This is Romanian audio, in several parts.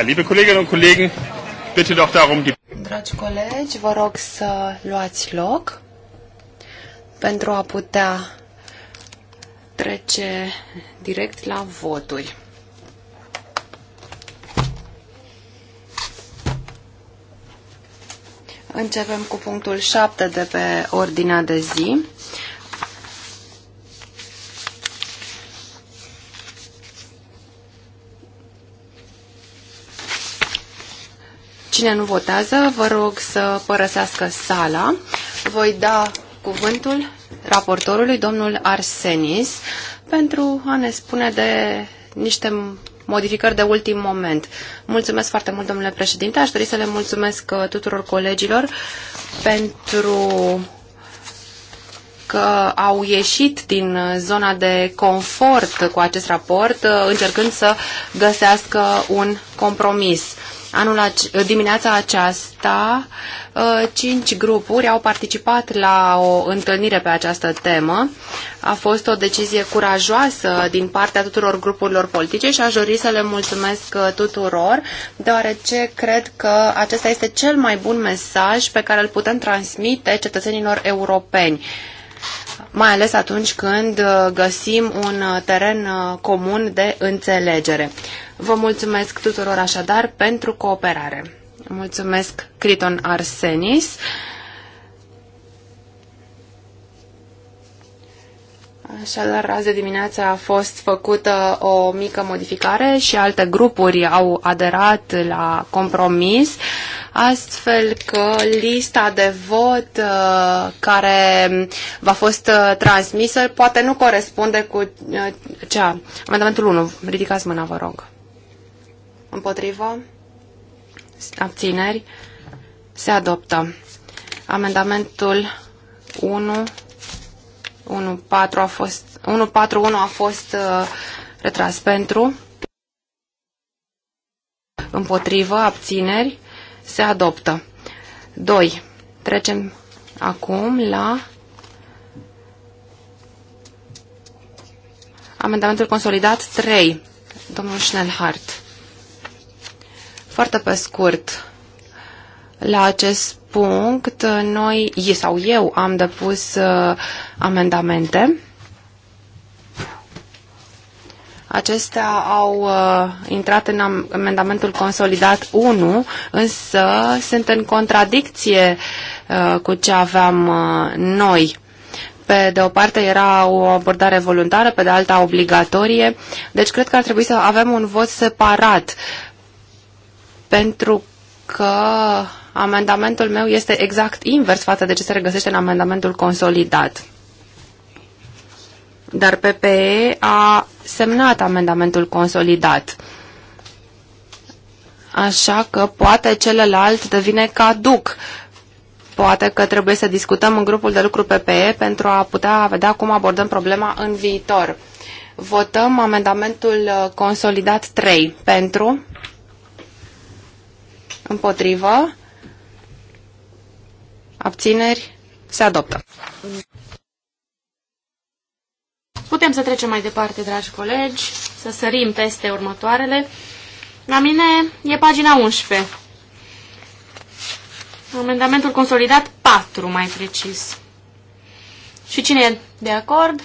liebe Kolleginnen und Kollegen, bitte doch darum, die... Dragi colegi, vă rog să luați loc pentru a putea trece direct la voturi. Începem cu punctul 7 de pe ordinea de zi Cine nu votează, vă rog să părăsească sala. Voi da cuvântul raportorului, domnul Arsenis, pentru a ne spune de niște modificări de ultim moment. Mulțumesc foarte mult, domnule președinte. Aș dori să le mulțumesc uh, tuturor colegilor pentru că au ieșit din uh, zona de confort cu acest raport, uh, încercând să găsească un compromis. Anul ac- dimineața aceasta, uh, cinci grupuri au participat la o întâlnire pe această temă. A fost o decizie curajoasă din partea tuturor grupurilor politice și aș dori să le mulțumesc uh, tuturor, deoarece cred că acesta este cel mai bun mesaj pe care îl putem transmite cetățenilor europeni mai ales atunci când uh, găsim un teren comun de înțelegere. Vă mulțumesc tuturor așadar pentru cooperare. Mulțumesc Criton Arsenis. Așadar, azi de dimineață a fost făcută o mică modificare și alte grupuri au aderat la compromis, astfel că lista de vot uh, care va a fost uh, transmisă poate nu corespunde cu uh, cea. Amendamentul 1. Ridicați mâna, vă rog. Împotrivă? Abțineri? Se adoptă. Amendamentul 1, 1, a fost, 1, 4, 1 a fost uh, retras pentru. Împotrivă? Abțineri? Se adoptă. 2. Trecem acum la amendamentul consolidat 3. Domnul Schnellhardt. Foarte pe scurt, la acest punct, noi, sau eu, am depus uh, amendamente. Acestea au uh, intrat în amendamentul consolidat 1, însă sunt în contradicție uh, cu ce aveam uh, noi. Pe de o parte era o abordare voluntară, pe de alta obligatorie, deci cred că ar trebui să avem un vot separat pentru că amendamentul meu este exact invers față de ce se regăsește în amendamentul consolidat. Dar PPE a semnat amendamentul consolidat. Așa că poate celălalt devine caduc. Poate că trebuie să discutăm în grupul de lucru PPE pentru a putea vedea cum abordăm problema în viitor. Votăm amendamentul uh, consolidat 3. Pentru? Împotrivă. Abțineri. Se adoptă. Putem să trecem mai departe, dragi colegi, să sărim peste următoarele. La mine e pagina 11. Amendamentul consolidat 4, mai precis. Și cine e de acord?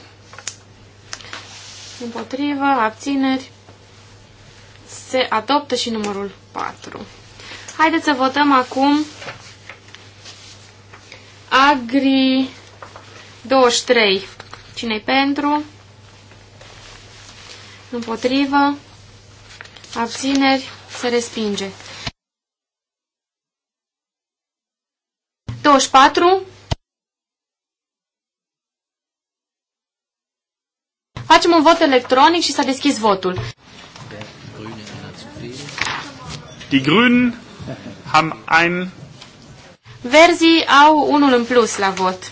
Împotrivă, abțineri. Se adoptă și numărul 4. Haideți să votăm acum Agri 23. cine e pentru? Împotrivă? Abțineri? Se respinge. 24. Facem un vot electronic și s-a deschis votul. Die Grünen haben ein... Verzii au unul în plus la vot.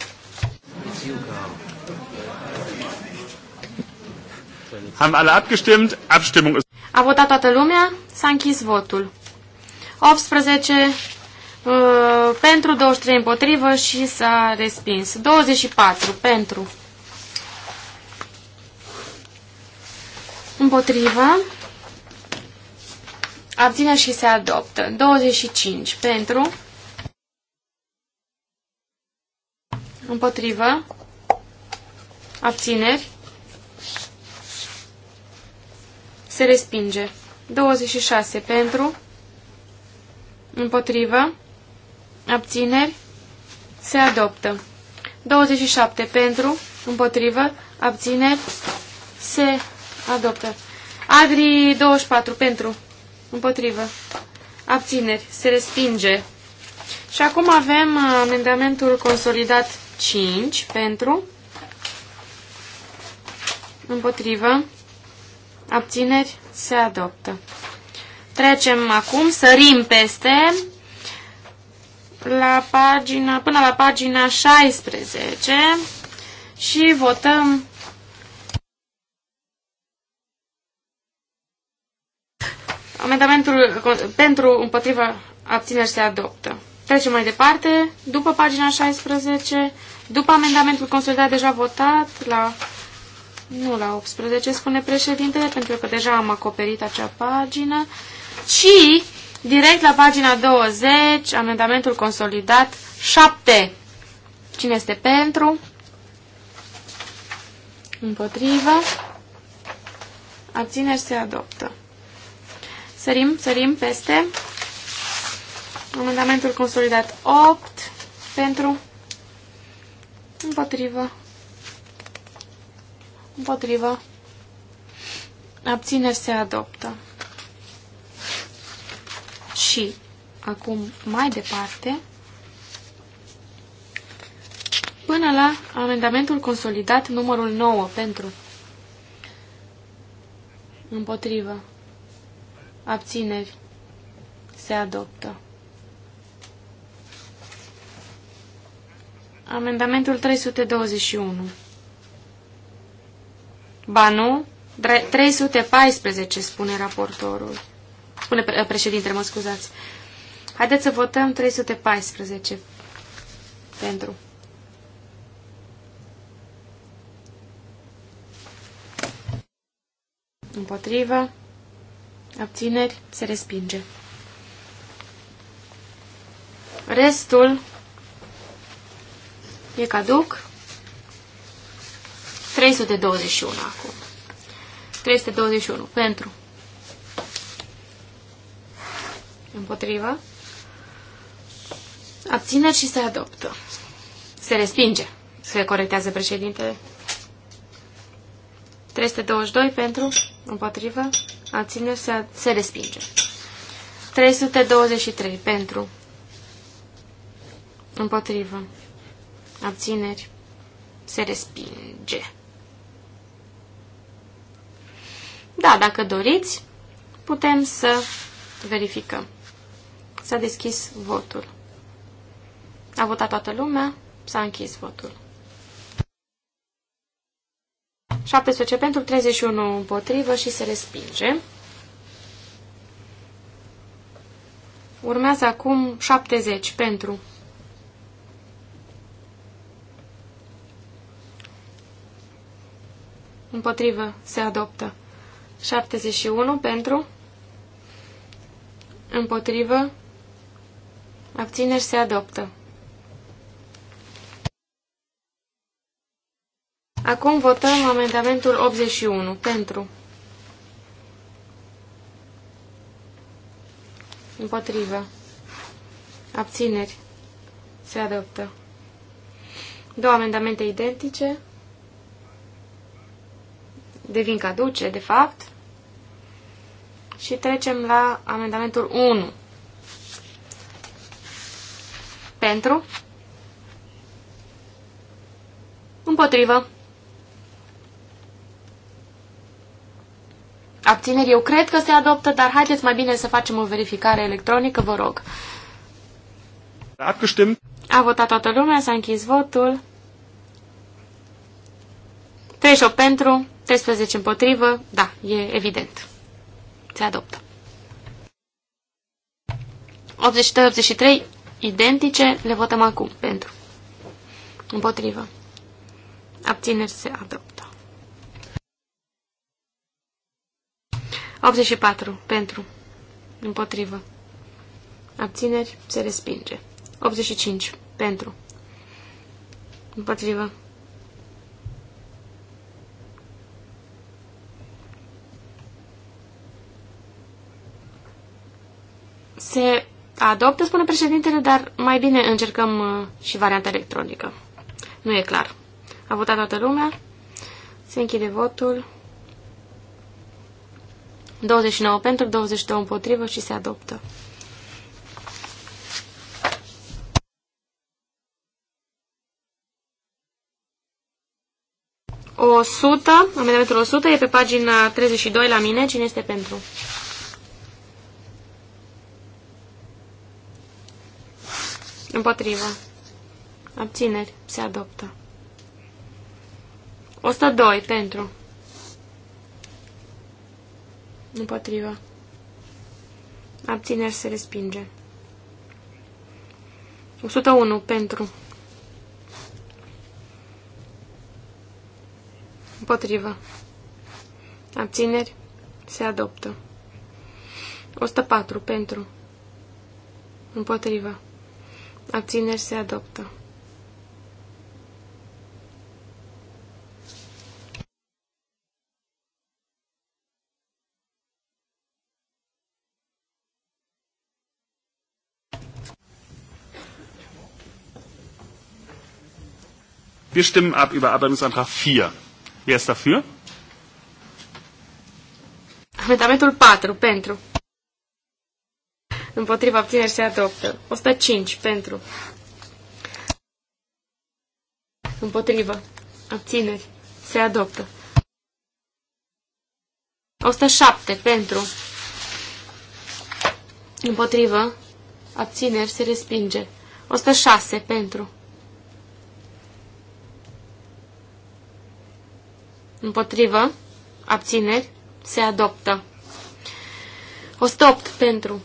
Haben alle abgestimmt? Abstimmung ist... A votat toată lumea, s-a închis votul. 18 uh, pentru, 23 împotrivă și s-a respins. 24 pentru. Împotrivă, abține și se adoptă. 25 pentru, împotrivă, abțineri, se respinge. 26 pentru, împotrivă, abțineri, se adoptă. 27 pentru, împotrivă, abțineri, se adoptă. Adri 24 pentru, Împotrivă. Abțineri. Se respinge. Și acum avem uh, amendamentul consolidat 5 pentru. Împotrivă. Abțineri. Se adoptă. Trecem acum, sărim peste la pagina, până la pagina 16 și votăm Amendamentul pentru împotriva abțineri se adoptă. Trecem mai departe, după pagina 16, după amendamentul consolidat deja votat la... Nu la 18, spune președintele, pentru că deja am acoperit acea pagină, ci direct la pagina 20, amendamentul consolidat 7. Cine este pentru? Împotrivă. Abțineri se adoptă. Sărim, sărim peste. Amendamentul consolidat 8 pentru împotrivă. Împotrivă. Abțineri se adoptă. Și acum mai departe până la amendamentul consolidat numărul 9 pentru împotrivă abțineri, se adoptă. Amendamentul 321. Ba nu, 314, spune raportorul. Spune președinte, mă scuzați. Haideți să votăm 314 pentru. Împotrivă abțineri, se respinge. Restul e caduc. 321 acum. 321 pentru. Împotriva. Abțineri și se adoptă. Se respinge. Se corectează președintele. 322 pentru. Împotrivă abțineri se, se respinge. 323 pentru, împotrivă, abțineri se respinge. Da, dacă doriți, putem să verificăm. S-a deschis votul. A votat toată lumea, s-a închis votul. 17 pentru, 31 împotrivă și se respinge. Urmează acum 70 pentru. Împotrivă se adoptă. 71 pentru. Împotrivă. Abțineri se adoptă. Acum votăm amendamentul 81. Pentru. Împotrivă. Abțineri. Se adoptă. Două amendamente identice. Devin caduce, de fapt. Și trecem la amendamentul 1. Pentru. Împotrivă. Abțineri eu cred că se adoptă, dar haideți mai bine să facem o verificare electronică, vă rog. A votat toată lumea, s-a închis votul. 38 pentru, 13 împotrivă, da, e evident. Se adoptă. 82-83, identice, le votăm acum, pentru. Împotrivă. Abțineri se adoptă. 84. Pentru. Împotrivă. Abțineri. Se respinge. 85. Pentru. Împotrivă. Se adoptă, spune președintele, dar mai bine încercăm uh, și varianta electronică. Nu e clar. A votat toată lumea. Se închide votul. 29 pentru, 22 împotrivă și se adoptă. O 100, amendamentul 100 e pe pagina 32 la mine. Cine este pentru? Împotrivă. Abțineri. Se adoptă. 102 pentru. Nu Împotrivă. Abțineri se respinge. 101 pentru. Împotrivă. Abțineri se adoptă. 104 pentru. Împotrivă. Abțineri se adoptă. Wir stimmen ab über Abänderungsantrag 4. Wer ist dafür? Amendamentul 4. Pentru. Împotriva abțineri se adoptă. 105. Pentru. Împotriva. Abțineri. Se adoptă. 107. Pentru. Împotriva Abțineri. Se respinge. 106. Pentru. Împotrivă. Abțineri. Se adoptă. 108 pentru.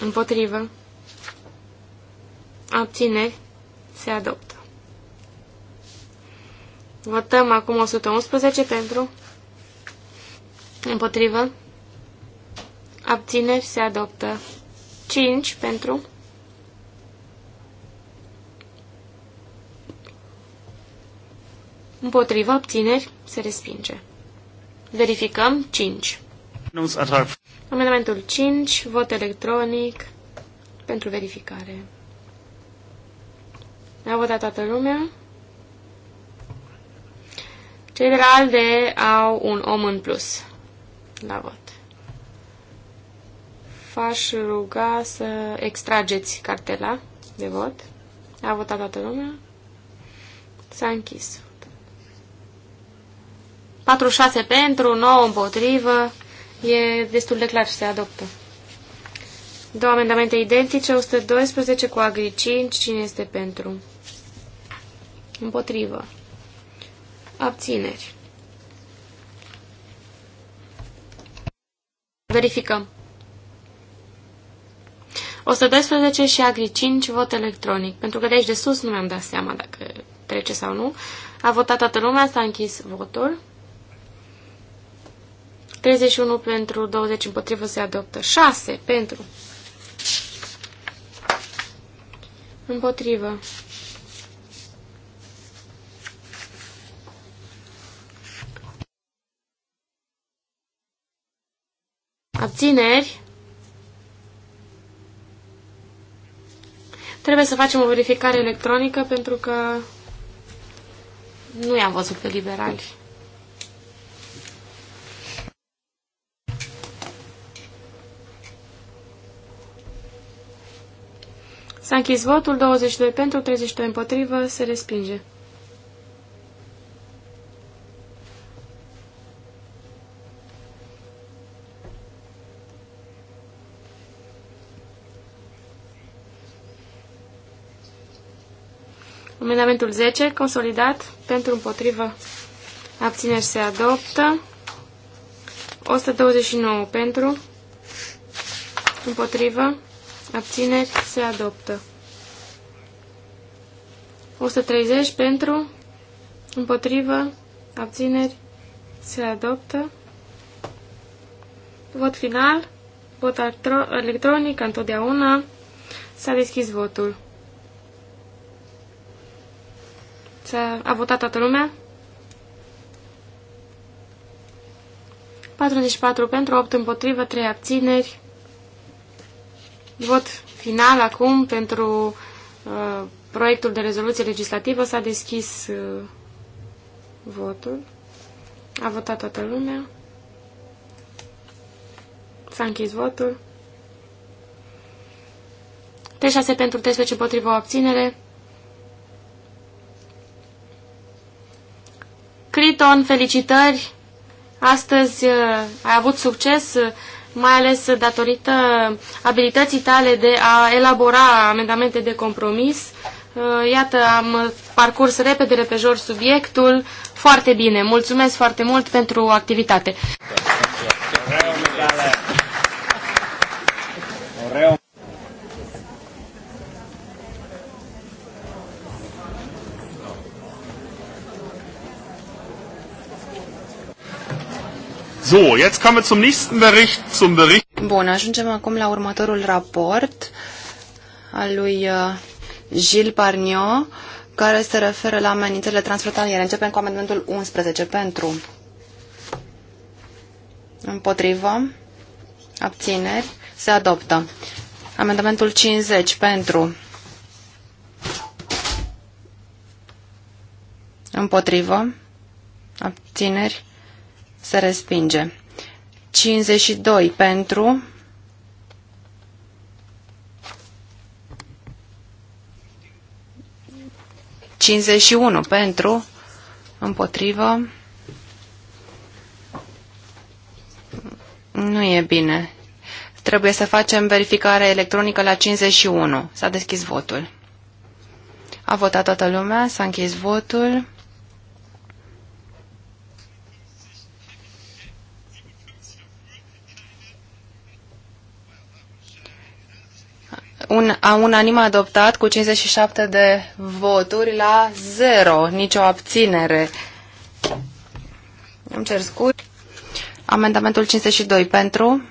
Împotrivă. Abțineri. Se adoptă. Votăm acum 111 pentru. Împotrivă. Abțineri. Se adoptă. 5 pentru. Împotriva obțineri se respinge. Verificăm 5. Amendamentul 5, vot electronic pentru verificare. Ne-a votat toată lumea. Cei de la ALDE au un om în plus la vot. Faș ruga să extrageți cartela de vot. A votat toată lumea. S-a închis. 46 pentru, 9 împotrivă. E destul de clar și se adoptă. Două amendamente identice, 112 cu agri 5. Cine este pentru? Împotrivă. Abțineri. Verificăm. 112 și agri 5 vot electronic. Pentru că de aici de sus nu mi-am dat seama dacă trece sau nu. A votat toată lumea, s-a închis votul. 31 pentru 20 împotrivă se adoptă. 6 pentru împotrivă. Abțineri. Trebuie să facem o verificare electronică pentru că nu i-am văzut pe liberali. S-a închis votul, 22 pentru, 32 împotrivă, se respinge. Amendamentul 10, consolidat, pentru împotrivă, abțineri se adoptă. 129 pentru, împotrivă, Abțineri se adoptă. 130 pentru, împotrivă, abțineri se adoptă. Vot final, vot electronic, întotdeauna s-a deschis votul. S-a, a votat toată lumea? 44 pentru, 8 împotrivă, 3 abțineri. Vot final acum pentru uh, proiectul de rezoluție legislativă. S-a deschis uh, votul. A votat toată lumea. S-a închis votul. 36 pentru 13 împotriva o abținere. Criton, felicitări! Astăzi uh, ai avut succes. Uh, mai ales datorită abilității tale de a elabora amendamente de compromis. Uh, iată, am parcurs repede, repejor subiectul. Foarte bine, mulțumesc foarte mult pentru activitate. Da. So, jetzt kommen wir zum nächsten Bericht, zum Bericht. Bun, ajungem acum la următorul raport al lui uh, Gilles Parnio, care se referă la amenințele transfrontaliere. Începem cu amendamentul 11 pentru împotrivă, abțineri, se adoptă. Amendamentul 50 pentru împotrivă, abțineri, se respinge. 52 pentru. Cincizeci și unu pentru, împotrivă. Nu e bine. Trebuie să facem verificare electronică la 51. S-a deschis votul. A votat toată lumea, s-a închis votul. un, a unanim adoptat cu 57 de voturi la 0, nicio abținere. Îmi cer scuze. Amendamentul 52 pentru,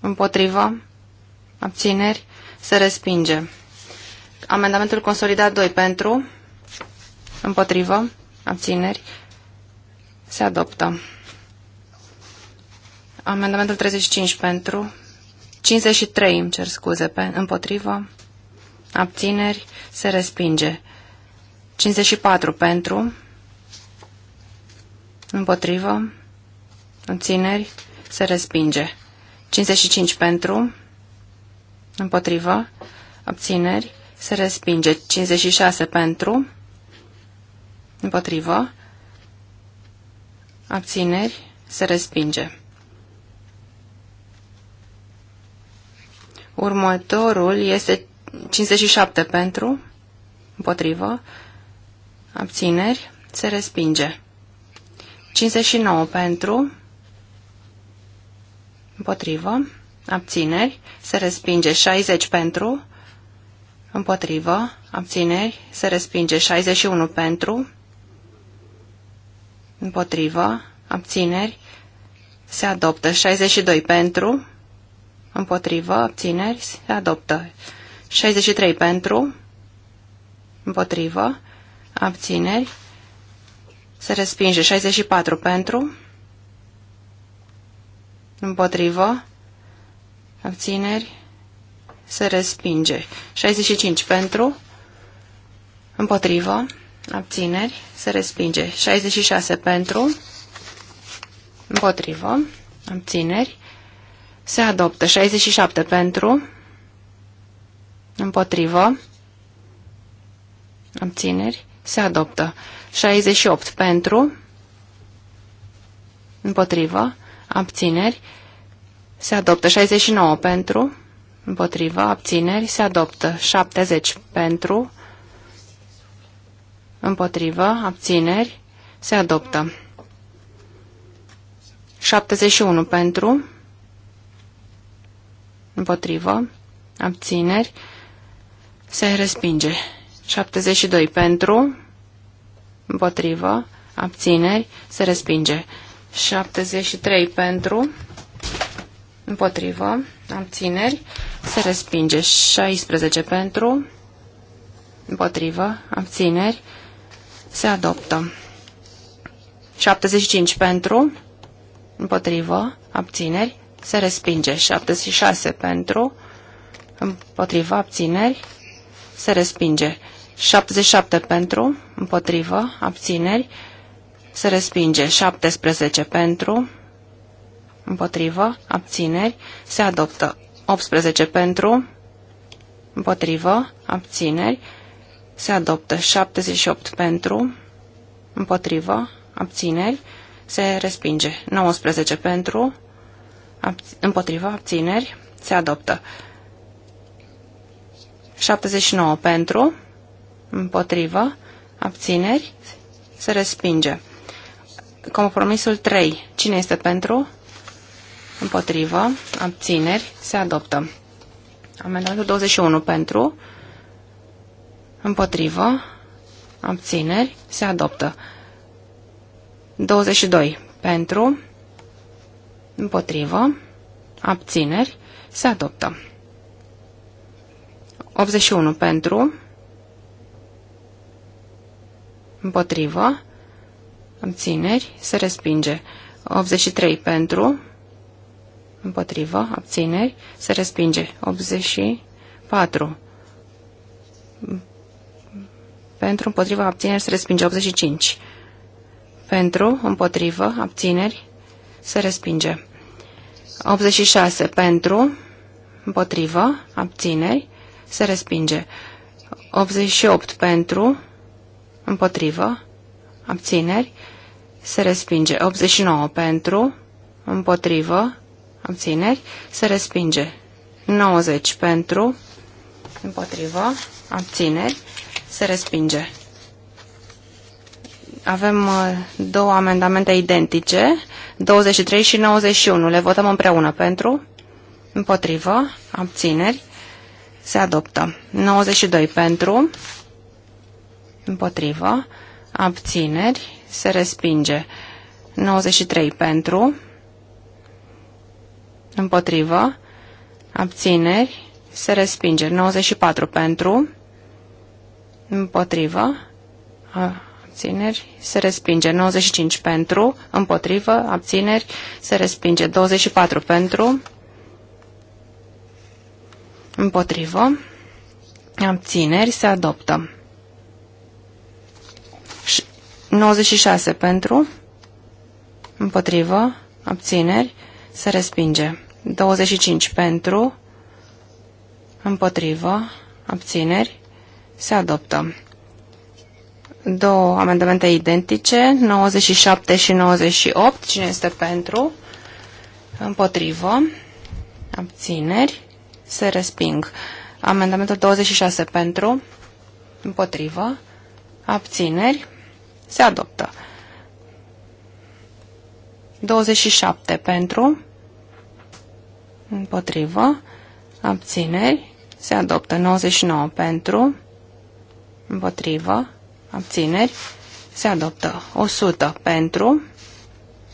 împotrivă, abțineri, se respinge. Amendamentul consolidat 2 pentru, împotrivă, abțineri, se adoptă. Amendamentul 35 pentru, 53, îmi cer scuze, pe, împotrivă, abțineri, se respinge. 54 pentru, împotrivă, abțineri, se respinge. 55 pentru, împotrivă, abțineri, se respinge. 56 pentru, împotrivă, abțineri, se respinge. Următorul este 57 pentru, împotrivă, abțineri, se respinge. 59 pentru, împotrivă, abțineri, se respinge. 60 pentru, împotrivă, abțineri, se respinge. 61 pentru, împotrivă, abțineri, se adoptă. 62 pentru, Împotrivă, abțineri, se adoptă. 63 pentru, împotrivă, abțineri, se respinge. 64 pentru, împotrivă, abțineri, se respinge. 65 pentru, împotrivă, abțineri, se respinge. 66 pentru, împotrivă, abțineri, se adoptă. 67 pentru. Împotrivă. Abțineri. Se adoptă. 68 pentru. Împotrivă. Abțineri. Se adoptă. 69 pentru. Împotrivă. Abțineri. Se adoptă. 70 pentru. Împotrivă. Abțineri. Se adoptă. 71 pentru. Împotrivă. Abțineri. Se respinge. 72 pentru. Împotrivă. Abțineri. Se respinge. 73 pentru. Împotrivă. Abțineri. Se respinge. 16 pentru. Împotrivă. Abțineri. Se adoptă. 75 pentru. Împotrivă. Abțineri se respinge. 76 pentru, împotriva abțineri, se respinge. 77 pentru, împotrivă, abțineri, se respinge. 17 pentru, împotrivă, abțineri, se adoptă. 18 pentru, împotrivă, abțineri, se adoptă. 78 pentru, împotrivă, abțineri, se respinge. 19 pentru, Împotriva abțineri, se adoptă. 79 pentru, împotrivă, abțineri, se respinge. Compromisul 3. Cine este pentru? Împotrivă, abțineri, se adoptă. Amendamentul 21 pentru, împotrivă, abțineri, se adoptă. 22 pentru, Împotrivă. Abțineri. Se adoptă. 81 pentru. Împotrivă. Abțineri. Se respinge. 83 pentru. Împotrivă. Abțineri. Se respinge. 84. Pentru. Împotrivă. Abțineri. Se respinge. 85. Pentru. Împotrivă. Abțineri. Se respinge. 86 pentru, împotrivă, abțineri, se respinge. 88 pentru, împotrivă, abțineri, se respinge. 89 pentru, împotrivă, abțineri, se respinge. 90 pentru, împotrivă, abțineri, se respinge avem uh, două amendamente identice, 23 și 91. Le votăm împreună pentru, împotrivă, abțineri, se adoptă. 92 pentru, împotrivă, abțineri, se respinge. 93 pentru, împotrivă, abțineri, se respinge. 94 pentru, împotrivă, a, abțineri, se respinge. 95 pentru, împotrivă, abțineri, se respinge. 24 pentru, împotrivă, abțineri, se adoptă. 96 pentru, împotrivă, abțineri, se respinge. 25 pentru, împotrivă, abțineri, se adoptă două amendamente identice, 97 și 98. Cine este pentru? Împotrivă. Abțineri. Se resping. Amendamentul 26 pentru. Împotrivă. Abțineri. Se adoptă. 27 pentru. Împotrivă. Abțineri. Se adoptă. 99 pentru. Împotrivă abțineri, se adoptă. 100 pentru,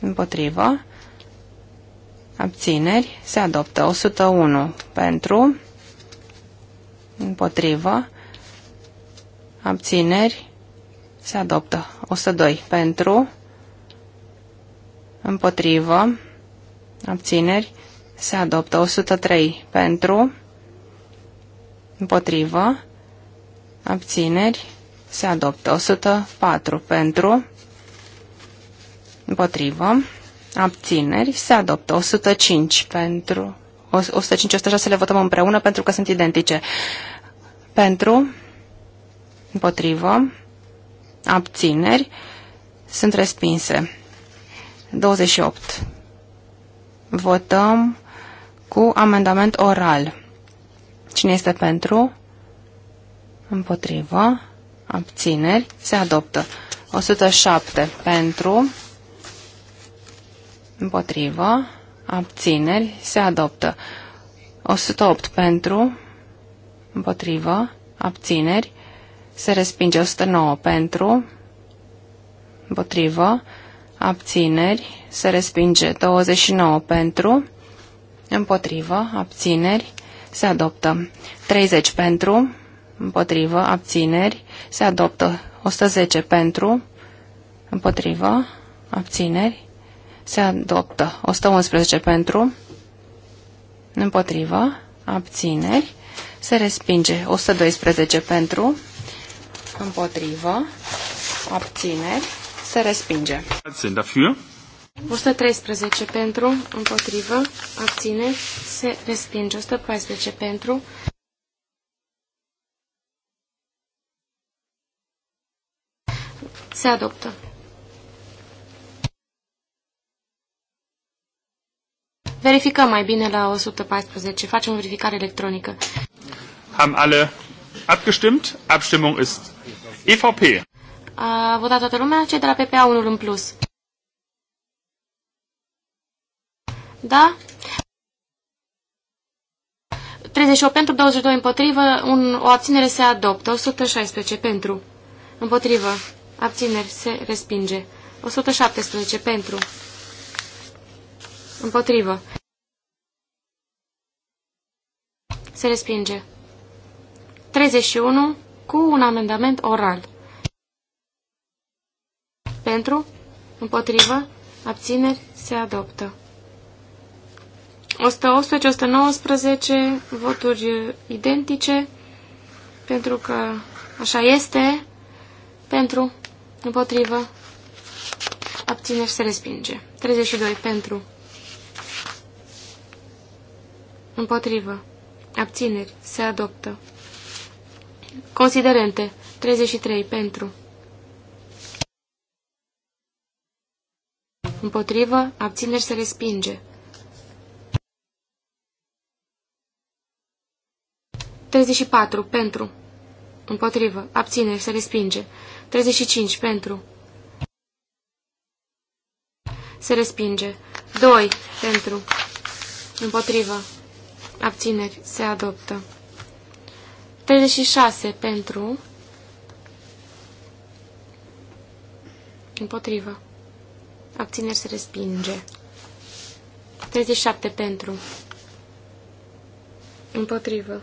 împotrivă, abțineri, se adoptă. 101 pentru, împotrivă, abțineri, se adoptă. 102 pentru, împotrivă, abțineri, se adoptă. 103 pentru, împotrivă, abțineri, se adoptă. 104 pentru, împotrivă, abțineri, se adoptă. 105 pentru, 105-106 le votăm împreună pentru că sunt identice. Pentru, împotrivă, abțineri, sunt respinse. 28. Votăm cu amendament oral. Cine este pentru? Împotrivă abțineri, se adoptă. 107 pentru, împotrivă, abțineri, se adoptă. 108 pentru, împotrivă, abțineri, se respinge 109 pentru, împotrivă, abțineri, se respinge 29 pentru, împotrivă, abțineri, se adoptă 30 pentru, împotrivă, abțineri, se adoptă 110 pentru, împotrivă, abțineri, se adoptă 111 pentru, împotrivă, abțineri, se respinge 112 pentru, împotrivă, abțineri, se respinge. Sunt dafür. 113 pentru, împotrivă, abțineri, se respinge. 114 pentru, Se adoptă. Verificăm mai bine la 114. Facem o verificare electronică. Am alle abgestimmt. Abstimmung ist EVP. A votat toată lumea, cei de la PPA unul în plus. Da? 38 pentru, 22 împotrivă, un, o abținere se adoptă, 116 pentru, împotrivă, Abțineri. Se respinge. 117. Pentru. Împotrivă. Se respinge. 31. Cu un amendament oral. Pentru. Împotrivă. Abțineri. Se adoptă. 118, 119 voturi identice, pentru că așa este, pentru Împotrivă. Abțineri se respinge. 32. Pentru. Împotrivă. Abțineri. Se adoptă. Considerente. 33. Pentru. Împotrivă. Abțineri se respinge. 34. Pentru. Împotrivă. Abțineri se respinge. 35 pentru. Se respinge. 2 pentru. Împotrivă. Abțineri. Se adoptă. 36 pentru. Împotrivă. Abțineri se respinge. 37 pentru. Împotrivă.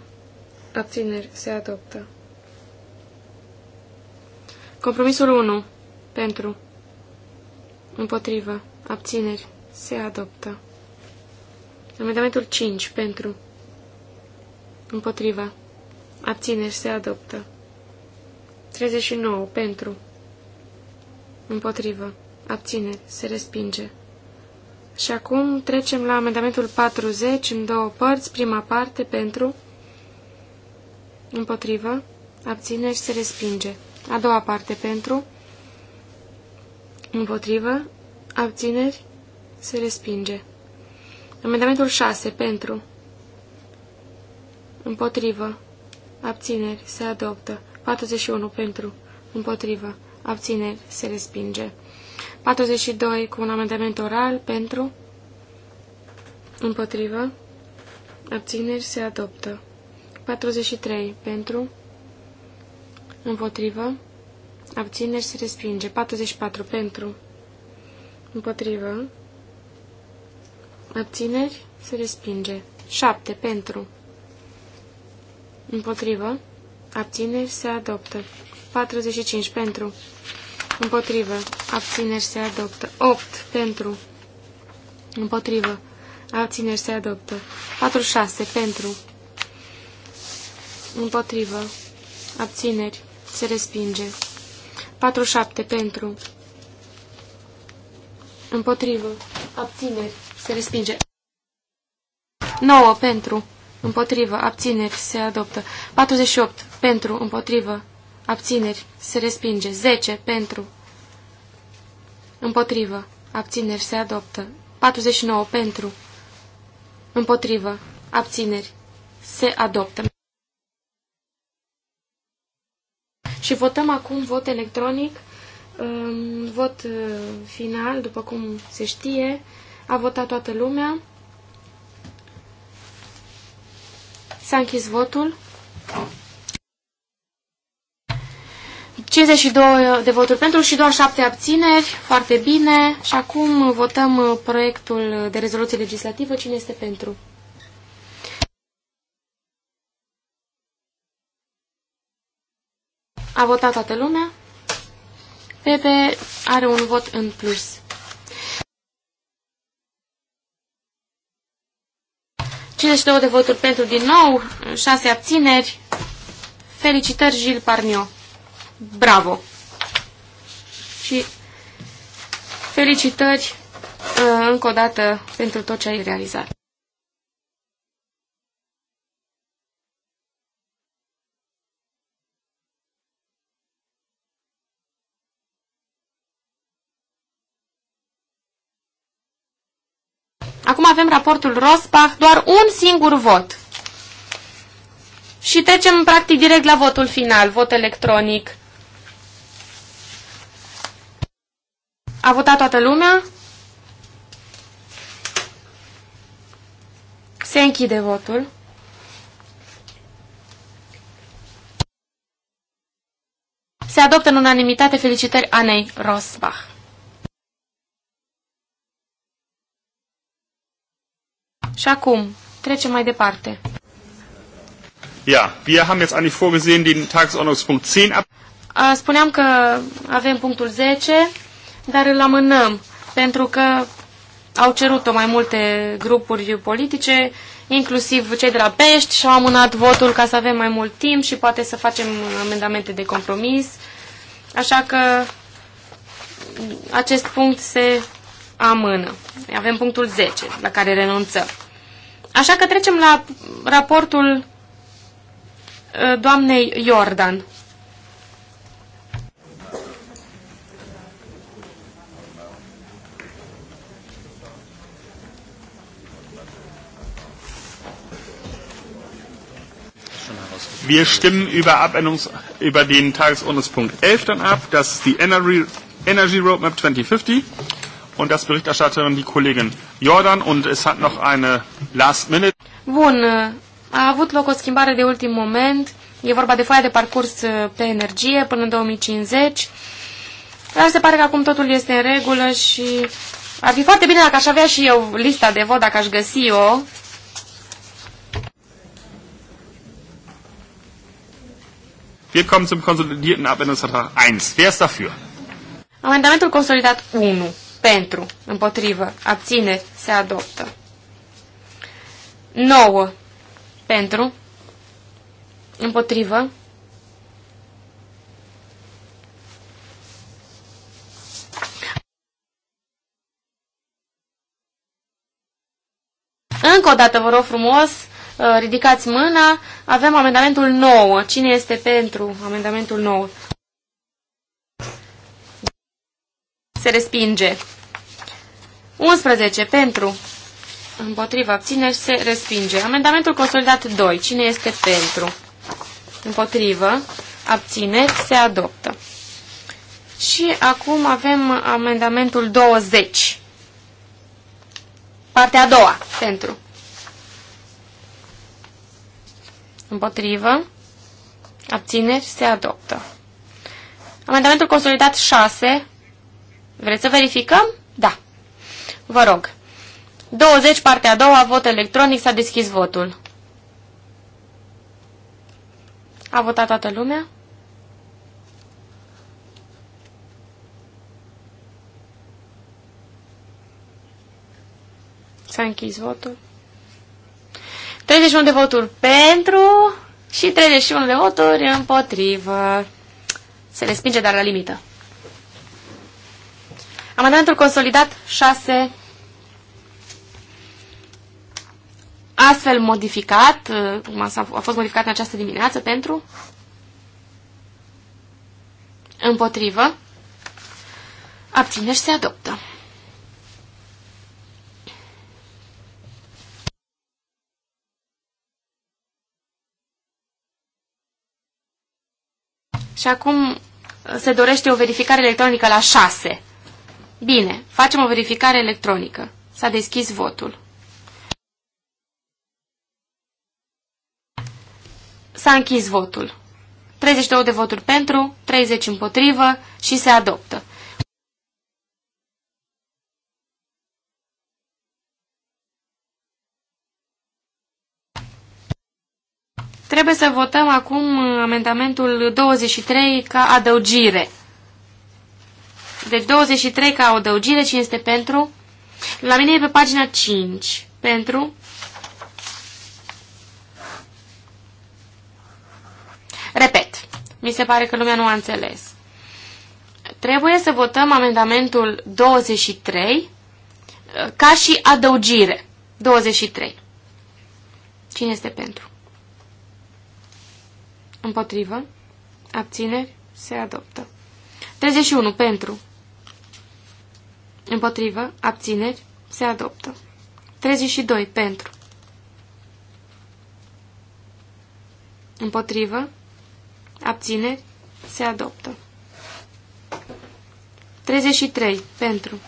Abțineri se adoptă. Compromisul 1. Pentru. Împotrivă. Abțineri. Se adoptă. Amendamentul 5. Pentru. Împotriva. Abțineri. Se adoptă. 39. Pentru. Împotrivă. Abțineri. Se respinge. Și acum trecem la amendamentul 40 în două părți. Prima parte pentru. Împotrivă. Abțineri. Se respinge. A doua parte pentru, împotrivă, abțineri, se respinge. Amendamentul 6 pentru, împotrivă, abțineri, se adoptă. 41 pentru, împotrivă, abțineri, se respinge. 42 cu un amendament oral pentru, împotrivă, abțineri, se adoptă. 43 pentru, Împotrivă. Abțineri se respinge. 44 pentru. Împotrivă. Abțineri se respinge. 7 pentru. Împotrivă. Abțineri se adoptă. 45 pentru. Împotrivă. Abțineri se adoptă. 8 pentru. Împotrivă. Abțineri se adoptă. 46 pentru. Împotrivă. Abțineri se respinge. 47 pentru, împotrivă, abțineri, se respinge. 9 pentru, împotrivă, abțineri, se adoptă. 48 pentru, împotrivă, abțineri, se respinge. 10 pentru, împotrivă, abțineri, se adoptă. 49 pentru, împotrivă, abțineri, se adoptă. Și votăm acum vot electronic, vot uh, final, după cum se știe. A votat toată lumea. S-a închis votul. 52 de voturi pentru și doar 7 abțineri. Foarte bine. Și acum votăm uh, proiectul de rezoluție legislativă. Cine este pentru? A votat toată lumea. Pepe are un vot în plus. două de voturi pentru din nou, 6 abțineri. Felicitări, Gil Parnio. Bravo! Și felicitări uh, încă o dată pentru tot ce ai realizat. avem raportul Rosbach, doar un singur vot. Și trecem practic direct la votul final, vot electronic. A votat toată lumea? Se închide votul. Se adoptă în unanimitate felicitări Anei Rosbach. Și acum, trecem mai departe. Ja, wir haben jetzt eigentlich vorgesehen, den Tagesordnungspunkt 10 ab... Spuneam că avem punctul 10, dar îl amânăm, pentru că au cerut-o mai multe grupuri politice, inclusiv cei de la Pești, și-au amânat votul ca să avem mai mult timp și poate să facem amendamente de compromis. Așa că acest punct se amână. Avem punctul 10, la care renunțăm. Așa că trecem la raportul ă, doamnei Jordan. Wir stimmen über, Abendungs über den Tagesordnungspunkt 11 dann ab. Das ist die Energy, Energy Roadmap 2050 und das Berichterstatterin die Kollegin Jordan und es hat noch eine last minute. Bun, a avut loc o schimbare de ultim moment. E vorba de foaia de parcurs uh, pe energie până în 2050. Dar se pare că acum totul este în regulă și ar fi foarte bine dacă aș avea și eu lista de vot, dacă aș găsi-o. Wir kommen zum konsolidierten Abänderungsantrag 1. Wer ist dafür? Amendamentul consolidat 1. Pentru. Împotrivă. abține, Se adoptă. 9. Pentru. Împotrivă. Încă o dată vă rog frumos, uh, ridicați mâna. Avem amendamentul 9. Cine este pentru amendamentul 9? se respinge. 11 pentru, împotriva abține se respinge. Amendamentul consolidat 2. Cine este pentru? Împotrivă, abține se adoptă. Și acum avem amendamentul 20. Partea a doua, pentru. Împotrivă, abțineri, se adoptă. Amendamentul consolidat 6, Vreți să verificăm? Da. Vă rog. 20, partea a doua, vot electronic, s-a deschis votul. A votat toată lumea? S-a închis votul. 31 de voturi pentru și 31 de voturi împotrivă. Se respinge, dar la limită. Amendamentul consolidat 6 astfel modificat, cum uh, a fost modificat în această dimineață, pentru împotrivă, și se adoptă. Și acum se dorește o verificare electronică la 6. Bine, facem o verificare electronică. S-a deschis votul. S-a închis votul. 32 de voturi pentru, 30 împotrivă și se adoptă. Trebuie să votăm acum amendamentul 23 ca adăugire. De 23 ca dăugire, cine este pentru? La mine e pe pagina 5. Pentru? Repet, mi se pare că lumea nu a înțeles. Trebuie să votăm amendamentul 23 uh, ca și adăugire. 23. Cine este pentru? Împotrivă. Abțineri. Se adoptă. 31. Pentru. Împotrivă. Abțineri. Se adoptă. 32. Pentru. Împotrivă. Abțineri. Se adoptă. 33. Pentru.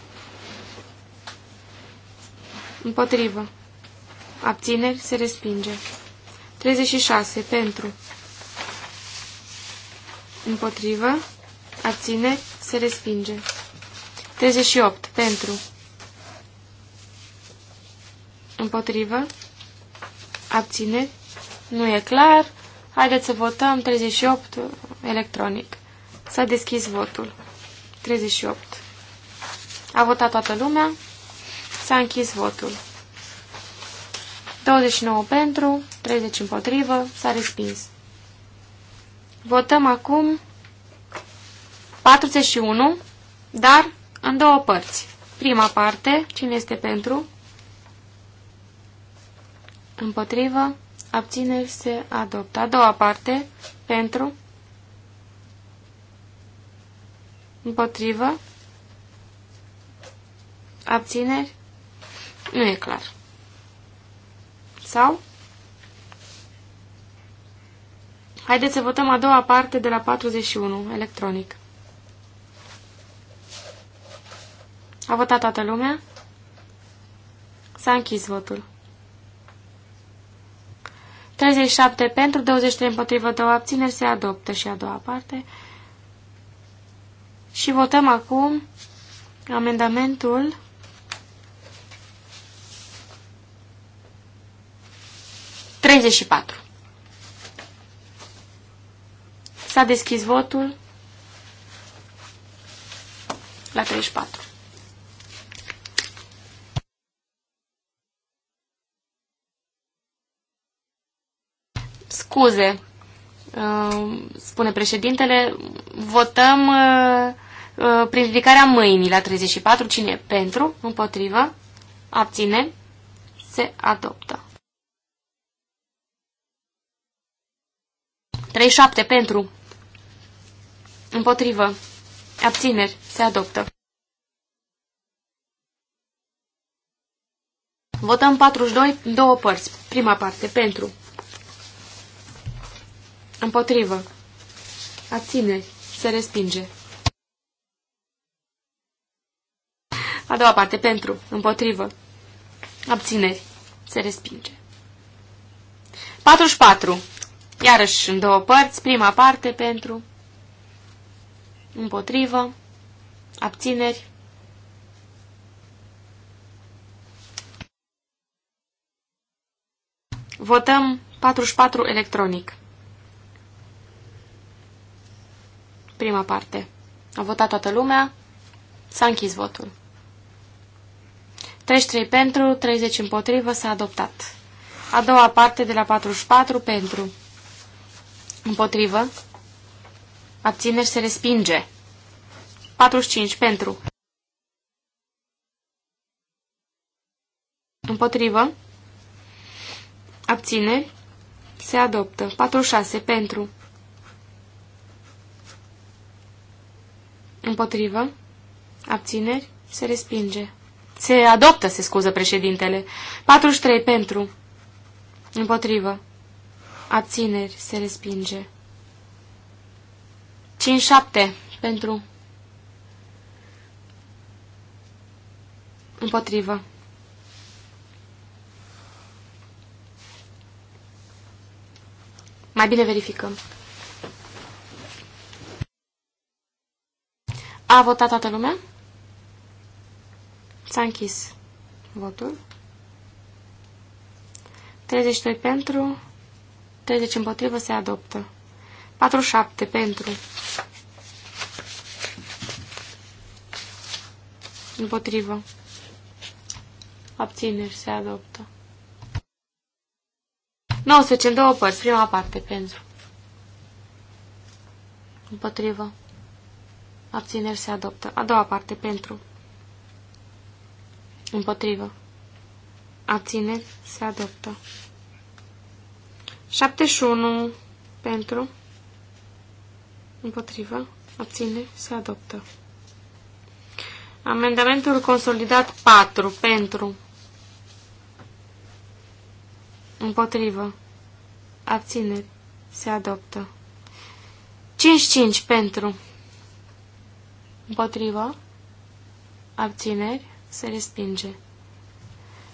Împotrivă. Abțineri. Se respinge. 36. Pentru. Împotrivă. Abțineri. Se respinge. 38. Pentru. Împotrivă. Abține. Nu e clar. Haideți să votăm 38 electronic. S-a deschis votul. 38. A votat toată lumea. S-a închis votul. 29 pentru, 30 împotrivă, s-a respins. Votăm acum 41, dar în două părți. Prima parte, cine este pentru? Împotrivă, abțineri se adoptă. A doua parte, pentru? Împotrivă, abțineri, nu e clar. Sau? Haideți să votăm a doua parte de la 41, electronic. A votat toată lumea? S-a închis votul. 37 pentru, 23 împotrivă, 2 abțineri, se adoptă și a doua parte. Și votăm acum amendamentul Treizeci patru. S-a deschis votul la 34. scuze, uh, spune președintele, votăm uh, uh, prin ridicarea mâinii la 34. Cine pentru, împotrivă, abține, se adoptă. 37 pentru, împotrivă, abțineri, se adoptă. Votăm 42 două părți. Prima parte pentru, Împotrivă. abține, Se respinge. A doua parte. Pentru. Împotrivă. Abțineri. Se respinge. 44. Iarăși în două părți. Prima parte pentru. Împotrivă. Abțineri. Votăm 44 electronic. Prima parte. A votat toată lumea. S-a închis votul. 33 pentru, 30 împotrivă, s-a adoptat. A doua parte de la 44 pentru. Împotrivă. Abțineri se respinge. 45 pentru. Împotrivă. Abțineri se adoptă. 46 pentru. Împotrivă. Abțineri. Se respinge. Se adoptă, se scuză președintele. 43 pentru. Împotrivă. Abțineri. Se respinge. 57 pentru. Împotrivă. Mai bine verificăm. A votat toată lumea? S-a închis votul. 32 pentru, 30 împotrivă se adoptă. 47 pentru. Împotrivă. Abțineri se adoptă. 19 în două părți, prima parte pentru. Împotrivă. Abțineri se adoptă. A doua parte pentru. Împotrivă. Abțineri se adoptă. 71 pentru. Împotrivă. Abțineri se adoptă. Amendamentul consolidat 4 pentru. Împotrivă. Abțineri se adoptă. 5-5 pentru. Împotrivă. Abțineri. Se respinge.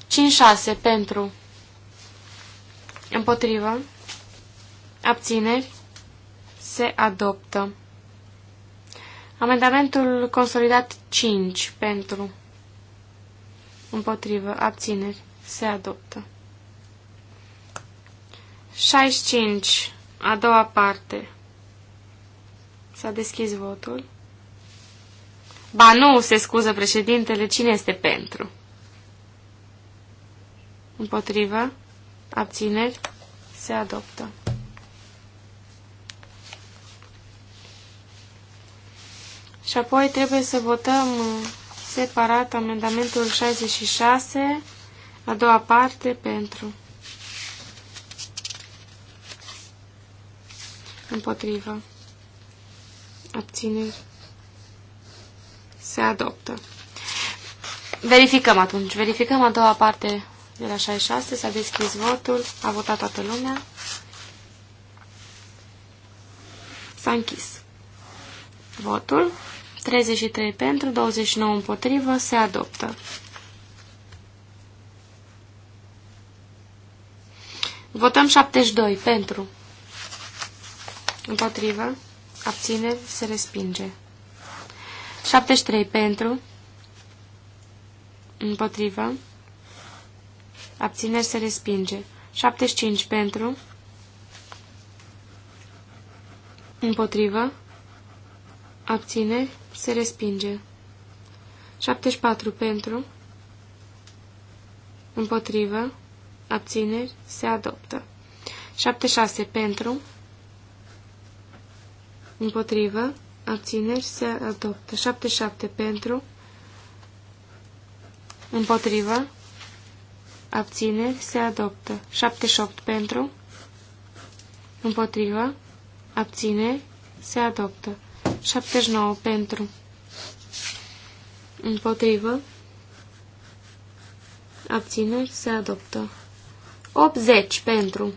5-6 pentru. Împotrivă. Abțineri. Se adoptă. Amendamentul consolidat 5 pentru. Împotrivă. Abțineri. Se adoptă. 65. A doua parte. S-a deschis votul. Ba nu, se scuză președintele, cine este pentru? Împotrivă? Abțineri? Se adoptă. Și apoi trebuie să votăm separat amendamentul 66, a doua parte, pentru. Împotrivă. Abțineri. Se adoptă. Verificăm atunci. Verificăm a doua parte de la 66. S-a deschis votul. A votat toată lumea. S-a închis. Votul. 33 pentru, 29 împotrivă. Se adoptă. Votăm 72 pentru. Împotrivă. Abține. Se respinge. 73 pentru, împotrivă, abțineri se respinge. 75 pentru, împotrivă, abțineri se respinge. 74 pentru, împotrivă, abțineri se adoptă. 76 pentru, împotrivă, abțineri se adoptă. 77 pentru, împotriva, abțineri se adoptă. 78 pentru, împotriva, abțineri se adoptă. 79 pentru, împotrivă, abțineri se adoptă. 80 pentru,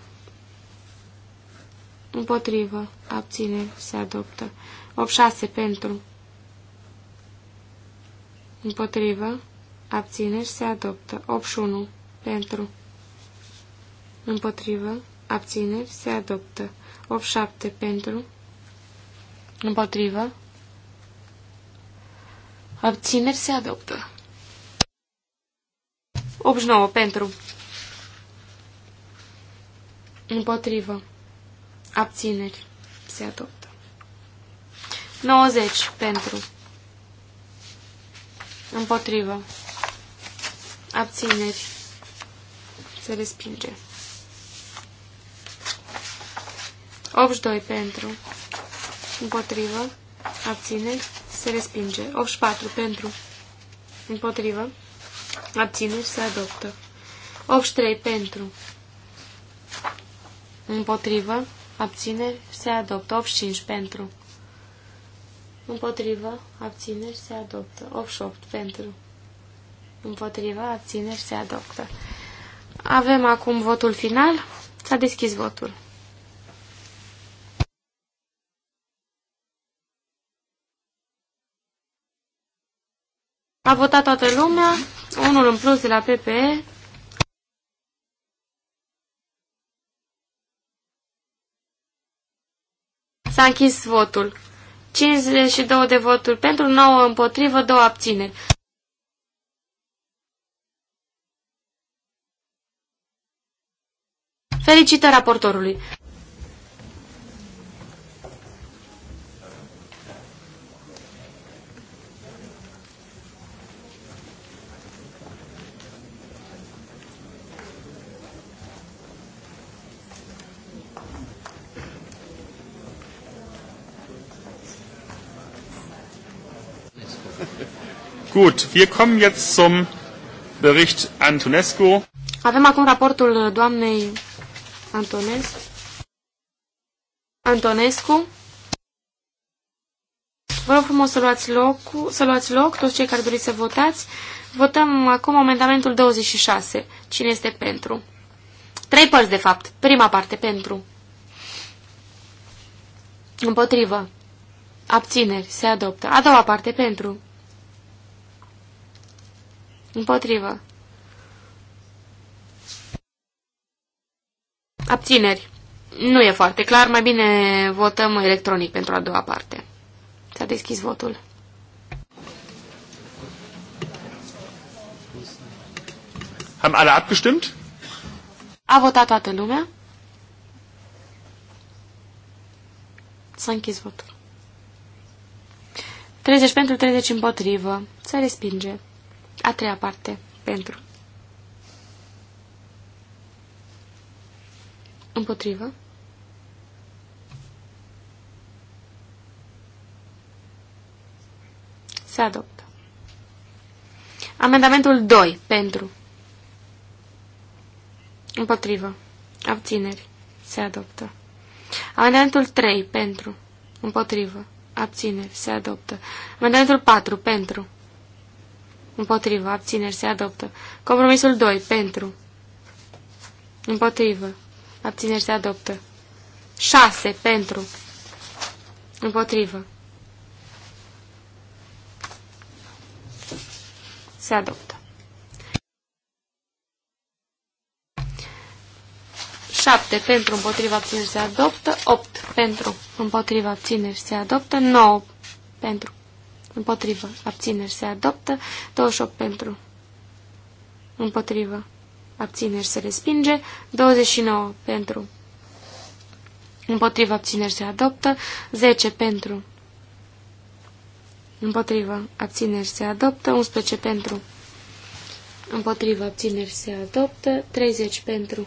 împotrivă, abțineri se adoptă. 86 pentru. Împotrivă. Abțineri se adoptă. 81 pentru. Împotrivă. Abțineri se adoptă. 87 pentru. Împotrivă. Abțineri se adoptă. 89 pentru. Împotrivă. Abțineri se adoptă. 90 pentru. Împotrivă. Abțineri. Se respinge. 82 pentru. Împotrivă. Abțineri. Se respinge. 84 pentru. Împotrivă. Abțineri. Se adoptă. 83 pentru. Împotrivă. Abțineri. Se adoptă. 85 pentru. Împotrivă, abțineri, se adoptă. 88 pentru. Împotrivă, abțineri, se adoptă. Avem acum votul final. S-a deschis votul. A votat toată lumea, unul în plus de la PPE. S-a închis votul. 52 de voturi pentru, 9 împotrivă, 2 abțineri. Felicită raportorului! Gut, wir kommen jetzt zum Bericht Antonescu. Avem acum raportul doamnei Antonescu. Antonescu. Vă rog frumos să luați, loc, să luați loc, toți cei care doriți să votați. Votăm acum amendamentul 26. Cine este pentru? Trei părți, de fapt. Prima parte, pentru. Împotrivă. Abțineri. Se adoptă. A doua parte, pentru. Împotrivă. Abțineri. Nu e foarte clar, mai bine votăm electronic pentru a doua parte. S-a deschis votul. Haben alle abgestimmt? A votat toată lumea. S-a închis votul. 30 pentru 30 împotrivă. Se respinge. A treia parte. Pentru. Împotrivă. Se adoptă. Amendamentul 2. Pentru. Împotrivă. Abțineri. Se adoptă. Amendamentul 3. Pentru. Împotrivă. Abțineri. Se adoptă. Amendamentul 4. Pentru. Împotrivă. Abțineri. Se adoptă. Compromisul 2. Pentru. Împotrivă. Abțineri. Se adoptă. 6. Pentru. Împotrivă. Se adoptă. 7 pentru împotriva abțineri se adoptă, 8 pentru împotriva abțineri se adoptă, 9 pentru Împotrivă. Abțineri se adoptă. 28 pentru. Împotrivă. Abțineri se respinge. 29 pentru. Împotrivă. Abțineri se adoptă. 10 pentru. Împotrivă. Abțineri se adoptă. 11 pentru. Împotrivă. Abțineri se adoptă. 30 pentru.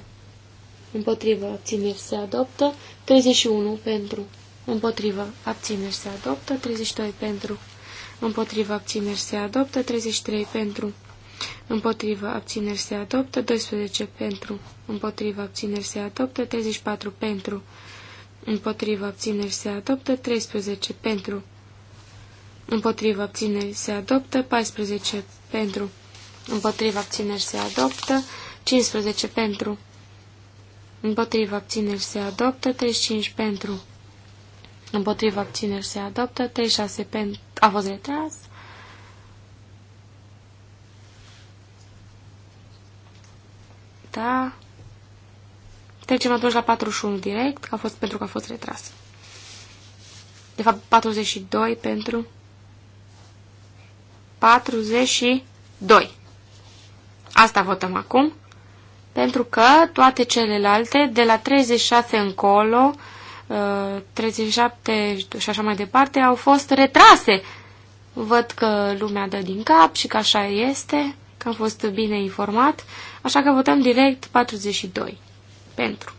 Împotrivă. Abțineri se adoptă. 31 pentru. Împotrivă. Abțineri se adoptă. 32 pentru împotriva abțineri se adoptă, 33 pentru, împotriva abțineri se adoptă, 12 pentru, împotriva abțineri se adoptă, 34 pentru, împotriva abțineri se adoptă, 13 pentru, împotriva abțineri se adoptă, 14 pentru, împotriva abțineri se adoptă, 15 pentru, împotriva abțineri se adoptă, 35 pentru. Împotriva abțineri se adoptă. 36 pentru... A fost retras. Da. Trecem atunci la 41 direct, că a fost pentru că a fost retras. De fapt, 42 pentru... 42. Asta votăm acum. Pentru că toate celelalte, de la 36 încolo, 37 și așa mai departe, au fost retrase. Văd că lumea dă din cap și că așa este, că am fost bine informat, așa că votăm direct 42. Pentru.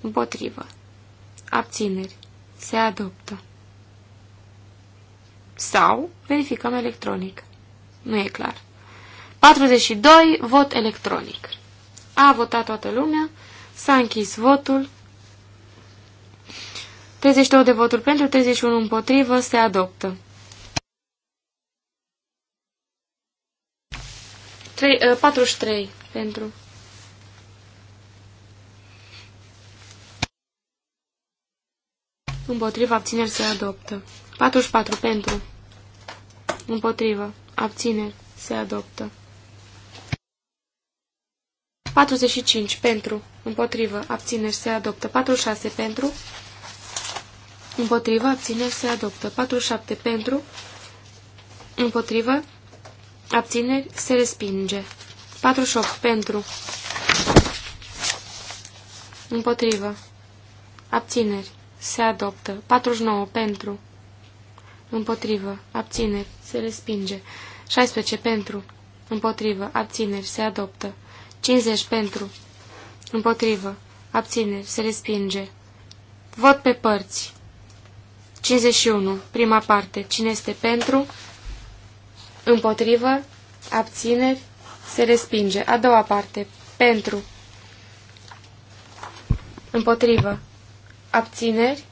Împotrivă. Abțineri. Se adoptă. Sau verificăm electronic. Nu e clar. 42. Vot electronic. A votat toată lumea. S-a închis votul. 32 de voturi pentru, 31 împotrivă, se adoptă. 3, 43 uh, pentru. Împotrivă, abțineri, se adoptă. 44 pentru. Împotrivă, abțineri, se adoptă. 45 pentru. Împotrivă, abțineri, se adoptă. 46 pentru. Împotrivă, abțineri, se adoptă. 47 pentru, împotrivă, abțineri, se respinge. 48 pentru, împotrivă, abțineri, se adoptă. 49 pentru, împotrivă, abțineri, se respinge. 16 pentru, împotrivă, abțineri, se adoptă. 50 pentru, împotrivă, abțineri, se respinge. Vot pe părți. 51. Prima parte. Cine este pentru? Împotrivă? Abțineri? Se respinge. A doua parte. Pentru? Împotrivă? Abțineri?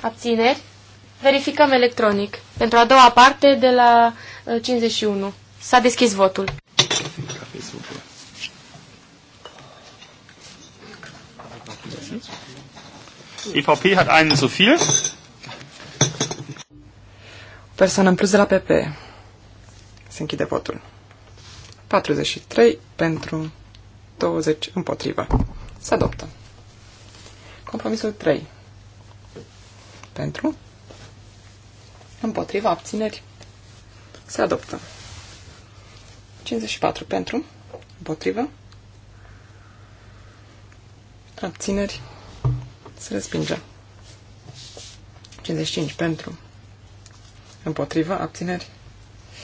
Abțineri? Verificăm electronic. Pentru a doua parte de la 51. Uh, S-a deschis votul. EVP hat einen zu viel. persoană în plus de la PP. Se închide votul. 43 pentru 20 împotriva. Se adoptă. Compromisul 3. Pentru. Împotriva abțineri. Se adoptă. 54 pentru. Împotrivă. Abțineri. Se respinge. 55 pentru. Împotrivă. Abțineri.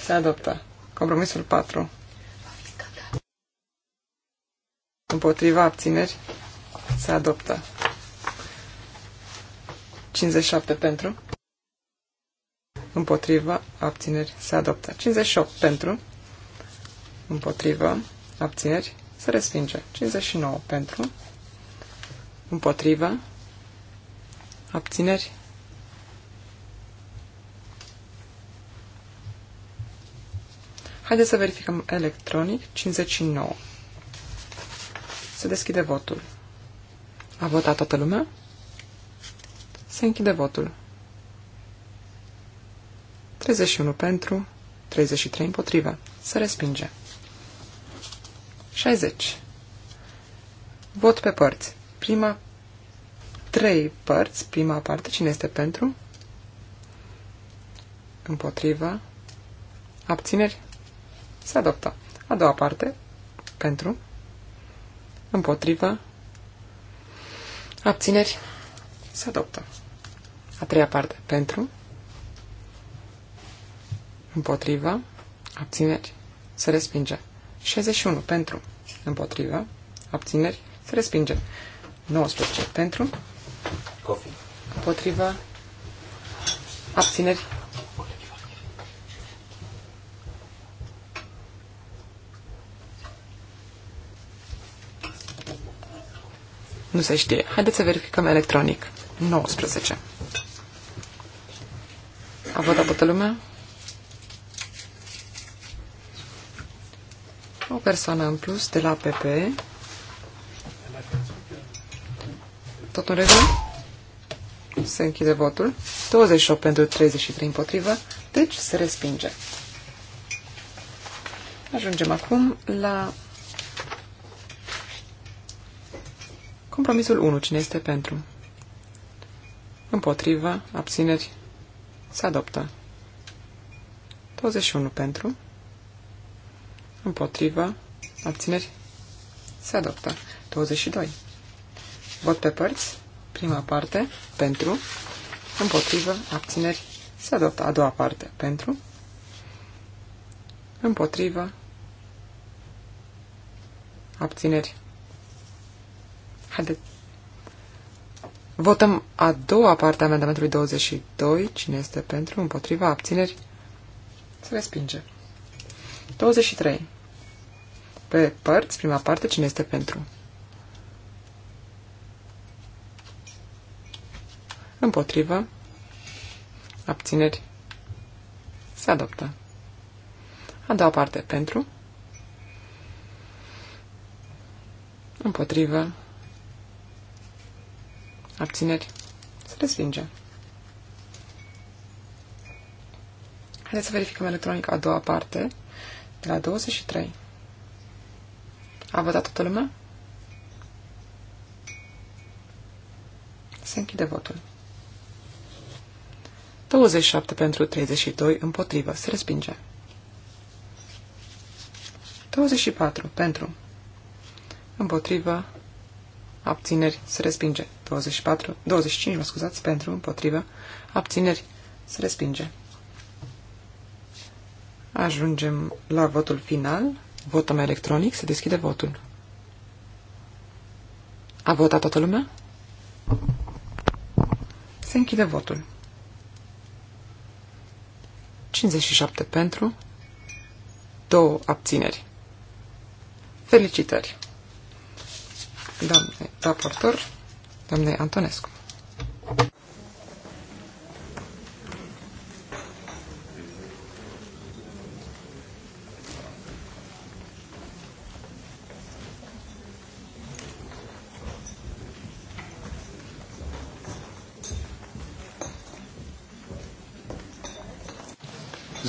Se adoptă. Compromisul 4. Împotriva abțineri. Se adoptă. 57 pentru. Împotriva abțineri. Se adoptă. 58 pentru. Împotriva abțineri. Se respinge. 59 pentru. Împotriva Abțineri? Haideți să verificăm electronic 59. Se deschide votul. A votat toată lumea? Se închide votul. 31 pentru, 33 împotrivă. Se respinge. 60. Vot pe părți. Prima trei părți. Prima parte, cine este pentru? Împotriva. Abțineri? Se adoptă. A doua parte, pentru. Împotriva. Abțineri? Se adoptă. A treia parte, pentru. Împotriva. Abțineri? Se respinge. 61 pentru. Împotriva. Abțineri? Se respinge. 19 pentru. Coffee. Împotriva. Abțineri. Nu se știe. Haideți să verificăm electronic. 19. A votat toată lumea? O persoană în plus de la PP. Tot în regulă? Se închide votul. 28 pentru 33 împotrivă, deci se respinge. Ajungem acum la compromisul 1. Cine este pentru? Împotrivă, abțineri, se adoptă. 21 pentru, împotrivă, abțineri, se adoptă. 22 Vot pe părți. Prima parte. Pentru. Împotrivă. Abțineri. Se adoptă. A doua parte. Pentru. Împotrivă. Abțineri. Haideți. Votăm a doua parte a amendamentului 22. Cine este pentru? Împotriva? Abțineri? Se respinge. 23. Pe părți, prima parte, cine este pentru? Împotrivă. Abțineri. Se adoptă. A doua parte pentru. Împotrivă. Abțineri. Se respinge. Haideți să verificăm electronic a doua parte de la 23. A votat toată lumea? Se închide votul. 27 pentru 32 împotrivă. Se respinge. 24 pentru împotrivă. Abțineri. Se respinge. 24, 25, mă scuzați, pentru împotrivă. Abțineri. Se respinge. Ajungem la votul final. Votăm electronic. Se deschide votul. A votat toată lumea? Se închide votul. 57 pentru, două abțineri. Felicitări, doamne raportor, doamne Antonescu.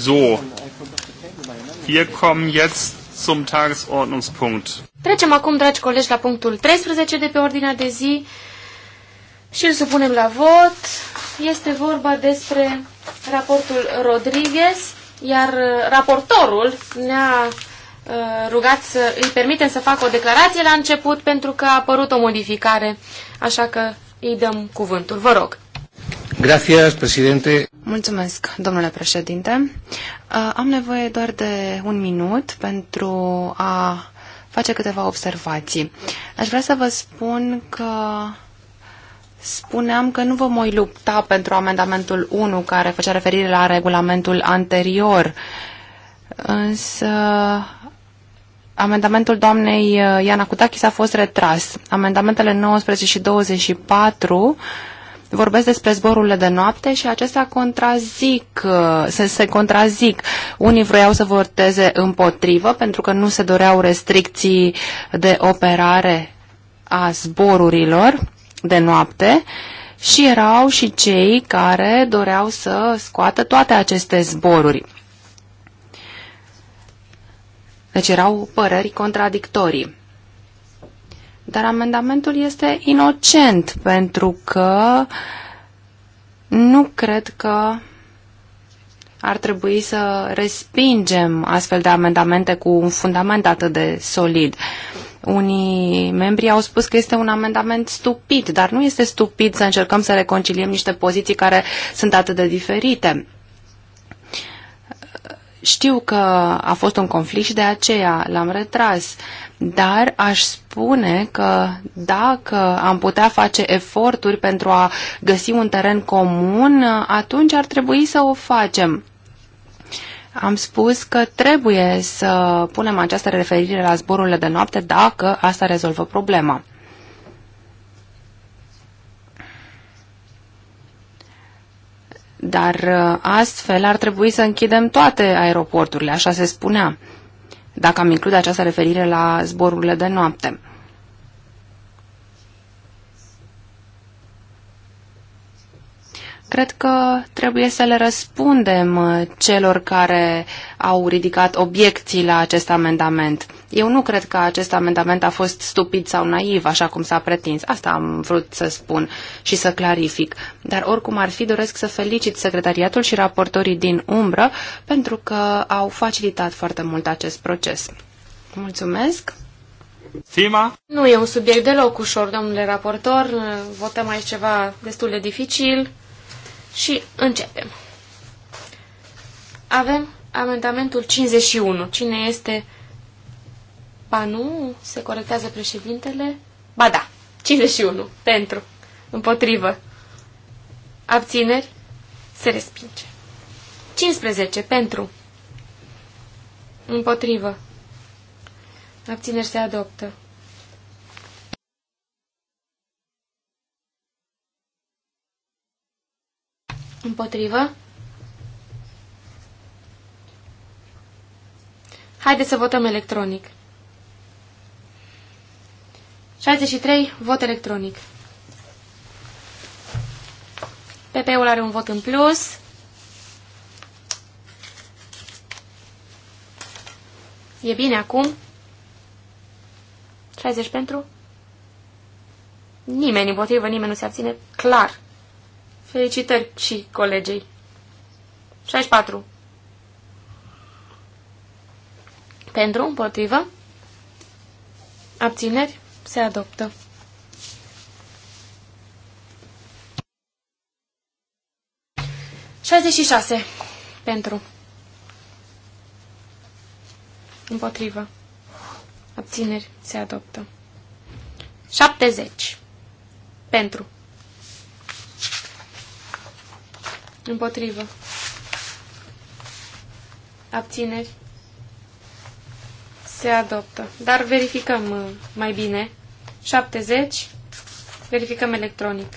So, wir kommen jetzt zum Tagesordnungspunkt. Trecem acum, dragi colegi, la punctul 13 de pe ordinea de zi și îl supunem la vot. Este vorba despre raportul Rodriguez, iar uh, raportorul ne-a uh, rugat să îi permitem să facă o declarație la început pentru că a apărut o modificare, așa că îi dăm cuvântul. Vă rog. Gracias, președinte. Mulțumesc, domnule președinte. Uh, am nevoie doar de un minut pentru a face câteva observații. Aș vrea să vă spun că spuneam că nu vă voi lupta pentru amendamentul 1 care făcea referire la regulamentul anterior, însă amendamentul doamnei uh, Iana Cutachis a fost retras. Amendamentele 19 și 24 vorbesc despre zborurile de noapte și acestea contrazic, uh, se, se contrazic. Unii vroiau să voteze împotrivă pentru că nu se doreau restricții de operare a zborurilor de noapte și erau și cei care doreau să scoată toate aceste zboruri. Deci erau păreri contradictorii. Dar amendamentul este inocent pentru că nu cred că ar trebui să respingem astfel de amendamente cu un fundament atât de solid. Unii membri au spus că este un amendament stupid, dar nu este stupid să încercăm să reconciliem niște poziții care sunt atât de diferite. Știu că a fost un conflict și de aceea l-am retras, dar aș spune că dacă am putea face eforturi pentru a găsi un teren comun, atunci ar trebui să o facem. Am spus că trebuie să punem această referire la zborurile de noapte dacă asta rezolvă problema. Dar uh, astfel ar trebui să închidem toate aeroporturile, așa se spunea, dacă am include această referire la zborurile de noapte. Cred că trebuie să le răspundem uh, celor care au ridicat obiecții la acest amendament. Eu nu cred că acest amendament a fost stupid sau naiv, așa cum s-a pretins. Asta am vrut să spun și să clarific. Dar oricum ar fi, doresc să felicit secretariatul și raportorii din umbră pentru că au facilitat foarte mult acest proces. Mulțumesc! Sima? Nu e un subiect deloc ușor, domnule raportor. Votăm aici ceva destul de dificil. Și începem. Avem amendamentul 51. Cine este... Ba nu, se corectează președintele. Ba da, 51. Pentru. Împotrivă. Abțineri. Se respinge. 15. Pentru. Împotrivă. Abțineri se adoptă. Împotrivă? Haideți să votăm electronic. 63. Vot electronic. PP-ul are un vot în plus. E bine acum. 60 pentru. Nimeni împotrivă, nimeni nu se abține. Clar. Felicitări și colegei. 64. Pentru, împotrivă, abțineri, se adoptă. Șaizeci șase. Pentru. Împotrivă. Abțineri. Se adoptă. 70. Pentru. Împotrivă. Abțineri. Se adoptă. Dar verificăm uh, mai bine. 70. Verificăm electronic.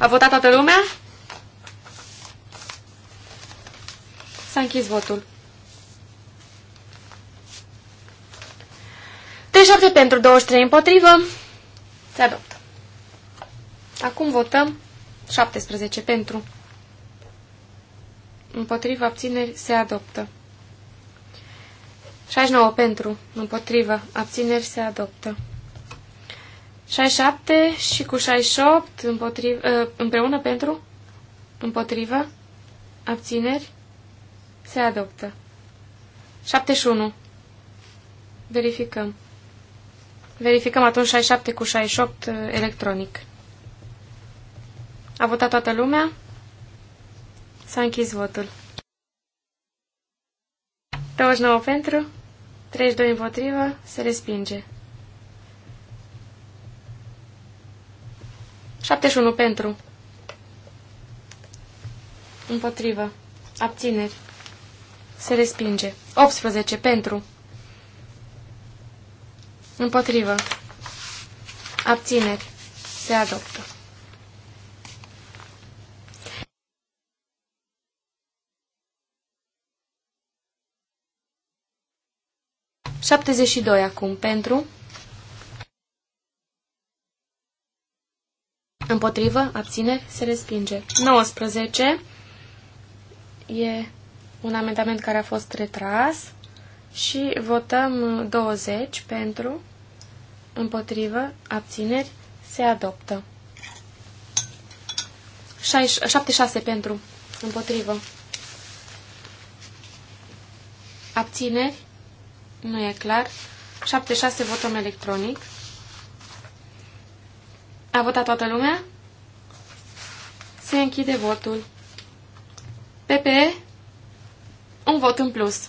A votat toată lumea? S-a închis votul. 37 pentru 23 împotrivă. Se adoptă. Acum votăm 17 pentru. Împotriva abțineri se adoptă. 69 pentru. Împotriva abțineri se adoptă. 67 și cu 68 împotriva, ă, împreună pentru. Împotriva abțineri se adoptă. 71. Verificăm. Verificăm atunci 67 cu 68 ă, electronic. A votat toată lumea? S-a închis votul. 29 pentru, 32 împotrivă, se respinge. 71 pentru. Împotrivă. Abțineri. Se respinge. 18 pentru. Împotrivă. Abțineri. Se adoptă. 72 acum pentru. Împotrivă, abține, se respinge. 19 e un amendament care a fost retras și votăm 20 pentru, împotrivă, abțineri, se adoptă. 76 pentru, împotrivă, abțineri, nu e clar. 7-6 votăm electronic. A votat toată lumea? Se închide votul. PPE? Un vot în plus.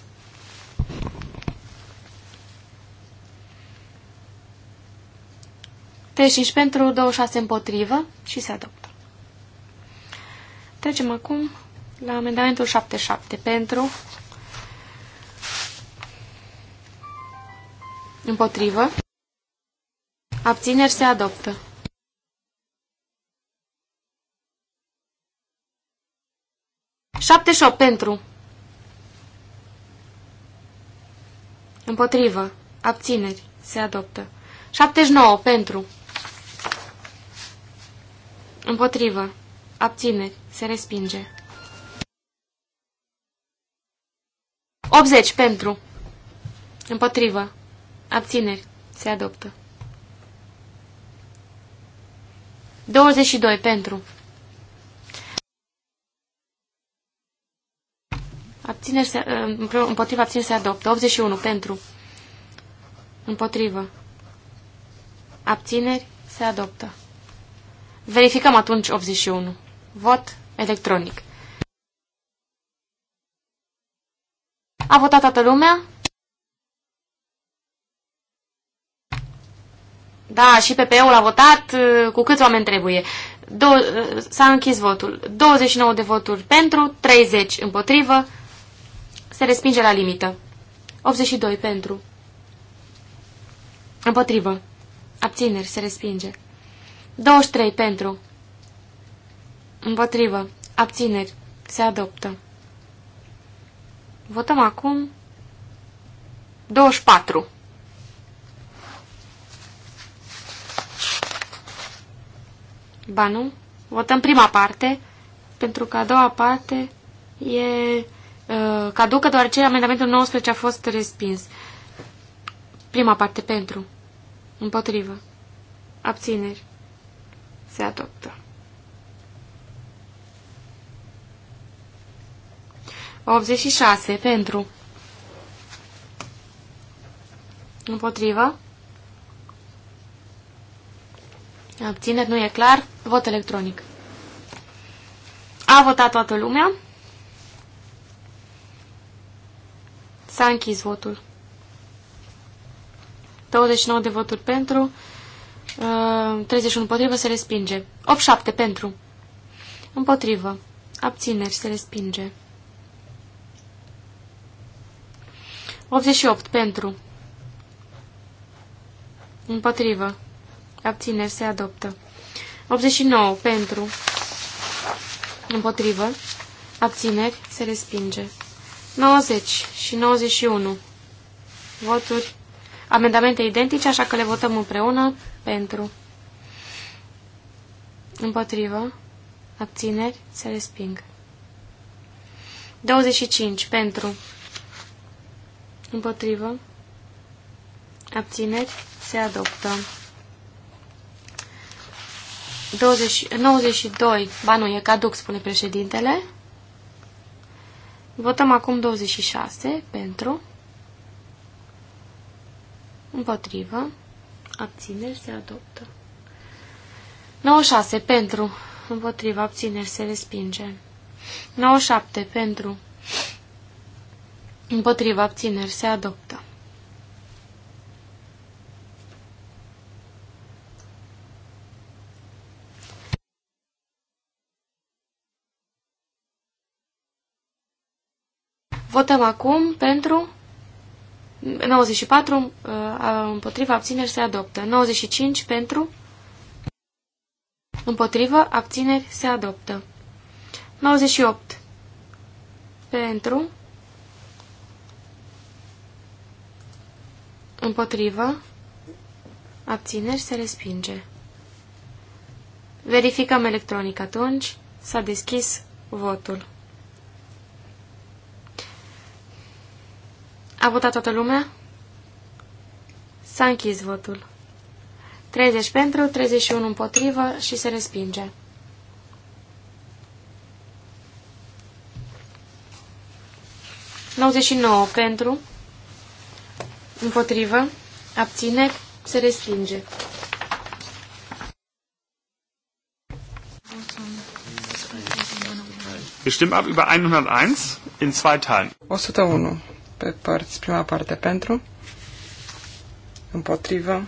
T5 pentru, 26 împotrivă și se adoptă. Trecem acum la amendamentul 77 pentru, Împotrivă. Abțineri se adoptă. Șapte opt pentru. Împotrivă. Abțineri. Se adoptă. 79 pentru. Împotrivă. Abțineri. Se respinge. 80 pentru. Împotrivă. Abțineri. Se adoptă. 22 pentru. Abțineri se, uh, împotriva abțineri se adoptă. 81 pentru. Împotrivă. Abțineri se adoptă. Verificăm atunci 81. Vot electronic. A votat toată lumea? Da, și PPE-ul a votat uh, cu câți oameni trebuie. Uh, s-a închis votul. 29 de voturi pentru, 30 împotrivă. Se respinge la limită. 82 pentru. Împotrivă. Abțineri. Se respinge. 23 pentru. Împotrivă. Abțineri. Se adoptă. Votăm acum 24. Ba nu. Votăm prima parte, pentru că a doua parte e uh, caducă, deoarece amendamentul 19 a fost respins. Prima parte pentru. Împotrivă. Abțineri. Se adoptă. 86 pentru. Împotrivă. Abțineri, nu e clar. Vot electronic. A votat toată lumea. S-a închis votul. 29 de voturi pentru, 31 uh, împotrivă, se respinge. 87 pentru. Împotrivă. Abțineri, se respinge. 88 pentru. Împotrivă abțineri se adoptă. 89 pentru, împotrivă, abțineri se respinge. 90 și 91 voturi, amendamente identice, așa că le votăm împreună pentru, împotrivă, abțineri se resping. 25 pentru, împotrivă, abțineri se adoptă. 20, 92. Ba nu, e caduc, spune președintele. Votăm acum 26 pentru. Împotrivă. Abțineri se adoptă. 96 pentru. Împotrivă. Abțineri se respinge. 97 pentru. Împotrivă. Abțineri se adoptă. Votăm acum pentru 94 uh, împotriva abțineri se adoptă. 95 pentru împotriva abțineri se adoptă. 98 pentru împotriva abțineri se respinge. Verificăm electronic atunci. S-a deschis votul. A votat toată lumea? S-a închis votul. 30 pentru, 31 împotrivă și se respinge. nouă pentru, împotrivă, abține, se respinge. Wir stimmen ab über 101 in zwei Teilen. 101 pe părți. Prima parte pentru, împotrivă,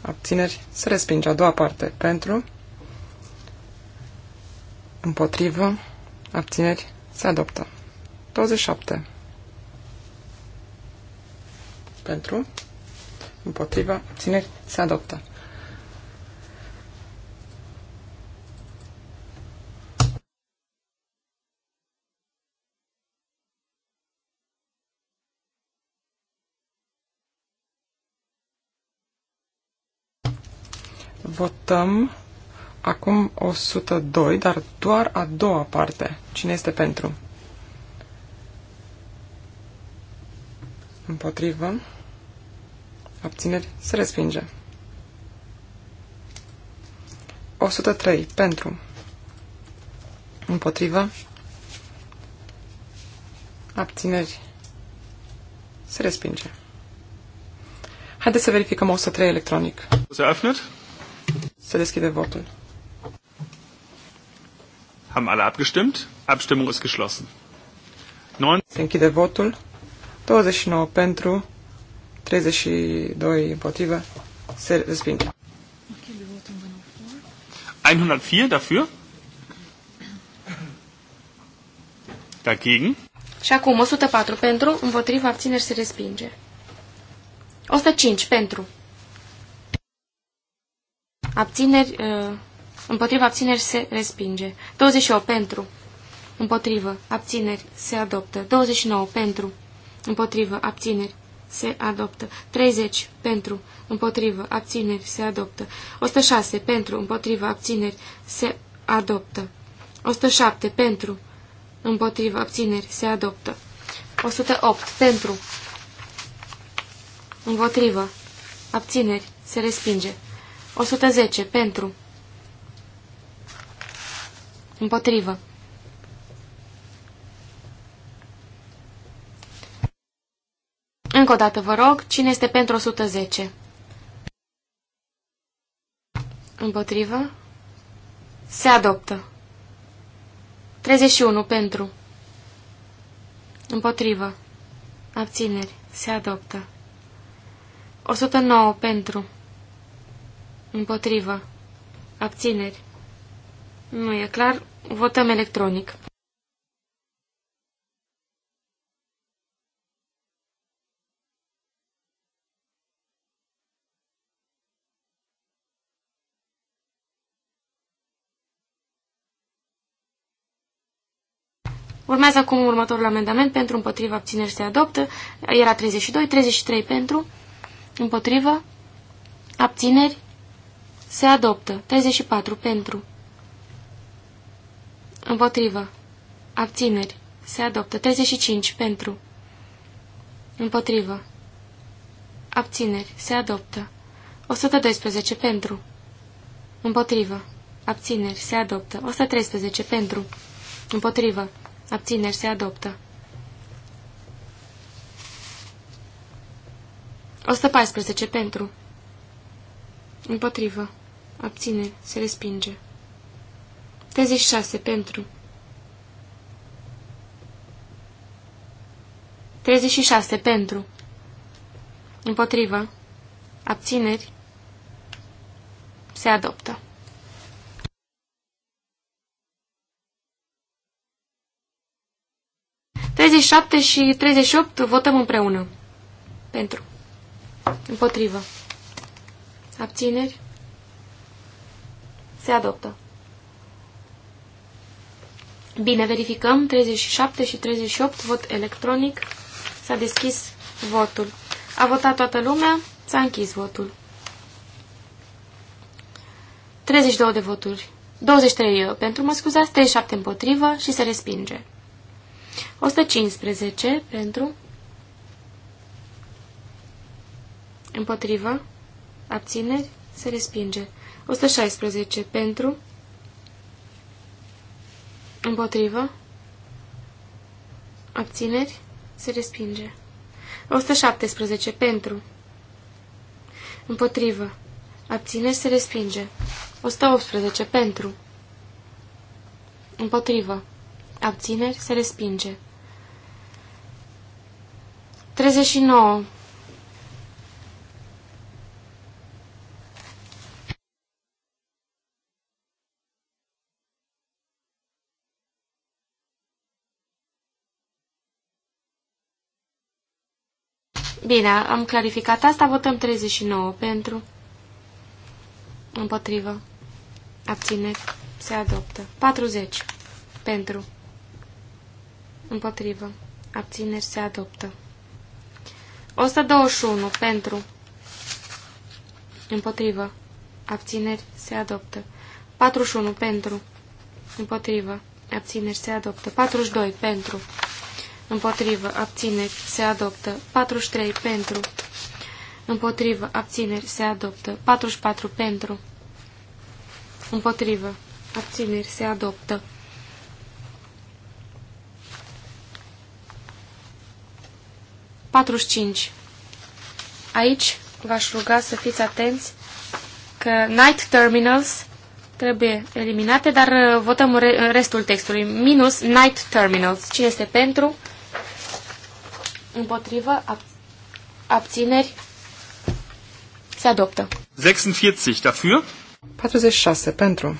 abțineri, se respinge. A doua parte pentru, împotrivă, abțineri, se adoptă. 27. Pentru, împotrivă, abțineri, se adoptă. Votăm acum 102, dar doar a doua parte. Cine este pentru? Împotrivă. Abțineri. Se respinge. 103. Pentru. Împotrivă. Abțineri. Se respinge. Haideți să verificăm 103 electronic. Se aflat? Se deschide votul. Haben alle abgestimmt? Abstimmung ist geschlossen. 9. Se închide votul. 29 pentru, 32 împotrivă. Se respinge. 104 dafür. Dagegen. Și acum 104 pentru, împotrivă, abțineri se respinge. 105 pentru, Abțineri, uh, împotriva abțineri se respinge. 28 pentru, împotrivă, abțineri se adoptă. 29 pentru, împotrivă, abțineri se adoptă. 30 pentru, împotrivă, abțineri se adoptă. 106 pentru, împotrivă, abțineri se adoptă. 107 pentru, împotrivă, abțineri se adoptă. 108 pentru, împotrivă, abțineri se respinge. 110. Pentru. Împotrivă. Încă o dată vă rog, cine este pentru 110? Împotrivă. Se adoptă. 31. Pentru. Împotrivă. Abțineri. Se adoptă. 109. Pentru. Împotrivă. Abțineri. Nu e clar. Votăm electronic. Urmează acum următorul amendament. Pentru împotriva abțineri se adoptă. Era 32, 33 pentru. Împotrivă. Abțineri. Se adoptă. 34. Pentru. Împotrivă. Abțineri. Se adoptă. 35. Pentru. Împotrivă. Abțineri. Se adoptă. 112. Pentru. Împotrivă. Abțineri. Se adoptă. 113. Pentru. Împotrivă. Abțineri. Se adoptă. 114. Pentru. Împotrivă. Abține. Se respinge. 36. Pentru. 36. Pentru. Împotrivă. Abțineri. Se adoptă. Treizeci șapte și treizeci opt votăm împreună. Pentru. Împotrivă. Abțineri. Se adoptă. Bine, verificăm. 37 și 38, vot electronic. S-a deschis votul. A votat toată lumea, s-a închis votul. 32 de voturi. 23 uh, pentru, mă scuzați, 37 împotrivă și se respinge. 115 pentru, împotrivă, abțineri, se respinge. 116 pentru, împotrivă, abțineri, se respinge. 117 pentru, împotrivă, abțineri, se respinge. 118 pentru, împotrivă, abțineri, se respinge. 39 Bine, am clarificat asta, votăm 39 pentru, împotrivă, abțineri, se adoptă. 40 pentru, împotrivă, abțineri, se adoptă. 121 pentru, împotrivă, abțineri, se adoptă. 41 pentru, împotrivă, abțineri, se adoptă. 42 pentru, împotrivă, abțineri, se adoptă. 43 pentru, împotrivă, abțineri, se adoptă. 44 pentru, împotrivă, abțineri, se adoptă. Patruzeci cinci. Aici v-aș ruga să fiți atenți că night terminals trebuie eliminate, dar uh, votăm restul textului. Minus night terminals. Cine este pentru? Împotrivă. Abțineri. Se adoptă. 46 dafür. 46 pentru.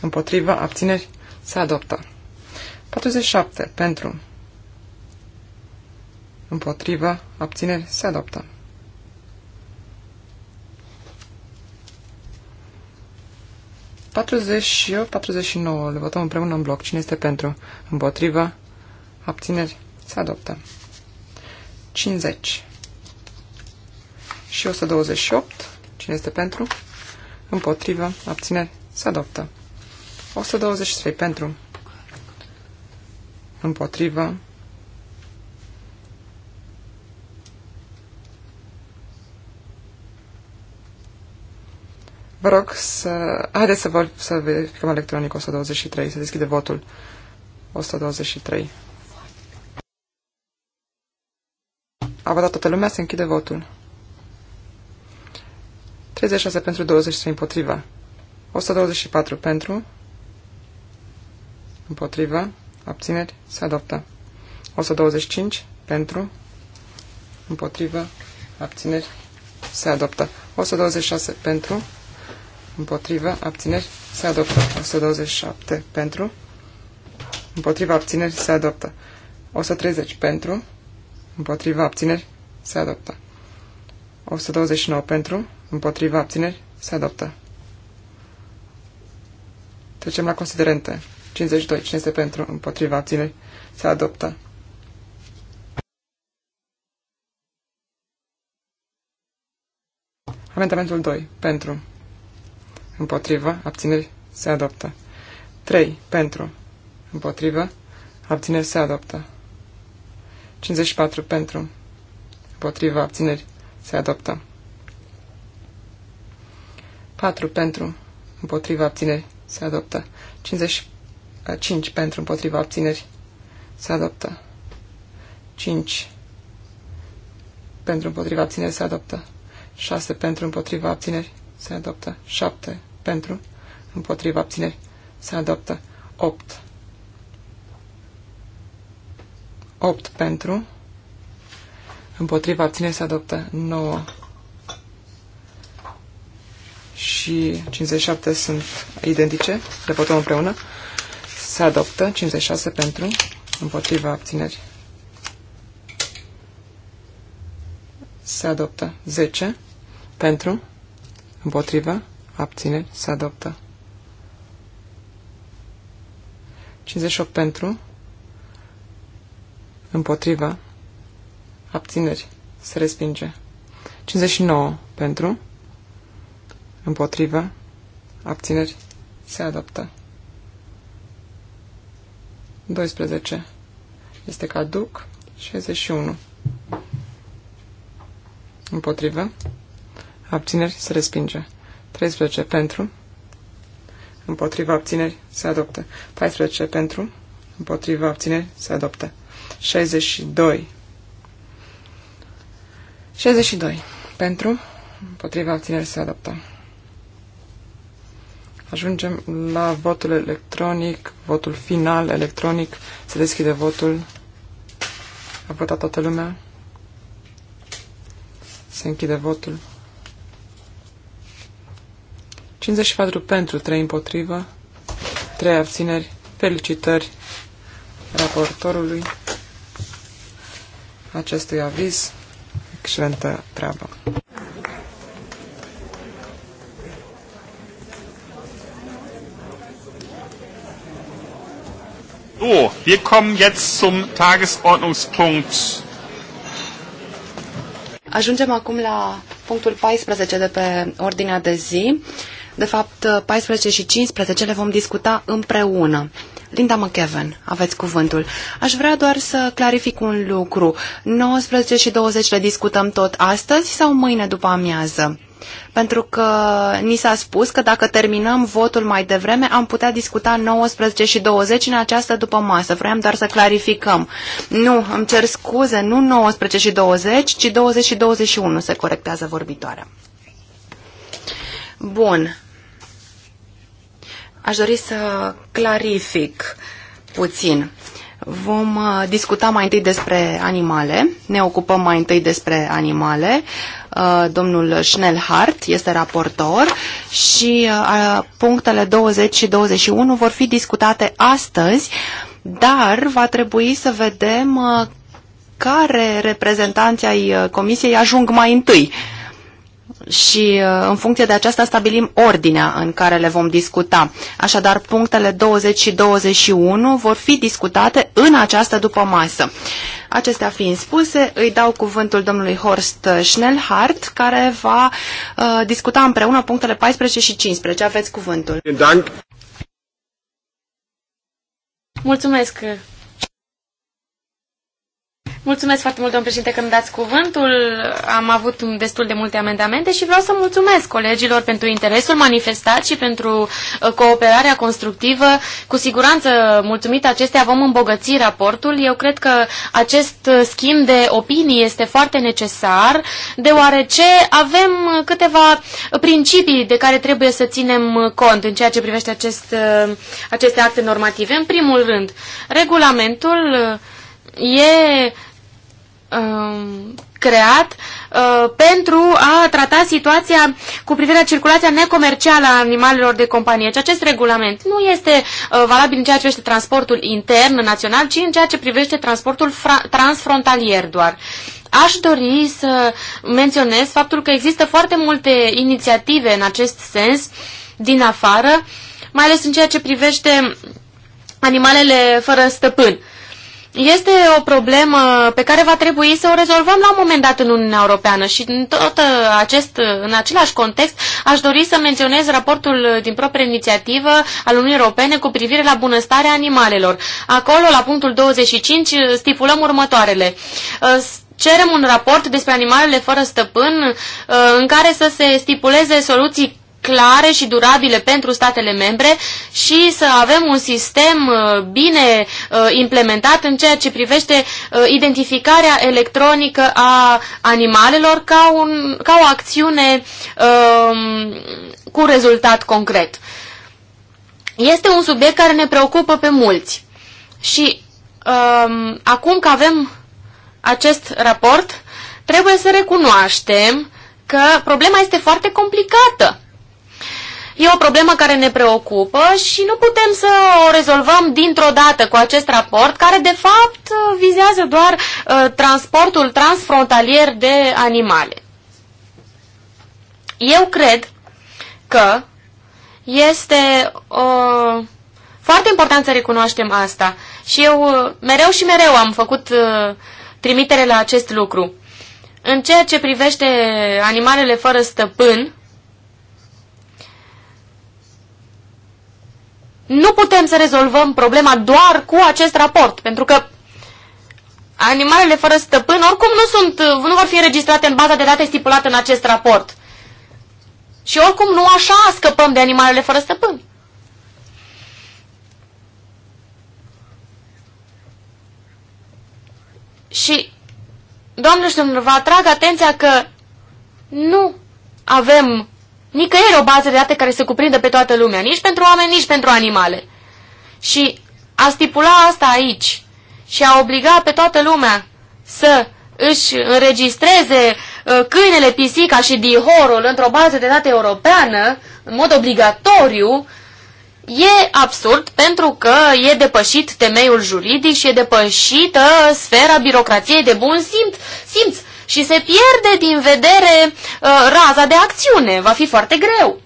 Împotrivă. Abțineri. Se adoptă. 47 pentru. Împotrivă. Abțineri. Se adoptă. Patruzeci și 49. Le votăm împreună în bloc. Cine este pentru? Împotrivă? Abțineri? Se adoptă. 50 și 128. Cine este pentru? Împotrivă. Abțineri. Se adoptă. 123 pentru. Împotrivă. Vă rog să... Haideți să, vă, să verificăm electronic 123, să deschide votul 123. A votat toată lumea, se închide votul. 36 pentru, 23 împotriva. 124 pentru, împotriva, abțineri, se adoptă. 125 pentru, împotriva, abțineri, se adoptă. 126 pentru, împotriva, abțineri, se adoptă. 127 pentru, împotriva, abțineri, se adoptă. 130 pentru, împotriva abțineri, se adoptă. 129 pentru, împotriva abțineri, se adoptă. Trecem la considerente. 52, cine este pentru, împotriva abțineri, se adoptă. Amendamentul 2, pentru, împotriva, abțineri, se adoptă. 3, pentru, împotriva, abțineri, se adoptă. 54 pentru. Împotriva abțineri se adoptă. 4 pentru. Împotriva abțineri se adoptă. 55 pentru. Împotriva abțineri se adoptă. 5 pentru. Împotriva abțineri se adoptă. 6 pentru. Împotriva abțineri se adoptă. 7 pentru. Împotriva abțineri se adoptă. 8 8 pentru, împotriva abține se adoptă 9 și 57 sunt identice, le votăm împreună, se adoptă 56 pentru, împotriva abțineri se adoptă 10 pentru, împotriva abțineri se adoptă 58 pentru, Împotriva. Abțineri. Se respinge. 59 pentru. Împotriva. Abțineri. Se adoptă. 12. Este caduc. 61. Împotrivă. Abțineri. Se respinge. 13. Pentru. Împotriva abțineri se adoptă. 14 pentru. Împotriva abțineri se adoptă. 62. 62. Pentru, împotriva obținerii se adoptă. Ajungem la votul electronic, votul final electronic. Se deschide votul. A votat toată lumea. Se închide votul. 54 pentru, 3 împotrivă, 3 abțineri. Felicitări raportorului acestui aviz. Excelentă treabă! So, wir kommen jetzt zum Tagesordnungspunkt. Ajungem acum la punctul 14 de pe ordinea de zi. De fapt, 14 și 15 le vom discuta împreună. Linda McKeven, aveți cuvântul. Aș vrea doar să clarific un lucru. 19 și 20 le discutăm tot astăzi sau mâine după amiază? Pentru că ni s-a spus că dacă terminăm votul mai devreme, am putea discuta 19 și 20 în această după masă. Vreau doar să clarificăm. Nu, îmi cer scuze, nu 19 și 20, ci 20 și 21 se corectează vorbitoarea. Bun, Aș dori să clarific puțin. Vom uh, discuta mai întâi despre animale, ne ocupăm mai întâi despre animale. Uh, domnul Schnellhardt este raportor și uh, punctele 20 și 21 vor fi discutate astăzi, dar va trebui să vedem care reprezentanții ai comisiei ajung mai întâi și uh, în funcție de aceasta stabilim ordinea în care le vom discuta. Așadar, punctele 20 și 21 vor fi discutate în această masă. Acestea fiind spuse, îi dau cuvântul domnului Horst Schnellhardt, care va uh, discuta împreună punctele 14 și 15. Aveți cuvântul. Mulțumesc, Mulțumesc foarte mult, domnul președinte, că îmi dați cuvântul. Am avut destul de multe amendamente și vreau să mulțumesc colegilor pentru interesul manifestat și pentru uh, cooperarea constructivă. Cu siguranță, mulțumit acestea, vom îmbogăți raportul. Eu cred că acest uh, schimb de opinii este foarte necesar, deoarece avem uh, câteva principii de care trebuie să ținem cont în ceea ce privește acest, aceste acte normative. În primul rând, regulamentul e Um, creat uh, pentru a trata situația cu privire la circulația necomercială a animalelor de companie. Și deci acest regulament nu este uh, valabil în ceea ce privește transportul intern național, ci în ceea ce privește transportul transfrontalier doar. Aș dori să menționez faptul că există foarte multe inițiative în acest sens din afară, mai ales în ceea ce privește animalele fără stăpân. Uh, este o problemă pe care va trebui să o rezolvăm la un moment dat în Uniunea Europeană și în, tot uh, acest, în același context aș dori să menționez raportul din proprie inițiativă al Uniunii Europene cu privire la bunăstarea animalelor. Acolo, la punctul 25, stipulăm următoarele uh, cerem un raport despre animalele fără stăpân uh, în care să se stipuleze soluții clare și durabile pentru statele membre și să avem un sistem uh, bine uh, implementat în ceea ce privește uh, identificarea electronică a animalelor ca, un, ca o acțiune um, cu rezultat concret. Este un subiect care ne preocupă pe mulți și um, acum că avem acest raport, trebuie să recunoaștem că problema este foarte complicată. E o problemă care ne preocupă și nu putem să o rezolvăm dintr-o dată cu acest raport, care de fapt vizează doar uh, transportul transfrontalier de animale. Eu cred că este uh, foarte important să recunoaștem asta și eu uh, mereu și mereu am făcut uh, trimitere la acest lucru. În ceea ce privește animalele fără stăpân, nu putem să rezolvăm problema doar cu acest raport, pentru că animalele fără stăpân oricum nu, sunt, nu vor fi înregistrate în baza de date stipulată în acest raport. Și oricum nu așa scăpăm de animalele fără stăpân. Și, doamne și domnilor, vă atrag atenția că nu avem nicăieri o bază de date care să cuprindă pe toată lumea, nici pentru oameni, nici pentru animale. Și a stipula asta aici și a obliga pe toată lumea să își înregistreze uh, câinele, pisica și dihorul într-o bază de date europeană, în mod obligatoriu, e absurd pentru că e depășit temeiul juridic și e depășită sfera birocrației de bun simț. Simț, și se pierde din vedere uh, raza de acțiune. Va fi foarte greu.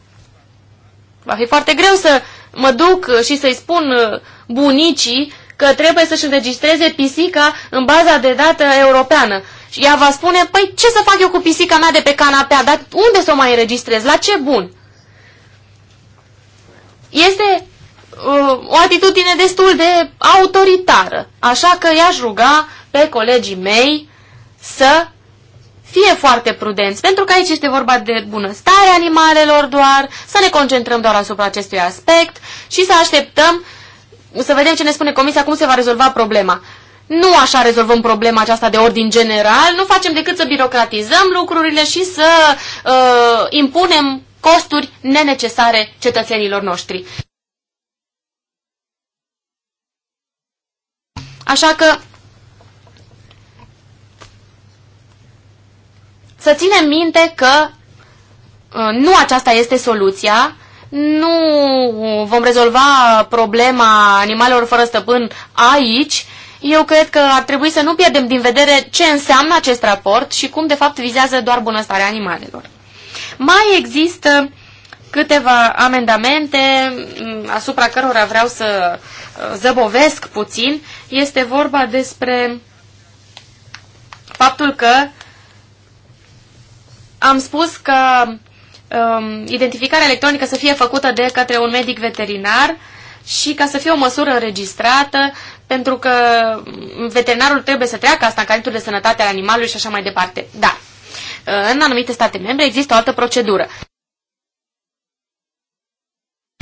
Va fi foarte greu să mă duc uh, și să-i spun uh, bunicii că trebuie să-și înregistreze pisica în baza de dată europeană. Și ea va spune, păi ce să fac eu cu pisica mea de pe canapea, dar unde să o mai înregistrez, la ce bun? Este uh, o atitudine destul de autoritară, așa că i-aș ruga pe colegii mei să fie foarte prudenți, pentru că aici este vorba de bunăstarea animalelor doar, să ne concentrăm doar asupra acestui aspect și să așteptăm să vedem ce ne spune Comisia, cum se va rezolva problema. Nu așa rezolvăm problema aceasta de ordin general, nu facem decât să birocratizăm lucrurile și să uh, impunem costuri nenecesare cetățenilor noștri. Așa că să ținem minte că uh, nu aceasta este soluția, nu vom rezolva problema animalelor fără stăpân aici. Eu cred că ar trebui să nu pierdem din vedere ce înseamnă acest raport și cum de fapt vizează doar bunăstarea animalelor. Mai există câteva amendamente mm, asupra cărora vreau să uh, zăbovesc puțin. Este vorba despre faptul că am spus că um, identificarea electronică să fie făcută de către un medic veterinar și ca să fie o măsură înregistrată, pentru că um, veterinarul trebuie să treacă asta în calitate de sănătate al animalului și așa mai departe. Da, uh, în anumite state membre există o altă procedură.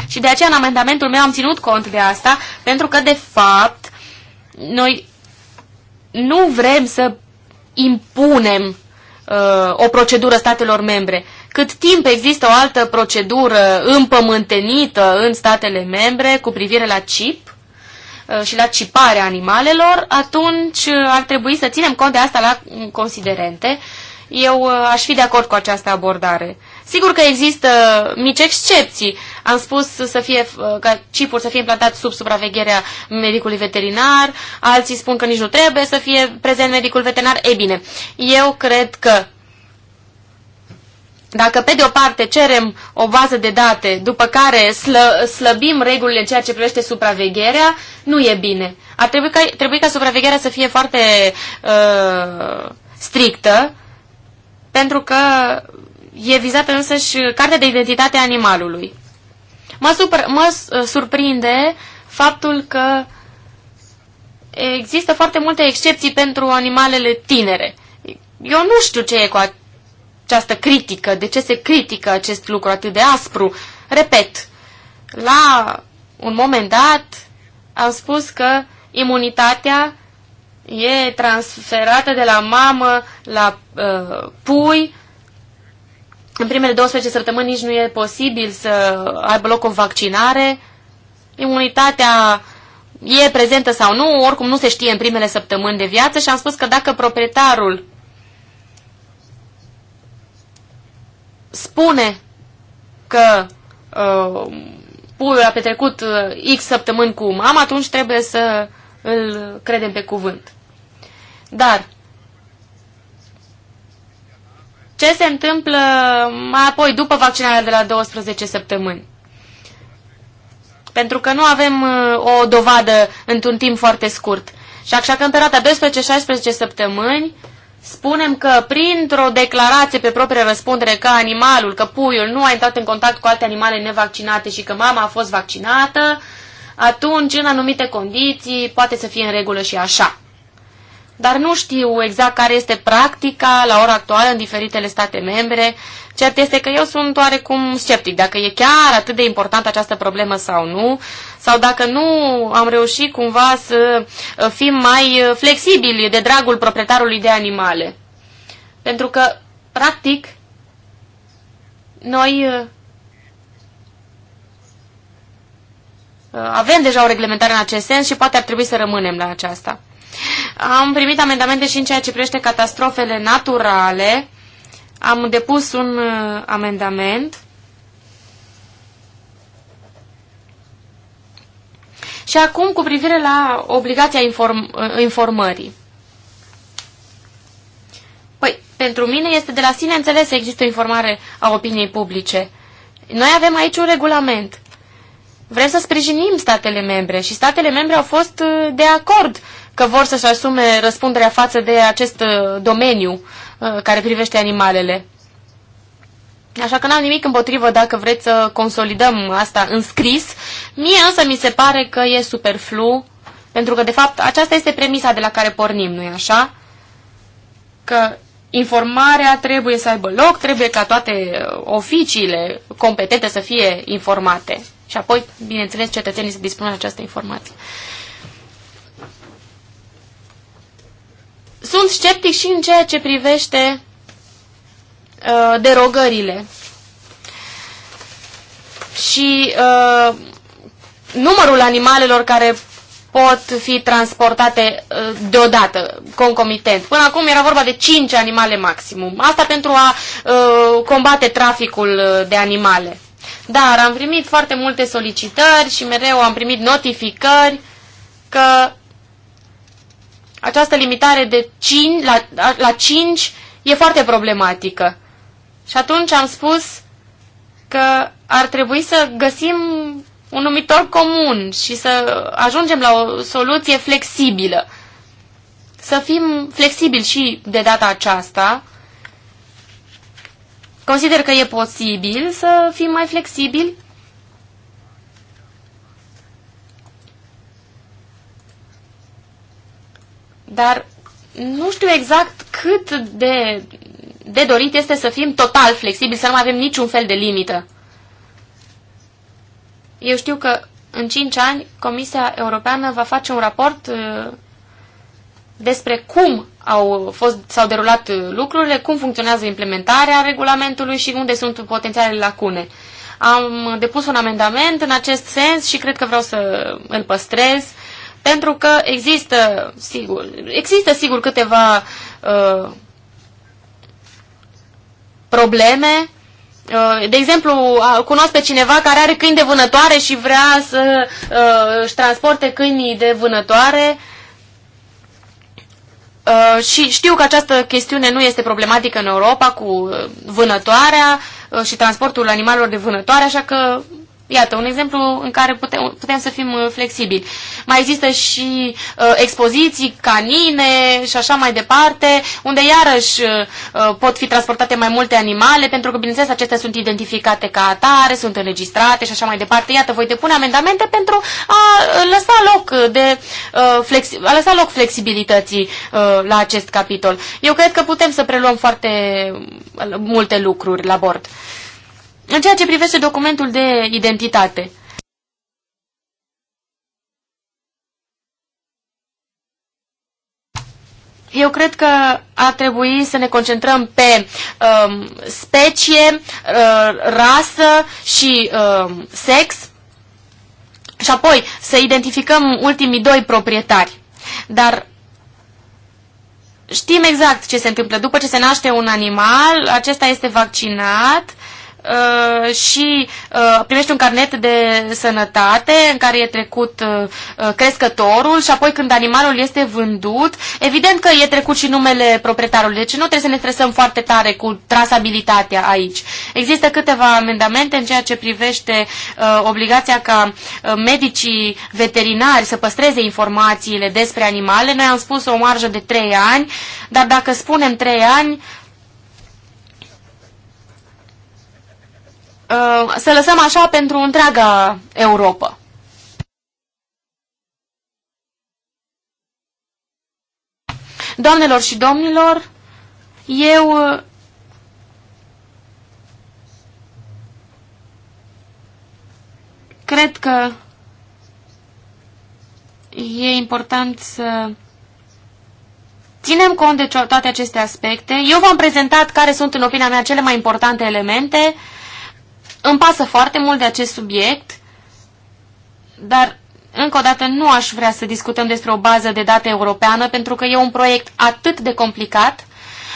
Și de aceea în amendamentul meu am ținut cont de asta, pentru că, de fapt, noi nu vrem să impunem uh, o procedură statelor membre. Cât timp există o altă procedură împământenită în statele membre cu privire la chip uh, și la ciparea animalelor, atunci uh, ar trebui să ținem cont de asta la considerente. Eu uh, aș fi de acord cu această abordare. Sigur că există mici excepții. Am spus să fie, ca chipul să fie implantat sub supravegherea medicului veterinar, alții spun că nici nu trebuie să fie prezent medicul veterinar. Ei bine, eu cred că dacă pe de o parte cerem o bază de date, după care slă, slăbim regulile în ceea ce privește supravegherea, nu e bine. Ar trebui ca, trebui ca supravegherea să fie foarte uh, strictă, pentru că e vizată însăși cartea de identitate a animalului. Mă, super, mă uh, surprinde faptul că există foarte multe excepții pentru animalele tinere. Eu nu știu ce e cu această critică, de ce se critică acest lucru atât de aspru. Repet, la un moment dat am spus că imunitatea e transferată de la mamă la uh, pui în primele 12 săptămâni nici nu e posibil să aibă loc o vaccinare. Imunitatea e prezentă sau nu, oricum nu se știe în primele săptămâni de viață și am spus că dacă proprietarul spune că uh, puiul a petrecut uh, X săptămâni cu mama, atunci trebuie să îl credem pe cuvânt. Dar ce se întâmplă mai apoi, după vaccinarea de la 12 săptămâni. Pentru că nu avem uh, o dovadă într-un timp foarte scurt. Și așa că în perioada 12-16 săptămâni spunem că printr-o declarație pe proprie răspundere că animalul, că puiul nu a intrat în contact cu alte animale nevaccinate și că mama a fost vaccinată, atunci, în anumite condiții, poate să fie în regulă și așa dar nu știu exact care este practica la ora actuală în diferitele state membre. Cert este că eu sunt oarecum sceptic dacă e chiar atât de importantă această problemă sau nu, sau dacă nu am reușit cumva să uh, fim mai uh, flexibili de dragul proprietarului de animale. Pentru că, practic, noi uh, avem deja o reglementare în acest sens și poate ar trebui să rămânem la aceasta. Am primit amendamente și în ceea ce privește catastrofele naturale. Am depus un uh, amendament. Și acum cu privire la obligația inform uh, informării. Păi, pentru mine este de la sine înțeles să există o informare a opiniei publice. Noi avem aici un regulament. Vrem să sprijinim statele membre și statele membre au fost uh, de acord că vor să-și asume răspunderea față de acest uh, domeniu uh, care privește animalele. Așa că n-am nimic împotrivă dacă vreți să consolidăm asta în scris. Mie însă mi se pare că e superflu, pentru că, de fapt, aceasta este premisa de la care pornim, nu-i așa? Că informarea trebuie să aibă loc, trebuie ca toate uh, oficiile competente să fie informate. Și apoi, bineînțeles, cetățenii să dispună această informație. Sunt sceptic și în ceea ce privește uh, derogările. Și uh, numărul animalelor care pot fi transportate uh, deodată, concomitent. Până acum era vorba de 5 animale maximum. Asta pentru a uh, combate traficul uh, de animale. Dar am primit foarte multe solicitări și mereu am primit notificări că această limitare de 5, la, la 5 e foarte problematică. Și atunci am spus că ar trebui să găsim un numitor comun și să ajungem la o soluție flexibilă. Să fim flexibili și de data aceasta. Consider că e posibil să fim mai flexibili Dar nu știu exact cât de, de dorit este să fim total flexibili, să nu avem niciun fel de limită. Eu știu că în 5 ani Comisia Europeană va face un raport uh, despre cum au fost, s-au derulat uh, lucrurile, cum funcționează implementarea regulamentului și unde sunt potențialele lacune. Am depus un amendament în acest sens și cred că vreau să îl păstrez. Pentru că există, sigur, există sigur câteva uh, probleme. Uh, de exemplu, cunosc pe cineva care are câini de vânătoare și vrea să uh, își transporte câinii de vânătoare și știu că această chestiune nu este problematică în Europa cu vânătoarea și transportul animalelor de vânătoare, așa că Iată, un exemplu în care putem, putem să fim uh, flexibili. Mai există și uh, expoziții canine și așa mai departe, unde iarăși uh, uh, pot fi transportate mai multe animale, pentru că, bineînțeles, acestea sunt identificate ca atare, sunt înregistrate și așa mai departe. Iată, voi depune amendamente pentru a uh, lăsa loc, de, uh, flexi- a lăsa loc flexibilității uh, la acest capitol. Eu cred că putem să preluăm foarte multe lucruri la bord. În ceea ce privește documentul de identitate, eu cred că ar trebui să ne concentrăm pe um, specie, uh, rasă și uh, sex și apoi să identificăm ultimii doi proprietari. Dar știm exact ce se întâmplă. După ce se naște un animal, acesta este vaccinat Uh, și uh, primești un carnet de sănătate în care e trecut uh, uh, crescătorul și apoi când animalul este vândut, evident că e trecut și numele proprietarului. Deci nu trebuie să ne stresăm foarte tare cu trasabilitatea aici. Există câteva amendamente în ceea ce privește uh, obligația ca uh, medicii veterinari să păstreze informațiile despre animale. Noi am spus o marjă de 3 ani, dar dacă spunem 3 ani, Uh, să lăsăm așa pentru întreaga Europa. Doamnelor și domnilor, eu uh, cred că e important să ținem cont de toate aceste aspecte. Eu v-am prezentat care sunt, în opinia mea, cele mai importante elemente îmi pasă foarte mult de acest subiect, dar încă o dată nu aș vrea să discutăm despre o bază de date europeană, pentru că e un proiect atât de complicat,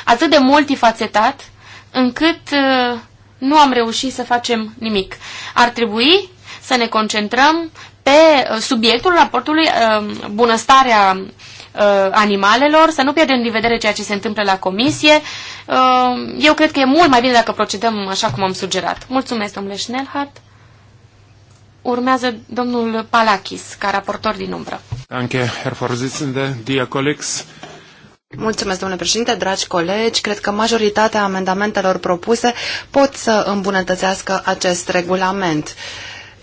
atât de multifacetat, încât uh, nu am reușit să facem nimic. Ar trebui să ne concentrăm pe uh, subiectul raportului uh, bunăstarea uh, animalelor, să nu pierdem din vedere ceea ce se întâmplă la comisie. Uh, eu cred că e mult mai bine dacă procedăm așa cum am sugerat. Mulțumesc, domnule Schnellhardt. Urmează domnul Palachis, ca raportor din umbră. Herr Vorsitzende, colleagues. Mulțumesc, domnule președinte, dragi colegi. Cred că majoritatea amendamentelor propuse pot să îmbunătățească acest regulament. Uh,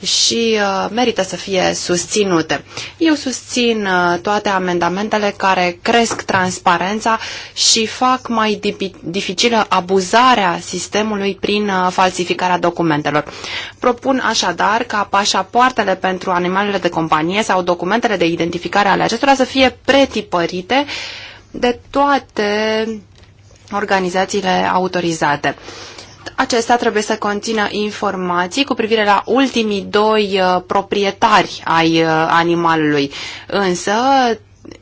și uh, merită să fie susținute. Eu susțin uh, toate amendamentele care cresc transparența și fac mai dificilă abuzarea sistemului prin uh, falsificarea documentelor. Propun așadar ca pașapoartele pentru animalele de companie sau documentele de identificare ale acestora să fie pretipărite de toate organizațiile autorizate acesta trebuie să conțină informații cu privire la ultimii doi uh, proprietari ai uh, animalului. Însă,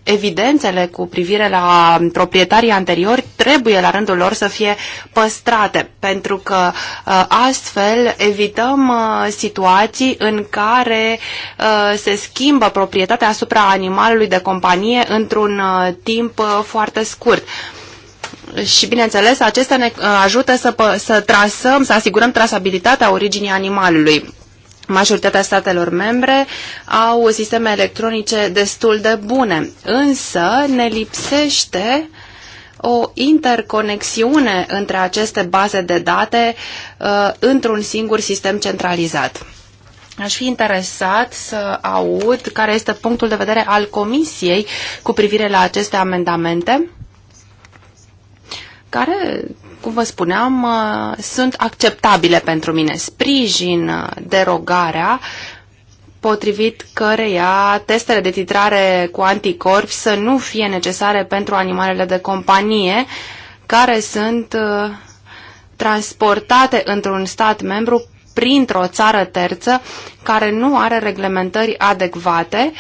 evidențele cu privire la proprietarii anteriori trebuie la rândul lor să fie păstrate, pentru că uh, astfel evităm situații în care se schimbă proprietatea asupra animalului de companie într-un timp foarte scurt și, bineînțeles, acestea ne uh, ajută să, să trasăm, să asigurăm trasabilitatea originii animalului. Majoritatea statelor membre au sisteme electronice destul de bune, însă ne lipsește o interconexiune între aceste baze de date uh, într-un singur sistem centralizat. Aș fi interesat să aud care este punctul de vedere al Comisiei cu privire la aceste amendamente care, cum vă spuneam, uh, sunt acceptabile pentru mine. Sprijin uh, derogarea potrivit căreia testele de titrare cu anticorp să nu fie necesare pentru animalele de companie care sunt uh, transportate într-un stat membru printr-o țară terță care nu are reglementări adecvate uh,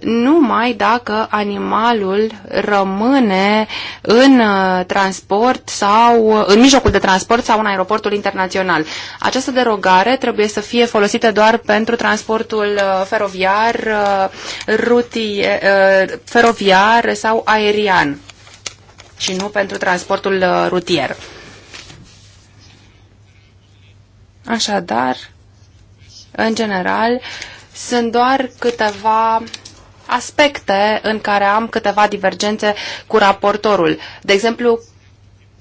numai dacă animalul rămâne în uh, transport sau uh, în mijlocul de transport sau în aeroportul internațional. Această derogare trebuie să fie folosită doar pentru transportul uh, feroviar, rutier, feroviar sau aerian și nu pentru transportul rutier. Așadar, în general, sunt doar câteva aspecte în care am câteva divergențe cu raportorul. De exemplu,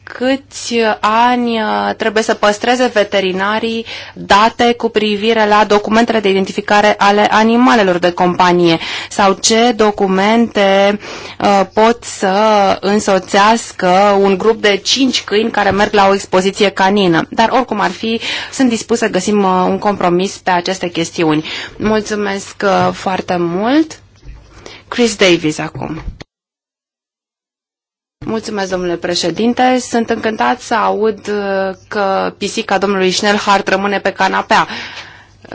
câți ani uh, trebuie să păstreze veterinarii date cu privire la documentele de identificare ale animalelor de companie sau ce documente uh, pot să însoțească un grup de cinci câini care merg la o expoziție canină. Dar oricum ar fi, sunt dispus să găsim uh, un compromis pe aceste chestiuni. Mulțumesc foarte mult! Chris Davis acum. Mulțumesc, domnule președinte. Sunt încântat să aud uh, că pisica domnului Schnellhardt rămâne pe canapea.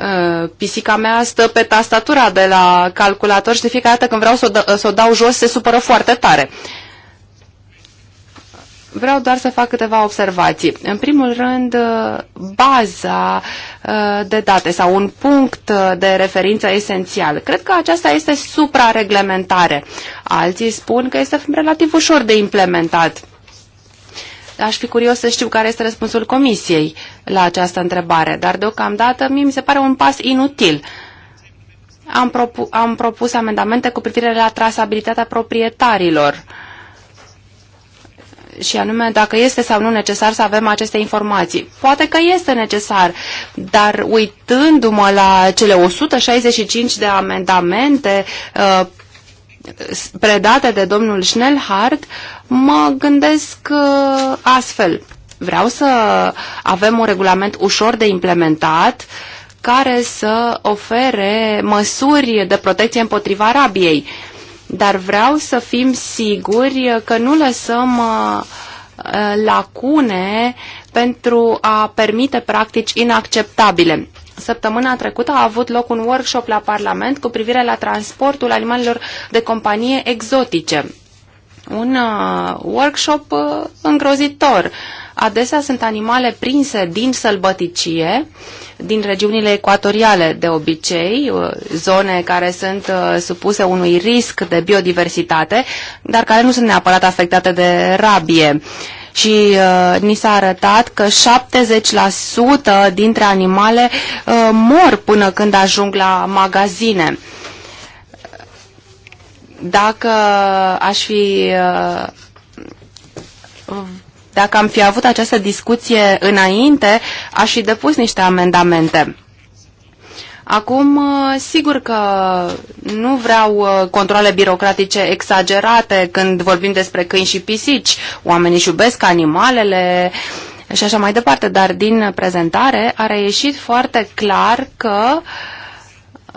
Uh, pisica mea stă pe tastatura de la calculator și de fiecare dată când vreau să o, să dau jos se supără foarte tare. Vreau doar să fac câteva observații. În primul rând, uh, baza uh, de date sau un punct uh, de referință esențial. Cred că aceasta este suprareglementare. Alții spun că este relativ ușor de implementat. Aș fi curios să știu care este răspunsul comisiei la această întrebare, dar deocamdată mie mi se pare un pas inutil. Am, propu- am propus amendamente cu privire la trasabilitatea proprietarilor. Uh, și anume dacă este sau nu necesar să avem aceste informații. Poate că este necesar, dar uitându-mă la cele 165 de amendamente uh, predate de domnul Schnellhardt, mă gândesc uh, astfel. Vreau să avem un regulament ușor de implementat care să ofere măsuri de protecție împotriva rabiei. Uh, dar vreau să fim siguri că nu lăsăm uh, uh, lacune pentru a permite practici inacceptabile. Săptămâna trecută a avut loc un workshop la Parlament cu privire la transportul animalelor de companie exotice un uh, workshop uh, îngrozitor. Adesea sunt animale prinse din sălbăticie, din regiunile ecuatoriale de obicei, uh, zone care sunt uh, supuse unui risc de biodiversitate, dar care nu sunt neapărat afectate de rabie. Și uh, ni s-a arătat că 70% dintre animale uh, mor până când ajung la magazine. Uh, dacă aș fi uh, dacă am fi avut această discuție înainte, aș fi depus niște amendamente. Acum, uh, sigur că nu vreau uh, controle birocratice exagerate când vorbim despre câini și pisici. Oamenii își iubesc animalele și așa mai departe, dar din prezentare a ieșit foarte clar că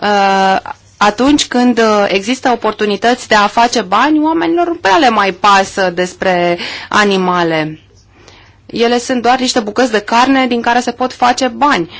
uh, atunci când uh, există oportunități de a face bani, oamenilor nu prea le mai pasă despre animale. Ele sunt doar niște bucăți de carne din care se pot face bani.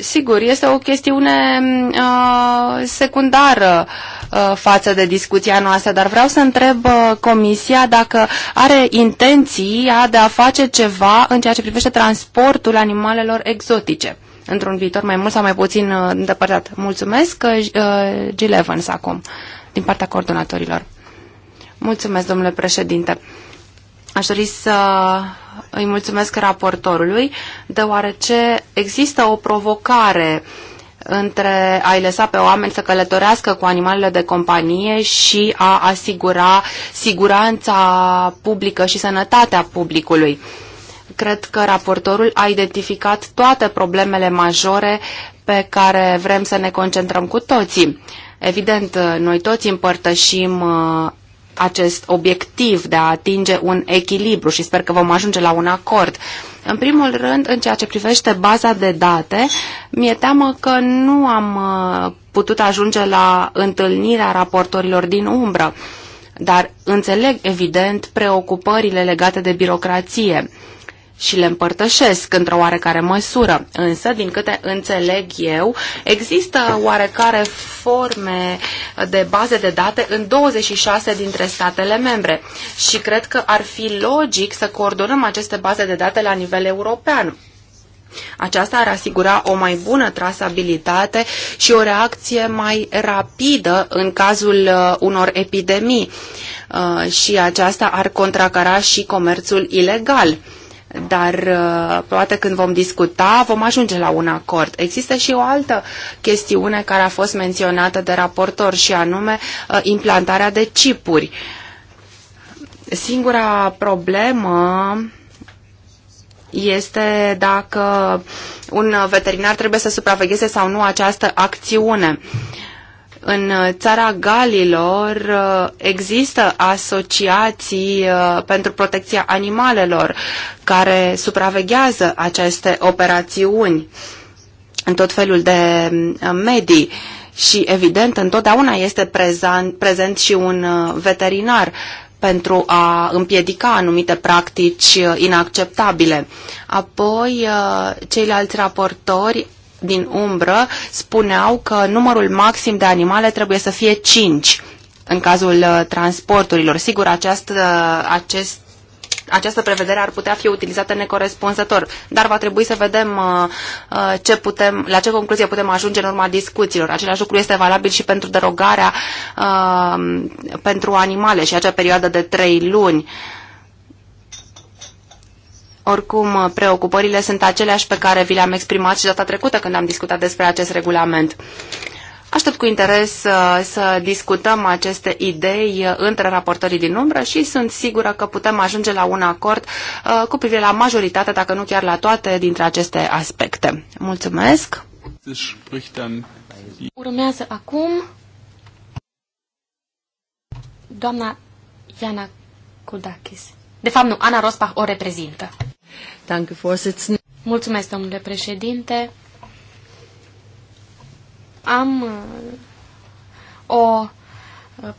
Sigur, este o chestiune mm, uh, secundară uh, față de discuția noastră, dar vreau să întreb uh, Comisia dacă are intenția de a face ceva în ceea ce privește transportul animalelor exotice într-un viitor mai mult sau mai puțin uh, îndepărtat. Mulțumesc, uh, uh, Jill Evans, acum, din partea coordonatorilor. Mulțumesc, domnule președinte. Aș dori să îi mulțumesc raportorului, deoarece există o provocare între a-i lăsa pe oameni să călătorească cu animalele de companie și a asigura siguranța publică și sănătatea publicului. Cred că raportorul a identificat toate problemele majore pe care vrem să ne concentrăm cu toții. Evident, noi toți împărtășim uh, acest obiectiv de a atinge un echilibru și sper că vom ajunge la un acord. În primul rând, în ceea ce privește baza de date, mi-e teamă că nu am uh, putut ajunge la întâlnirea raportorilor din umbră, dar înțeleg evident preocupările legate de birocrație și le împărtășesc într-o oarecare măsură. Însă, din câte înțeleg eu, există oarecare forme de baze de date în 26 dintre statele membre și cred că ar fi logic să coordonăm aceste baze de date la nivel european. Aceasta ar asigura o mai bună trasabilitate și o reacție mai rapidă în cazul uh, unor epidemii uh, și aceasta ar contracara și comerțul ilegal dar uh, poate când vom discuta vom ajunge la un acord. Există și o altă chestiune care a fost menționată de raportor și anume uh, implantarea de chipuri. Singura problemă este dacă un veterinar trebuie să supravegheze sau nu această acțiune. Uh, în uh, țara Galilor uh, există asociații uh, pentru protecția animalelor care supraveghează aceste operațiuni în tot felul de medii și, evident, întotdeauna este prezent, prezent și un veterinar pentru a împiedica anumite practici inacceptabile. Apoi, ceilalți raportori din umbră spuneau că numărul maxim de animale trebuie să fie 5 în cazul uh, transporturilor. Sigur, această, uh, acest această prevedere ar putea fi utilizată necorespunzător, dar va trebui să vedem uh, uh, ce putem, la ce concluzie putem ajunge în urma discuțiilor. Același lucru este valabil și pentru derogarea uh, pentru animale și acea perioadă de trei luni. Uh, oricum, uh, preocupările sunt aceleași pe care vi le-am exprimat și data trecută când am discutat despre acest regulament. Aștept cu interes să, uh, să discutăm aceste idei uh, între raportorii din umbră și sunt sigură că putem ajunge la un acord cu privire la majoritatea, dacă nu chiar la toate, dintre aceste aspecte. Mulțumesc! Urmează acum doamna Iana Kudakis. De fapt, nu, Ana Rospach o reprezintă. Mulțumesc, domnule președinte. Am uh, o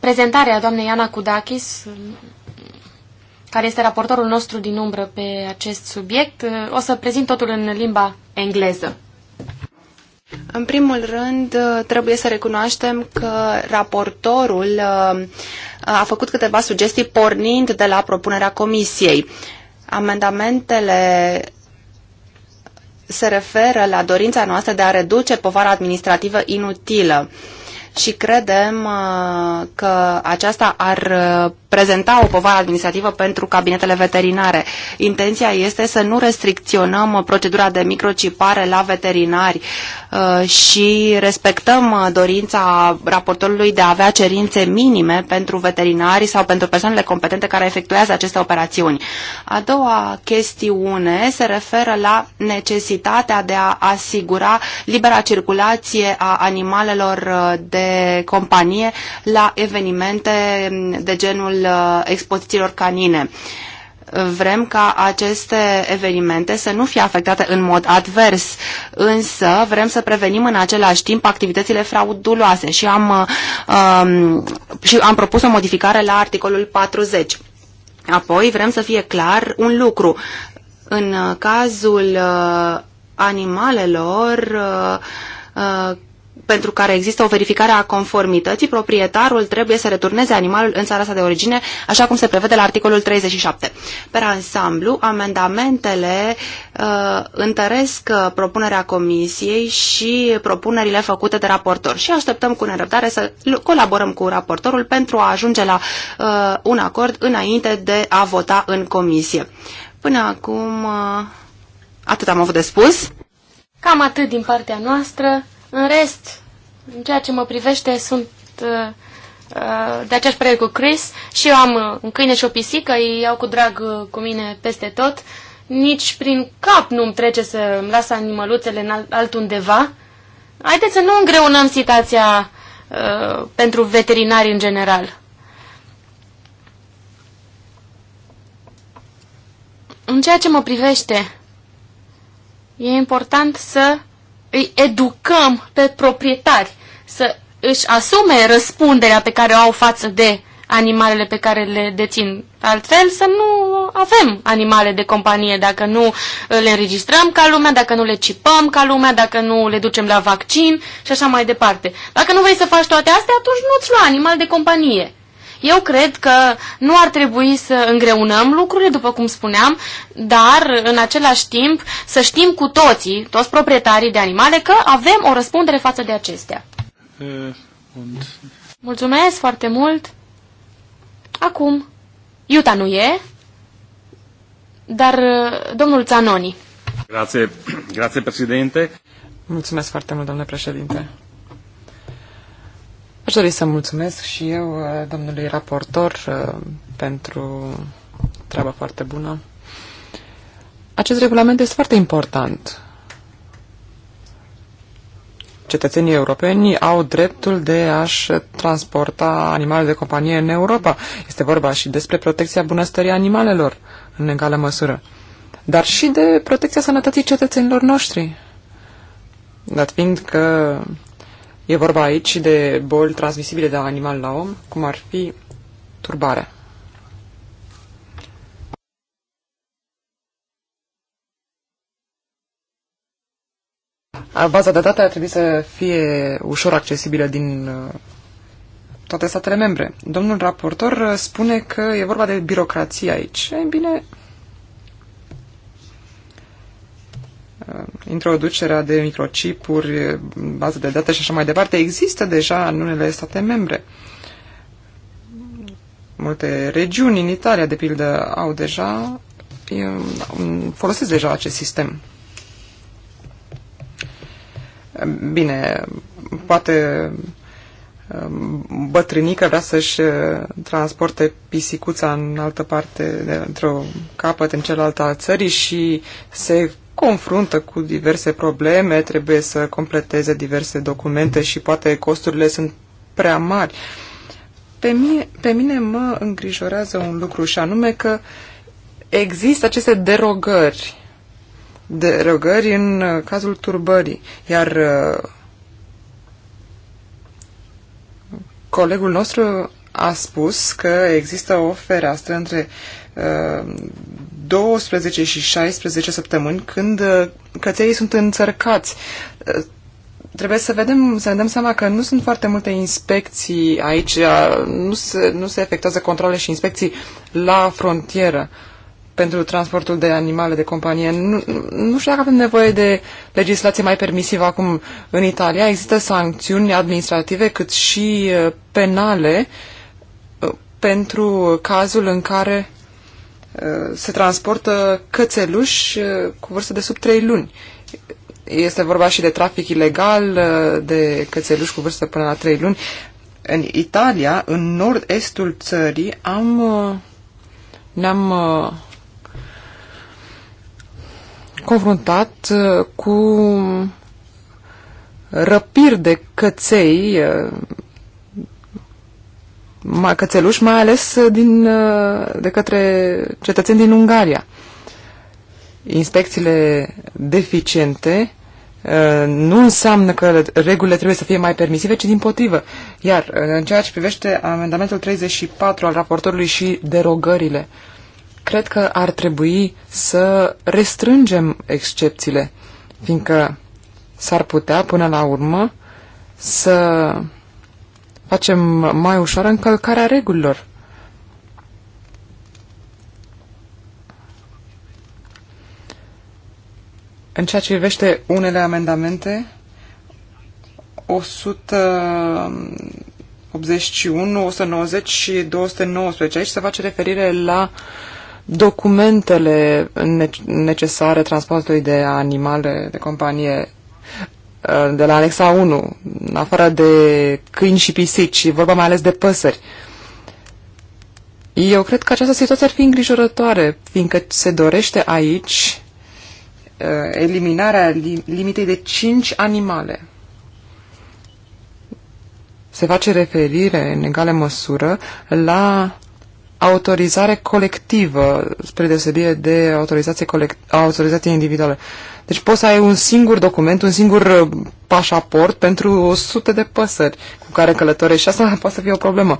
prezentare a doamnei Iana Kudakis, care este raportorul nostru din umbră pe acest subiect. O să prezint totul în limba engleză. În primul rând, trebuie să recunoaștem că raportorul uh, a făcut câteva sugestii pornind de la propunerea comisiei. Amendamentele se referă la dorința noastră de a reduce povara administrativă inutilă și credem uh, că aceasta ar uh, prezenta o povară administrativă pentru cabinetele veterinare. Intenția este să nu restricționăm uh, procedura de microcipare la veterinari și respectăm dorința raportorului de a avea cerințe minime pentru veterinari sau pentru persoanele competente care efectuează aceste operațiuni. A doua chestiune se referă la necesitatea de a asigura libera circulație a animalelor de companie la evenimente de genul uh, expozițiilor canine. Vrem ca aceste evenimente să nu fie afectate în mod advers, însă vrem să prevenim în același timp activitățile frauduloase și am, um, și am propus o modificare la articolul 40. Apoi vrem să fie clar un lucru. În cazul uh, animalelor, uh, pentru care există o verificare a conformității, proprietarul trebuie să returneze animalul în țara sa de origine, așa cum se prevede la articolul 37. Per ansamblu, amendamentele uh, întăresc uh, propunerea comisiei și propunerile făcute de raportor și așteptăm cu nerăbdare să colaborăm cu raportorul pentru a ajunge la uh, un acord înainte de a vota în comisie. Până acum, uh, atât am avut de spus. Cam atât din partea noastră. În rest, în ceea ce mă privește, sunt uh, uh de aceeași părere cu Chris și eu am uh, un câine și o pisică, îi iau cu drag uh, cu mine peste tot. Nici prin cap nu-mi trece să mi las animăluțele în altundeva. Haideți să nu îngreunăm situația uh, pentru veterinari în general. În ceea ce mă privește, e important să îi educăm pe proprietari să își asume răspunderea pe care o au față de animalele pe care le dețin. Altfel să nu avem animale de companie dacă nu le înregistrăm ca lumea, dacă nu le cipăm ca lumea, dacă nu le ducem la vaccin și așa mai departe. Dacă nu vrei să faci toate astea, atunci nu-ți lua animal de companie. Eu cred că nu ar trebui să îngreunăm lucrurile, după cum spuneam, dar în același timp să știm cu toții, toți proprietarii de animale, că avem o răspundere față de acestea. Uh, Mulțumesc foarte mult! Acum, Iuta nu e, dar eh, domnul Zanoni. Grazie, grazie președinte. Mulțumesc foarte mult, domnule președinte. Aș dori să mulțumesc și eu uh, domnului raportor uh, pentru treaba foarte bună. Acest regulament este foarte important. Cetățenii europeni au dreptul de a-și transporta animale de companie în Europa. Este vorba și despre protecția bunăstării animalelor, în egală măsură, dar și de protecția sănătății cetățenilor noștri. Dat fiind că E vorba aici de boli transmisibile de la animal la om, cum ar fi turbarea. Baza de date ar trebui să fie ușor accesibilă din uh, toate statele membre. Domnul raportor uh, spune că e vorba de birocrație aici. Ei bine, Uh, introducerea de microchipuri, uh, bază de date și așa mai departe, există deja în unele state membre. Multe regiuni în Italia, de pildă, au deja, um, folosesc deja acest sistem. Bine, poate um, bătrânică vrea să-și uh, transporte pisicuța în altă parte, într-o capăt în celălalt al țării și se confruntă cu diverse probleme, trebuie să completeze diverse documente și poate costurile sunt prea mari. Pe mine, pe mine mă îngrijorează un lucru și anume că există aceste derogări, derogări în cazul turbării, iar uh, colegul nostru a spus că există o fereastră între uh, 12 și 16 săptămâni, când uh, căței sunt înțărcați. Uh, trebuie să vedem, să ne dăm seama că nu sunt foarte multe inspecții aici, uh, nu se, nu se efectuează controle și inspecții la frontieră pentru transportul de animale de companie. Nu, nu știu dacă avem nevoie de legislație mai permisivă acum în Italia. Există sancțiuni administrative cât și penale pentru cazul în care Uh, se transportă cățeluși uh, cu vârstă de sub 3 luni. Este vorba și de trafic ilegal uh, de cățeluși cu vârstă până la 3 luni. În Italia, în nord-estul țării, am ne-am confruntat cu răpiri de căței cățeluși, mai ales uh, din, uh, de către cetățeni din Ungaria. Inspecțiile deficiente uh, nu înseamnă că regulile trebuie să fie mai permisive, ci din potrivă. Iar în ceea ce privește amendamentul 34 al raportorului și derogările, cred că ar trebui să restrângem excepțiile, fiindcă s-ar putea până la urmă să facem mai ușoară încălcarea regulilor. În ceea ce privește unele amendamente, 181, 190 și 219, aici se face referire la documentele necesare transportului de animale de companie Uh, de la anexa 1, în afară de câini și pisici, e vorba mai ales de păsări. Eu cred că această situație ar fi îngrijorătoare, fiindcă se dorește aici uh, eliminarea limitei de 5 animale. Se face referire în egală măsură la autorizare colectivă, spre deosebire de autorizație, colect- autorizație individuală. Uh, deci poți să ai un singur document, un singur uh, pașaport pentru o sută de păsări cu care călătorești și asta poate să fie o problemă.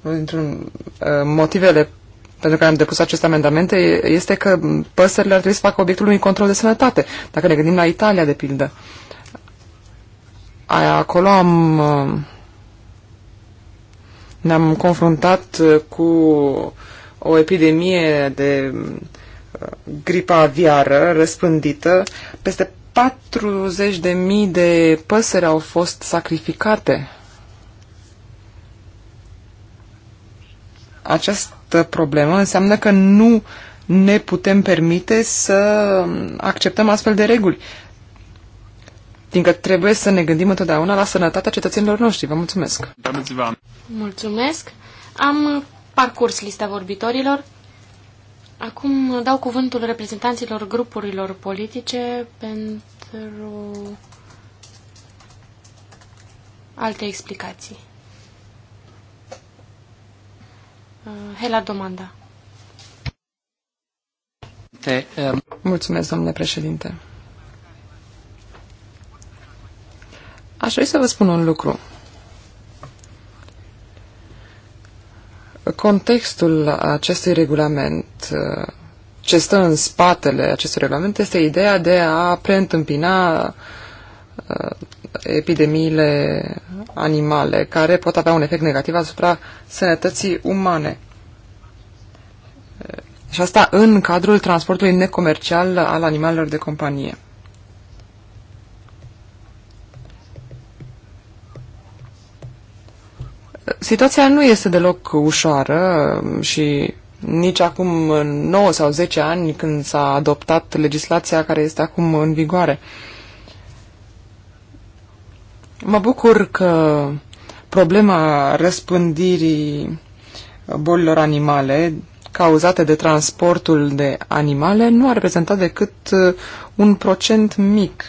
Dintre uh, motivele pentru care am depus aceste amendamente este că păsările ar trebui să facă obiectul unui control de sănătate. Dacă ne gândim la Italia, de pildă, aia, acolo am uh, ne-am confruntat cu o epidemie de gripa aviară răspândită, peste 40.000 de păsări au fost sacrificate. Această problemă înseamnă că nu ne putem permite să acceptăm astfel de reguli. Fiindcă trebuie să ne gândim întotdeauna la sănătatea cetățenilor noștri. Vă mulțumesc! Mulțumesc! Am parcurs lista vorbitorilor. Acum dau cuvântul reprezentanților grupurilor politice pentru alte explicații. Uh, Hela Domanda. Um, Mulțumesc, domnule președinte. Aș vrea să vă spun un lucru. Contextul acestui regulament, ce stă în spatele acestui regulament, este ideea de a preîntâmpina uh, epidemiile animale, care pot avea un efect negativ asupra sănătății umane. Și asta în cadrul transportului necomercial al animalelor de companie. Situația nu este deloc ușoară și nici acum 9 sau 10 ani când s-a adoptat legislația care este acum în vigoare. Mă bucur că problema răspândirii bolilor animale cauzate de transportul de animale nu a reprezentat decât un procent mic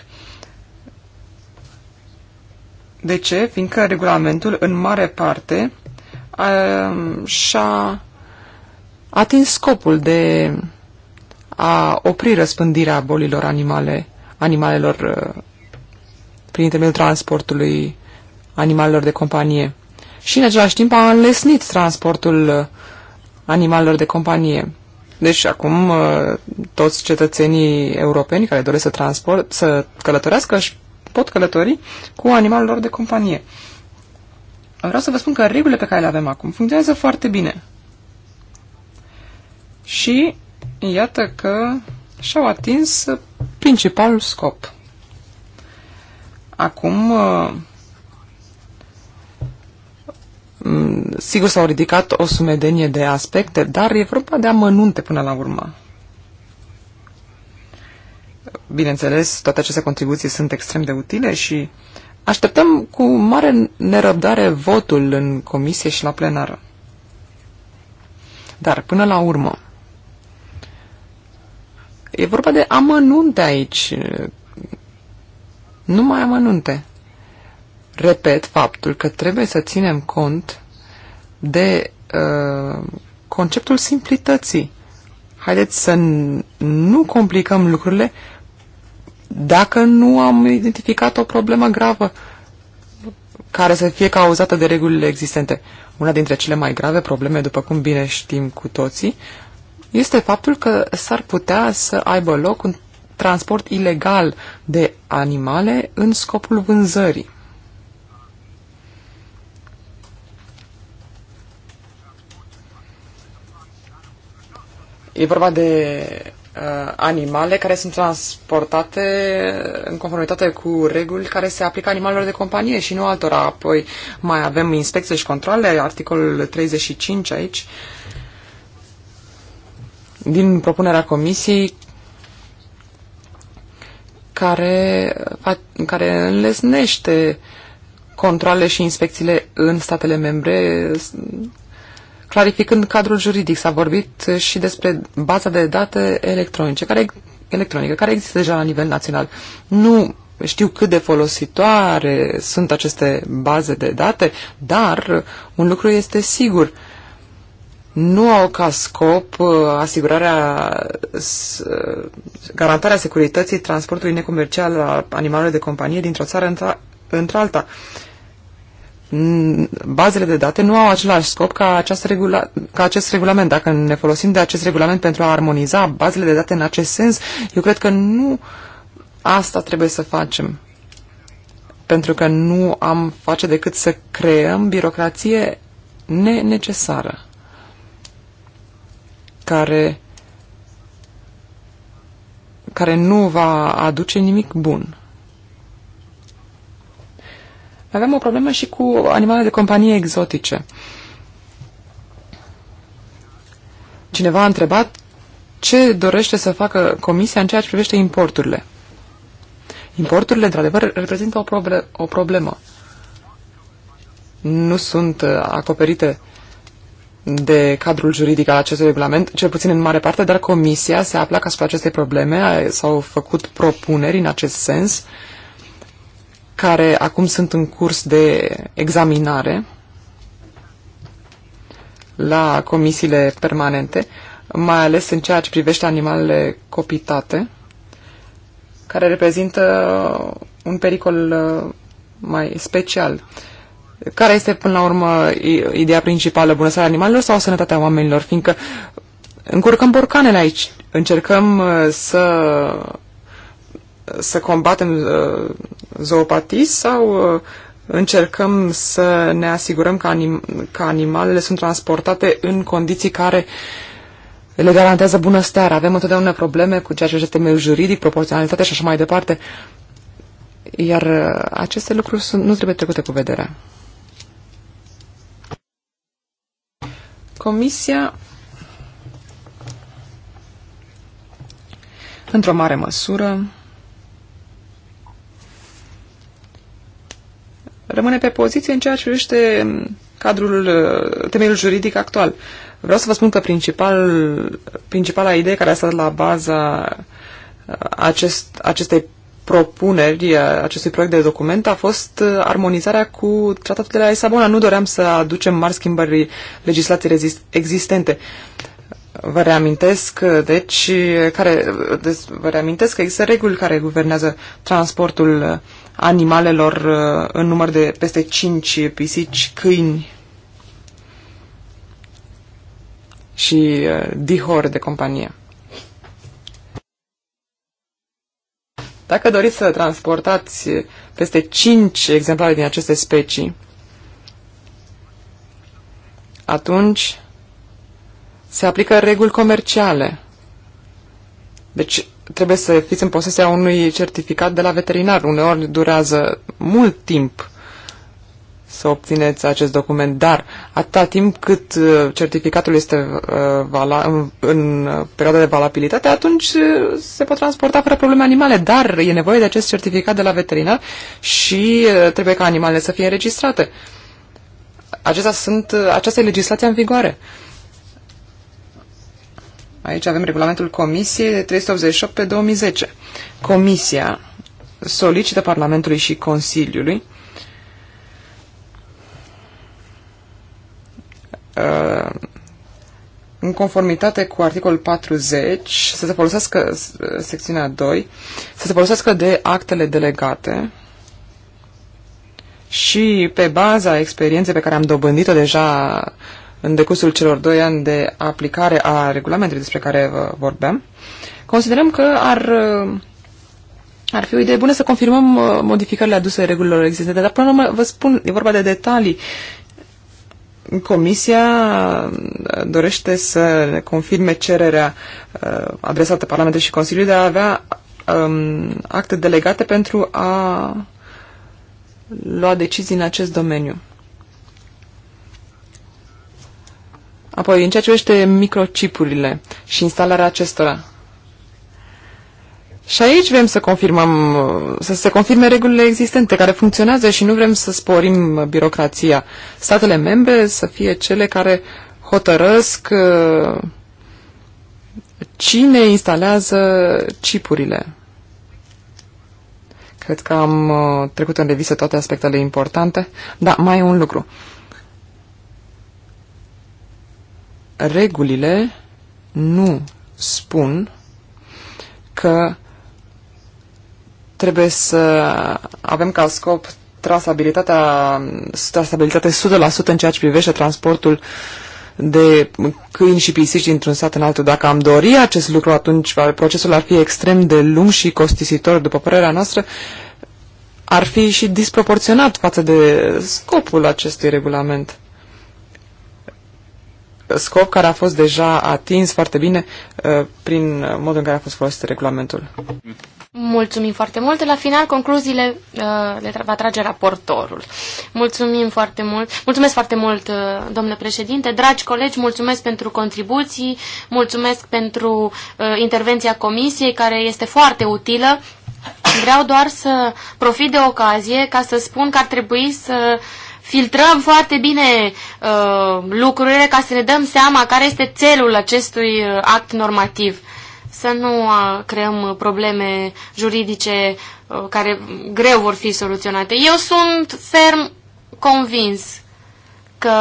de ce? Fiindcă regulamentul, în mare parte, um, și-a atins scopul de a opri răspândirea bolilor animale, animalelor uh, prin intermediul transportului animalelor de companie. Și în același timp a înlesnit transportul uh, animalelor de companie. Deci acum uh, toți cetățenii europeni care doresc să transport, să călătorească își pot călători cu animalul lor de companie. Vreau să vă spun că regulile pe care le avem acum funcționează foarte bine. Și iată că și-au atins principalul scop. Acum, mm, sigur s-au ridicat o sumedenie de aspecte, dar e vorba de amănunte până la urmă. Bineînțeles, toate aceste contribuții sunt extrem de utile și așteptăm cu mare nerăbdare votul în comisie și la plenară. Dar, până la urmă, e vorba de amănunte aici. nu mai amănunte. Repet faptul că trebuie să ținem cont de uh, conceptul simplității. Haideți să nu complicăm lucrurile, dacă nu am identificat o problemă gravă care să fie cauzată de regulile existente. Una dintre cele mai grave probleme, după cum bine știm cu toții, este faptul că s-ar putea să aibă loc un transport ilegal de animale în scopul vânzării. E vorba de uh, animale care sunt transportate în conformitate cu reguli care se aplică animalelor de companie și nu altora. Apoi mai avem inspecții și controle, articolul 35 aici, din propunerea comisiei care, care înlesnește controle și inspecțiile în statele membre clarificând cadrul juridic. S-a vorbit uh, și despre baza de date electronice, care, electronică, care există deja la nivel național. Nu știu cât de folositoare sunt aceste baze de date, dar un lucru este sigur. Nu au ca scop uh, asigurarea, uh, garantarea securității transportului necomercial a animalelor de companie dintr-o țară într-alta. Într bazele de date nu au același scop ca, această regula, ca acest regulament. Dacă ne folosim de acest regulament pentru a armoniza bazele de date în acest sens, eu cred că nu asta trebuie să facem. Pentru că nu am face decât să creăm birocrație nenecesară care, care nu va aduce nimic bun. Avem o problemă și cu animale de companie exotice. Cineva a întrebat ce dorește să facă Comisia în ceea ce privește importurile. Importurile, într-adevăr, reprezintă o, proble- o problemă. Nu sunt uh, acoperite de cadrul juridic al acestui regulament, cel puțin în mare parte, dar Comisia se aplacă asupra acestei probleme, s-au făcut propuneri în acest sens uh, care acum sunt în curs de examinare la comisiile permanente, mai ales în ceea ce privește animalele copitate, care reprezintă un pericol uh, mai special. Care este, până la urmă, ideea principală, bunăstarea animalelor sau sănătatea oamenilor? Fiindcă încurcăm borcanele aici, încercăm uh, să să combatem uh, zoopatii sau uh, încercăm să ne asigurăm că, anim- că animalele sunt transportate în condiții care le garantează bunăstare. Avem întotdeauna probleme cu ceea ce este temeiul juridic, proporționalitate și așa mai departe. Iar uh, aceste lucruri sunt, nu trebuie trecute cu vederea. Comisia, într-o mare măsură, rămâne pe poziție în ceea ce privește cadrul, temeiul juridic actual. Vreau să vă spun că principal, principala idee care a stat la baza uh, acest, acestei propuneri, uh, acestui proiect de document a fost uh, armonizarea cu tratatul de la Lisabona. Nu doream să aducem mari schimbări legislației existente. Vă reamintesc, deci, care, vă reamintesc că există reguli care guvernează transportul animalelor uh, în număr de peste 5 pisici, câini și uh, dihor de companie. Dacă doriți să transportați peste 5 exemplare din aceste specii, atunci se aplică reguli comerciale. Deci trebuie să fiți în posesia unui certificat de la veterinar. Uneori durează mult timp să obțineți acest document, dar atâta timp cât uh, certificatul este uh, vala, în, în perioada de valabilitate, atunci uh, se pot transporta fără probleme animale, dar e nevoie de acest certificat de la veterinar și trebuie ca animalele să fie înregistrate. Acestea sunt, aceasta e legislația în vigoare. Uh, Aici avem regulamentul Comisiei de 388 pe 2010. Comisia solicită Parlamentului și Consiliului uh, în conformitate cu articolul 40 să se folosească secțiunea 2 să se folosească de actele delegate și pe baza experienței pe care am dobândit-o deja în decursul celor doi ani de aplicare a regulamentului despre care vorbeam, considerăm că ar, uh, ar fi o idee bună să confirmăm uh, modificările aduse regulilor existente. Dar până la urmă, vă spun, e vorba de detalii. Comisia uh, dorește să confirme cererea adresată Parlamentului și Consiliului de a avea um, acte delegate pentru a lua decizii în acest domeniu. Apoi, în ceea ce vește microcipurile și instalarea acestora. Și aici vrem să confirmăm, să se confirme regulile existente care funcționează și nu vrem să sporim birocrația. Statele membre să fie cele care hotărăsc uh, cine instalează cipurile. Cred că am uh, trecut în revisă toate aspectele importante. Da, mai e un lucru. Uh, regulile nu spun că trebuie să avem ca scop trasabilitatea, trasabilitate 100% în ceea ce privește transportul de câini și pisici dintr-un sat în altul. Dacă am dori acest lucru, atunci procesul ar fi extrem de lung și costisitor, după părerea noastră, ar fi și disproporționat față de scopul acestui regulament scop care a fost deja atins foarte bine uh, prin modul în care a fost folosit regulamentul. Mulțumim foarte mult. La final, concluziile uh, le va trage raportorul. Mulțumim foarte mult. Mulțumesc foarte mult, uh, domnule președinte. Dragi colegi, mulțumesc pentru contribuții, mulțumesc pentru intervenția comisiei, care este foarte utilă. Vreau doar să profit de ocazie ca să spun că ar trebui să uh, filtrăm foarte bine uh, lucrurile ca să ne dăm seama care este țelul acestui uh, act normativ. Să nu uh, creăm uh, probleme juridice uh, care greu vor fi soluționate. Eu sunt ferm convins că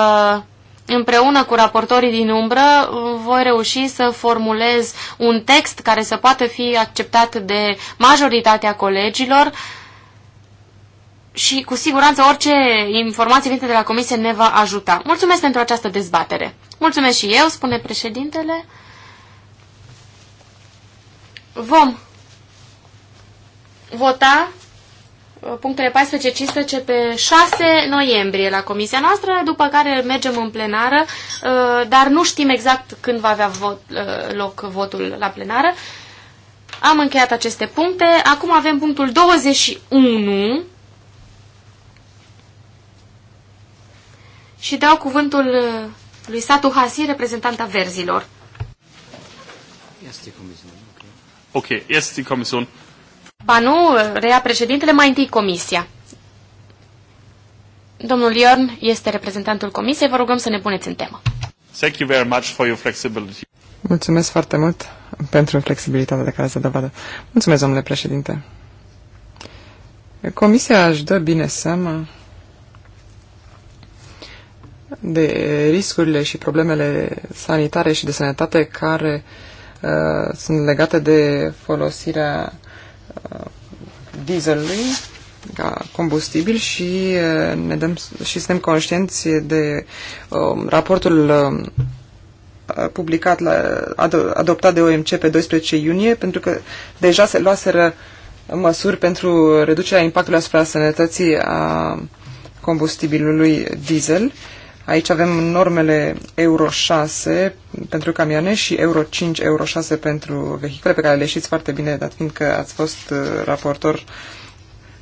împreună cu raportorii din umbră uh, voi reuși să formulez un text care să poată fi acceptat de majoritatea colegilor uh, și cu siguranță orice informație venită de la comisie ne va ajuta. Mulțumesc pentru această dezbatere. Mulțumesc și eu, spune președintele. Vom vota uh, punctele 14-15 pe 6 noiembrie la comisia noastră, după care mergem în plenară, uh, dar nu știm exact când va avea vot, uh, loc votul la plenară. Am încheiat aceste puncte. Acum avem punctul 21 și dau cuvântul uh, lui Satu Hasi, reprezentanta verzilor. Ok, este comision. Ba nu, rea președintele, mai întâi comisia. Domnul Iorn este reprezentantul comisiei, vă rugăm să ne puneți în temă. Thank you very much for your flexibility. Mulțumesc foarte mult pentru flexibilitatea de care se dovadă. Mulțumesc, domnule președinte. Comisia își dă bine seama de riscurile și problemele sanitare și de sănătate care uh, sunt legate de folosirea uh, dieselului ca combustibil și uh, ne dăm și suntem conștienți de uh, raportul uh, publicat, la, ad, adoptat de OMC pe 12 iunie, pentru că deja se luaseră măsuri pentru reducerea impactului asupra sănătății a combustibilului diesel Aici avem normele Euro 6 pentru camioane și Euro 5, Euro 6 pentru vehicule, pe care le știți foarte bine, dat fiindcă ați fost uh, raportor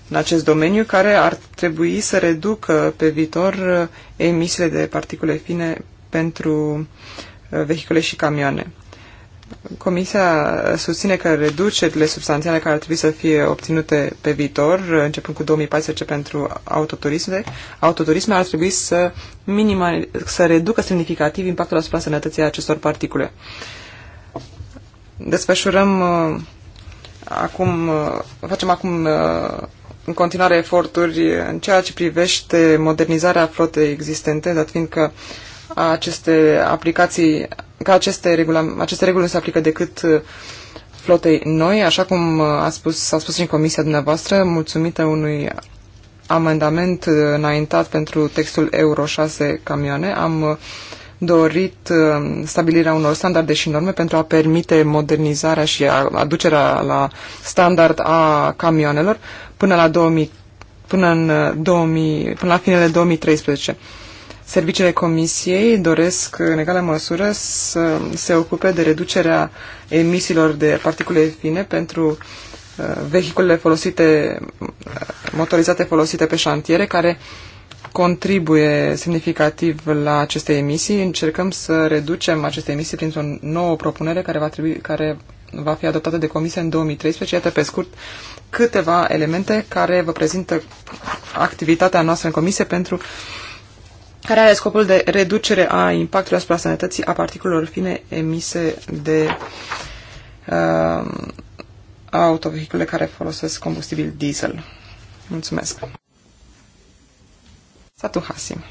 în acest domeniu, care ar trebui să reducă pe viitor uh, emisiile de particule fine pentru uh, vehicule și camioane. Comisia susține că reducerile substanțiale care ar trebui să fie obținute pe viitor, începând cu 2014 pentru autoturisme, autoturisme ar trebui să, minima, să reducă semnificativ impactul asupra sănătății acestor particule. Desfășurăm uh, acum, uh, facem acum uh, în continuare eforturi în ceea ce privește modernizarea flotei existente, dat fiindcă aceste aplicații că aceste, regula, aceste reguli nu se aplică decât uh, flotei noi, așa cum uh, a spus, s-a spus și în comisia dumneavoastră, mulțumită unui amendament uh, înaintat pentru textul Euro 6 camioane, am dorit stabilirea unor standarde și norme pentru a permite modernizarea și aducerea la standard a camioanelor până la 2000, până în 2000, până la finele 2013. Serviciile Comisiei doresc, în egală măsură, să se ocupe de reducerea emisiilor de particule fine pentru uh, vehiculele folosite, uh, motorizate folosite pe șantiere, care contribuie semnificativ la aceste emisii. Încercăm să reducem aceste emisii printr-o nouă propunere care va, trebui, care va fi adoptată de Comisie în 2013. Iată, pe scurt, câteva elemente care vă prezintă activitatea noastră în Comisie pentru uh, care are scopul de reducere a impactului asupra sănătății a particulelor fine emise de uh, autovehicule care folosesc combustibil diesel. Mulțumesc. Satu Hasim.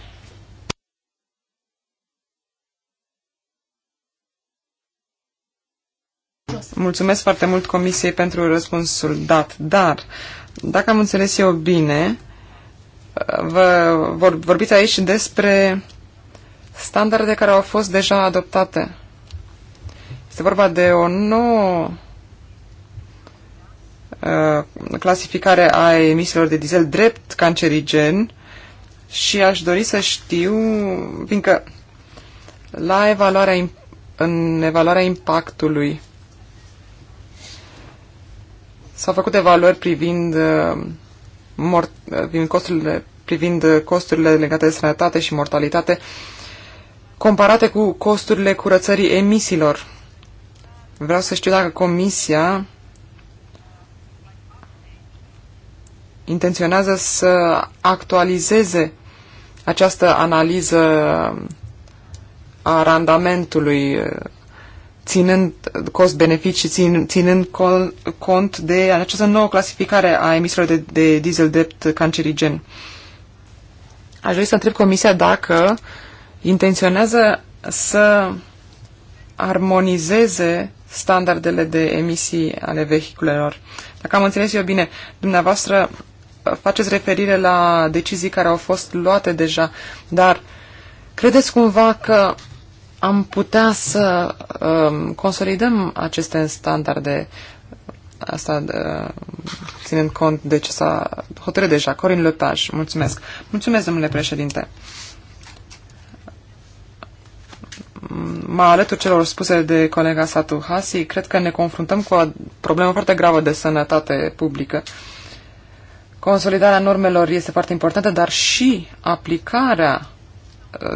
Mulțumesc foarte mult Comisiei pentru răspunsul dat, dar dacă am înțeles eu bine, vă vor, vorbiți aici despre standarde care au fost deja adoptate. Este vorba de o nouă uh, clasificare a emisiilor de diesel drept cancerigen și aș dori să știu, fiindcă la evaluarea, în evaluarea impactului s-au făcut evaluări privind uh, mort- din costurile, privind costurile legate de sănătate și mortalitate comparate cu costurile curățării emisiilor. Vreau să știu dacă Comisia intenționează să actualizeze această analiză a randamentului ținând cost-beneficii, țin, ținând col, cont de această nouă clasificare a emisiilor de, de diesel drept cancerigen. Aș dori să întreb Comisia dacă intenționează să armonizeze standardele de emisii ale vehiculelor. Dacă am înțeles eu bine, dumneavoastră uh, faceți referire la decizii care au fost luate deja, dar credeți cumva că am putea să um, consolidăm aceste standarde, asta uh, ținând cont de ce s-a hotărât deja. Corin Lepaj, mulțumesc. Mulțumesc, domnule președinte. Mă alătur celor spuse de colega Satu Hasi. Cred că ne confruntăm cu o problemă foarte gravă de sănătate publică. Consolidarea normelor este foarte importantă, dar și aplicarea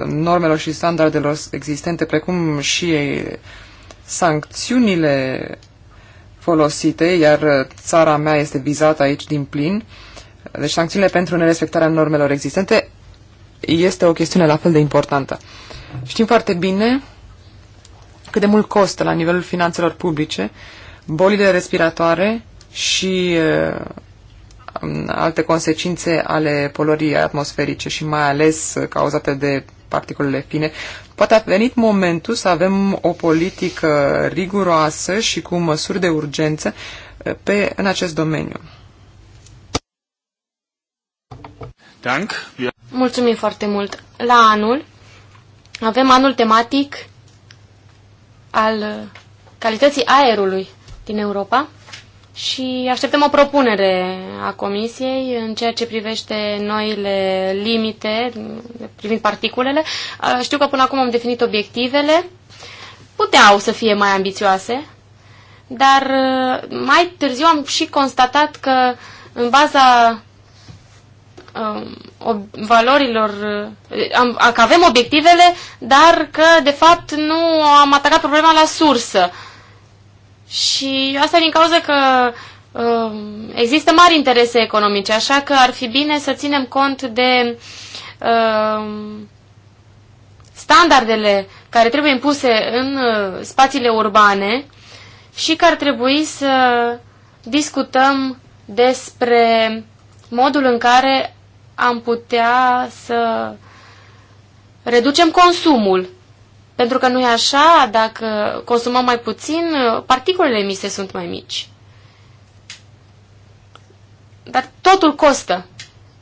normelor și standardelor existente, precum și sancțiunile folosite, iar țara mea este vizată aici din plin, deci sancțiunile pentru nerespectarea normelor existente este o chestiune la fel de importantă. Știm foarte bine cât de mult costă la nivelul finanțelor publice bolile respiratoare și Um, alte consecințe ale polorii atmosferice și mai ales cauzate de particulele fine, poate a venit momentul să avem o politică riguroasă și cu măsuri de urgență uh, pe, în acest domeniu. Dank. Mulțumim foarte mult. La anul avem anul tematic al calității aerului din Europa și așteptăm o propunere a Comisiei în ceea ce privește noile limite privind particulele. Știu că până acum am definit obiectivele. Puteau să fie mai ambițioase, dar mai târziu am și constatat că în baza um, valorilor, am, că avem obiectivele, dar că de fapt nu am atacat problema la sursă. Și asta din cauza că uh, există mari interese economice, așa că ar fi bine să ținem cont de uh, standardele care trebuie impuse în uh, spațiile urbane și că ar trebui să discutăm despre modul în care am putea să reducem consumul pentru că nu e așa, dacă consumăm mai puțin, particulele emise sunt mai mici. Dar totul costă.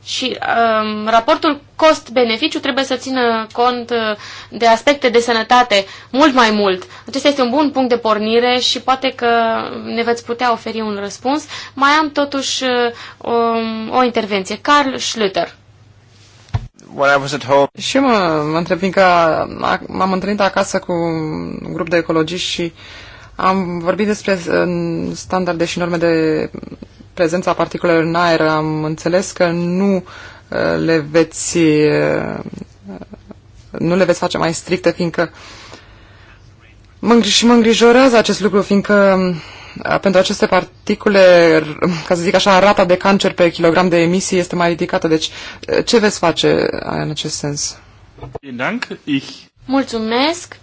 Și um, raportul cost-beneficiu trebuie să țină cont uh, de aspecte de sănătate mult mai mult. Acesta este un bun punct de pornire și poate că ne veți putea oferi un răspuns. Mai am totuși uh, um, o intervenție. Carl Schlüter when I was at home... Și mă, mă întreb, fiindcă m-am întâlnit acasă cu un grup de ecologiști și am vorbit despre standarde și norme de prezența particulelor în aer. Am înțeles că nu uh, le veți uh, nu le veți face mai stricte, fiindcă mă, și mă îngrijorează acest lucru, fiindcă pentru aceste particule, ca să zic așa, rata de cancer pe kilogram de emisie este mai ridicată. Deci, ce veți face în acest sens? Mulțumesc!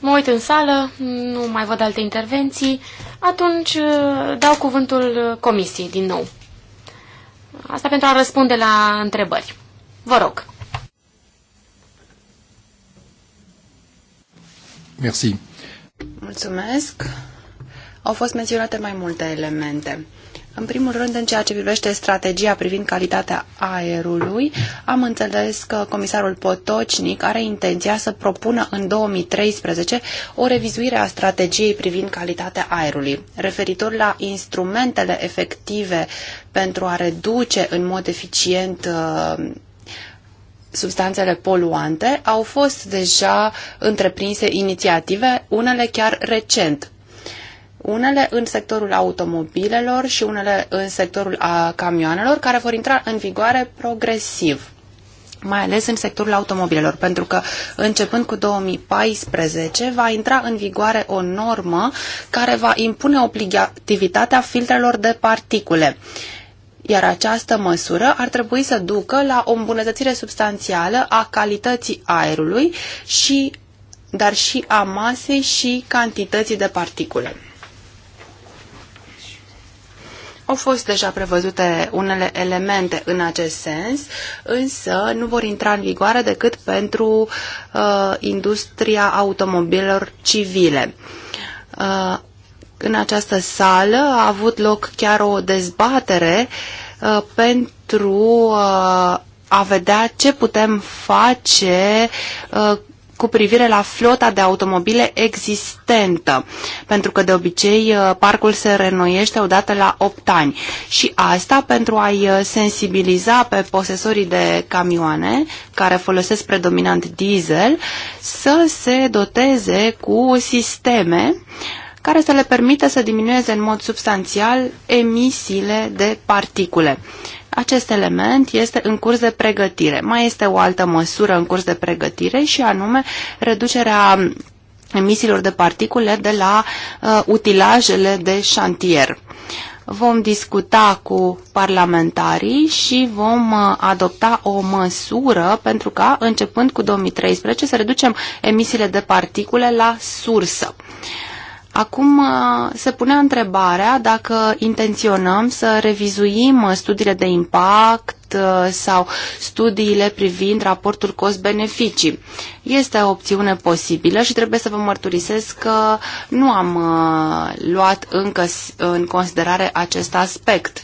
Mă uit în sală, nu mai văd alte intervenții. Atunci uh, dau cuvântul comisiei din nou. Asta pentru a răspunde la întrebări. Vă rog. Merci. Mulțumesc. Au fost menționate mai multe elemente. În primul rând, în ceea ce privește strategia privind calitatea aerului, am înțeles că comisarul Potocnic are intenția să propună în 2013 o revizuire a strategiei privind calitatea aerului, referitor la instrumentele efective pentru a reduce în mod eficient uh, substanțele poluante, au fost deja întreprinse inițiative, unele chiar recent unele în sectorul automobilelor și unele în sectorul a camioanelor, care vor intra în vigoare progresiv mai ales în sectorul automobilelor, pentru că începând cu 2014 va intra în vigoare o normă care va impune obligativitatea filtrelor de particule. Iar această măsură ar trebui să ducă la o îmbunătățire substanțială a calității aerului și dar și a masei și cantității de particule. Au fost deja prevăzute unele elemente în acest sens, însă nu vor intra în vigoare decât pentru uh, industria automobilelor civile. Uh, în această sală a avut loc chiar o dezbatere uh, pentru uh, a vedea ce putem face uh, cu privire la flota de automobile existentă, pentru că de obicei uh, parcul se renoiește odată la 8 ani și asta pentru a-i uh, sensibiliza pe posesorii de camioane care folosesc predominant diesel să se doteze cu sisteme uh, care să le permită să diminueze în mod substanțial emisiile de particule. Acest element este în curs de pregătire. Mai este o altă măsură în curs de pregătire și anume reducerea emisiilor de particule de la uh, utilajele de șantier. Vom discuta cu parlamentarii și vom uh, adopta o măsură pentru ca, începând cu 2013, să reducem emisiile de particule la sursă. Uh, Acum uh, se punea întrebarea dacă intenționăm să revizuim uh, studiile de impact uh, sau studiile privind raportul cost-beneficii. Este o opțiune posibilă și trebuie să vă mărturisesc că nu am luat încă în considerare acest aspect.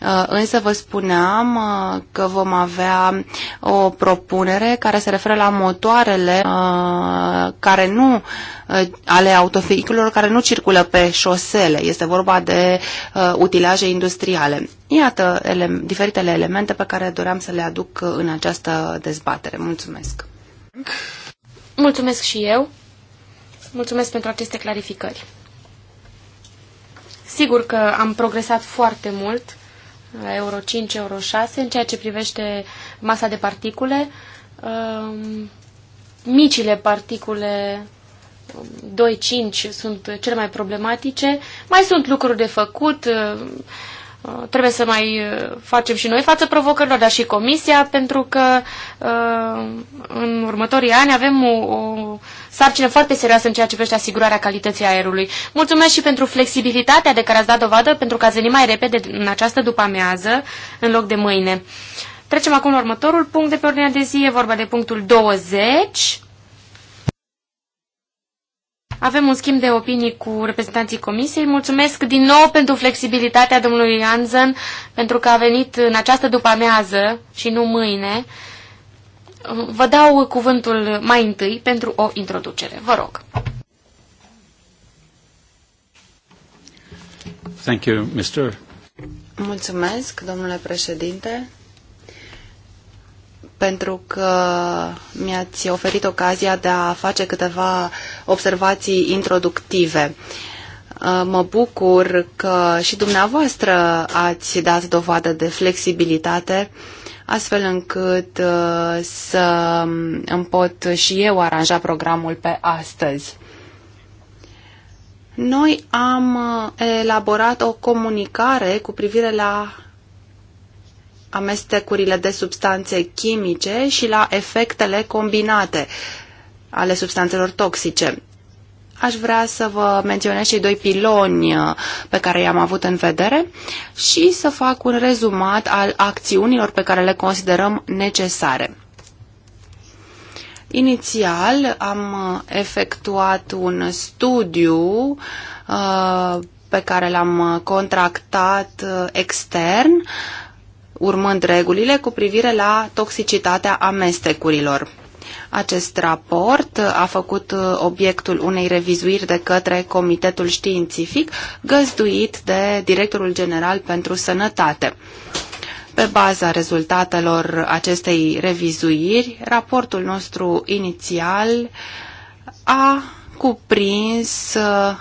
Uh, însă vă spuneam uh, că vom avea o propunere care se referă la motoarele uh, care nu ale autovehiculelor care nu circulă pe șosele. Este vorba de utilaje industriale. Iată ele, diferitele elemente pe care doream să le aduc în această dezbatere. Mulțumesc! Mulțumesc și eu! Mulțumesc pentru aceste clarificări! Sigur că am progresat foarte mult la Euro 5, Euro 6, în ceea ce privește masa de particule, um, micile particule 2-5 um, sunt cele mai problematice. Mai sunt lucruri de făcut, um, Uh, trebuie să mai uh, facem și noi față provocărilor, dar și comisia, pentru că uh, în următorii ani avem o, o sarcină foarte serioasă în ceea ce privește asigurarea calității aerului. Mulțumesc și pentru flexibilitatea de care ați dat dovadă, pentru că ați venit mai repede în această după-amiază, în loc de mâine. Trecem acum la următorul punct de pe ordinea de zi, e vorba de punctul 20 avem un schimb de opinii cu reprezentanții comisiei. Mulțumesc din nou pentru flexibilitatea domnului Anzen, pentru că a venit în această după-amiază și nu mâine. Vă dau cuvântul mai întâi pentru o introducere. Vă rog. Thank you, Mr. Mulțumesc, domnule președinte pentru că mi-ați oferit ocazia de a face câteva observații introductive. Uh, mă bucur că și dumneavoastră ați dat dovadă de flexibilitate, astfel încât uh, să îmi pot și eu aranja programul pe astăzi. Noi am uh, elaborat o comunicare cu privire la amestecurile de substanțe chimice și la efectele combinate ale substanțelor toxice. Aș vrea să vă menționez cei doi piloni uh, pe care i-am avut în vedere și să fac un rezumat al acțiunilor pe care le considerăm necesare. Inițial am uh, efectuat un studiu uh, pe care l-am contractat extern urmând regulile cu privire la toxicitatea amestecurilor. Acest raport a făcut uh, obiectul unei revizuiri de către Comitetul Științific, găzduit de Directorul General pentru Sănătate. Pe baza rezultatelor acestei revizuiri, raportul nostru inițial a cuprins uh,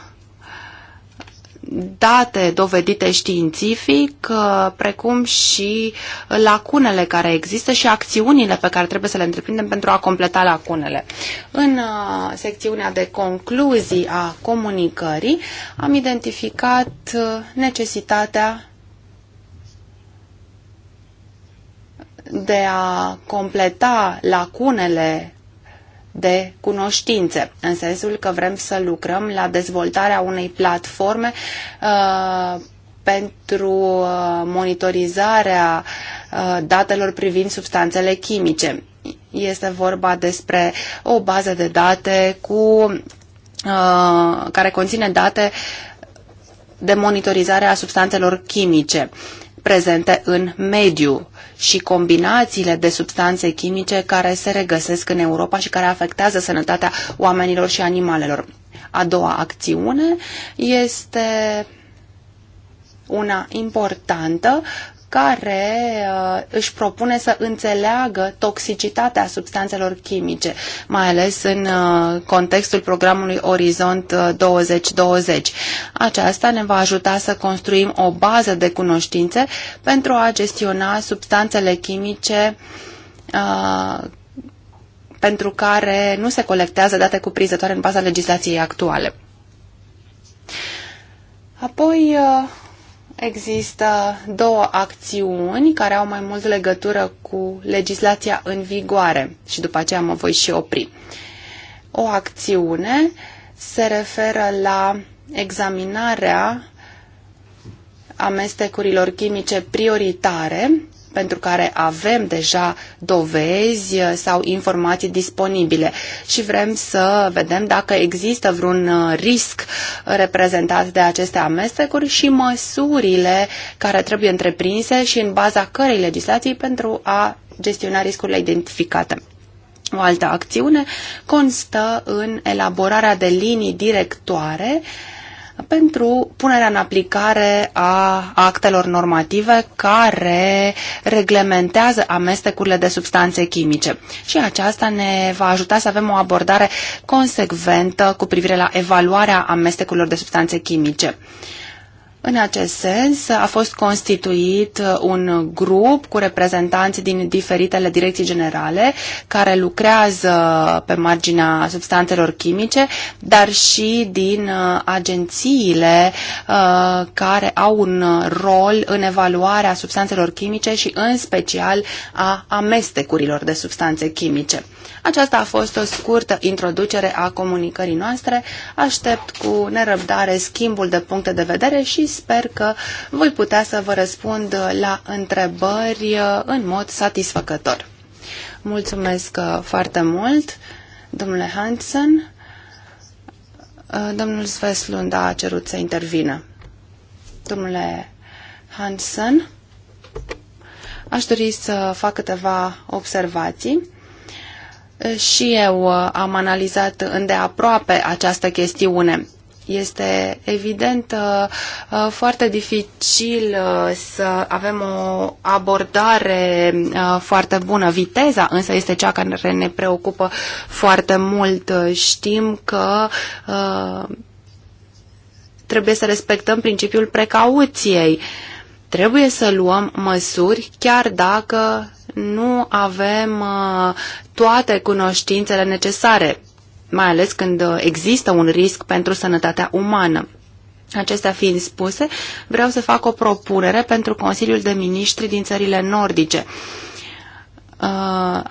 date dovedite științific, uh, precum și lacunele care există și acțiunile pe care trebuie să le întreprindem pentru a completa lacunele. În uh, secțiunea de concluzii a comunicării am identificat uh, necesitatea de a completa lacunele de cunoștințe, în sensul că vrem să lucrăm la dezvoltarea unei platforme uh, pentru uh, monitorizarea uh, datelor privind substanțele chimice. Este vorba despre o bază de date cu, uh, care conține date de monitorizare a substanțelor chimice prezente în mediu și combinațiile de substanțe chimice care se regăsesc în Europa și care afectează sănătatea oamenilor și animalelor. A doua acțiune este una importantă care uh, își propune să înțeleagă toxicitatea substanțelor chimice, mai ales în uh, contextul programului Orizont 2020. Uh, Aceasta ne va ajuta să construim o bază de cunoștințe pentru a gestiona substanțele chimice uh, pentru care nu se colectează date cuprinzătoare în baza legislației actuale. Apoi, uh, Există două acțiuni care au mai mult legătură cu legislația în vigoare și după aceea mă voi și opri. O acțiune se referă la examinarea amestecurilor chimice prioritare pentru care avem deja dovezi uh, sau informații disponibile și vrem să vedem dacă există vreun uh, risc reprezentat de aceste amestecuri și măsurile care trebuie întreprinse și în baza cărei legislații pentru a gestiona riscurile identificate. O altă acțiune constă în elaborarea de linii directoare uh, pentru punerea în aplicare a actelor normative care reglementează amestecurile de substanțe chimice. Și aceasta ne va ajuta să avem o abordare consecventă cu privire la evaluarea amestecurilor de substanțe chimice. În acest sens, a fost constituit uh, un grup cu reprezentanți din diferitele direcții generale care lucrează pe marginea substanțelor chimice, dar și din uh, agențiile uh, care au un rol în evaluarea substanțelor chimice și în special a amestecurilor de substanțe chimice. Aceasta a fost o scurtă introducere a comunicării noastre. Aștept cu nerăbdare schimbul de puncte de vedere și sper că voi putea să vă răspund la întrebări uh, în mod satisfăcător. Mulțumesc uh, foarte mult, domnule Hansen. Uh, domnul Sveslund a cerut să intervină. Domnule Hansen, aș dori să fac câteva observații. Și eu am analizat îndeaproape această chestiune. Este evident uh, uh, foarte dificil uh, să avem o abordare foarte bună. Viteza însă este cea care ne preocupă foarte mult. Știm că trebuie să respectăm principiul precauției. Trebuie să luăm măsuri chiar dacă nu avem toate cunoștințele necesare mai ales când uh, există un risc pentru sănătatea umană. Acestea fiind spuse, vreau să fac o propunere pentru Consiliul de Ministri din țările nordice. Uh,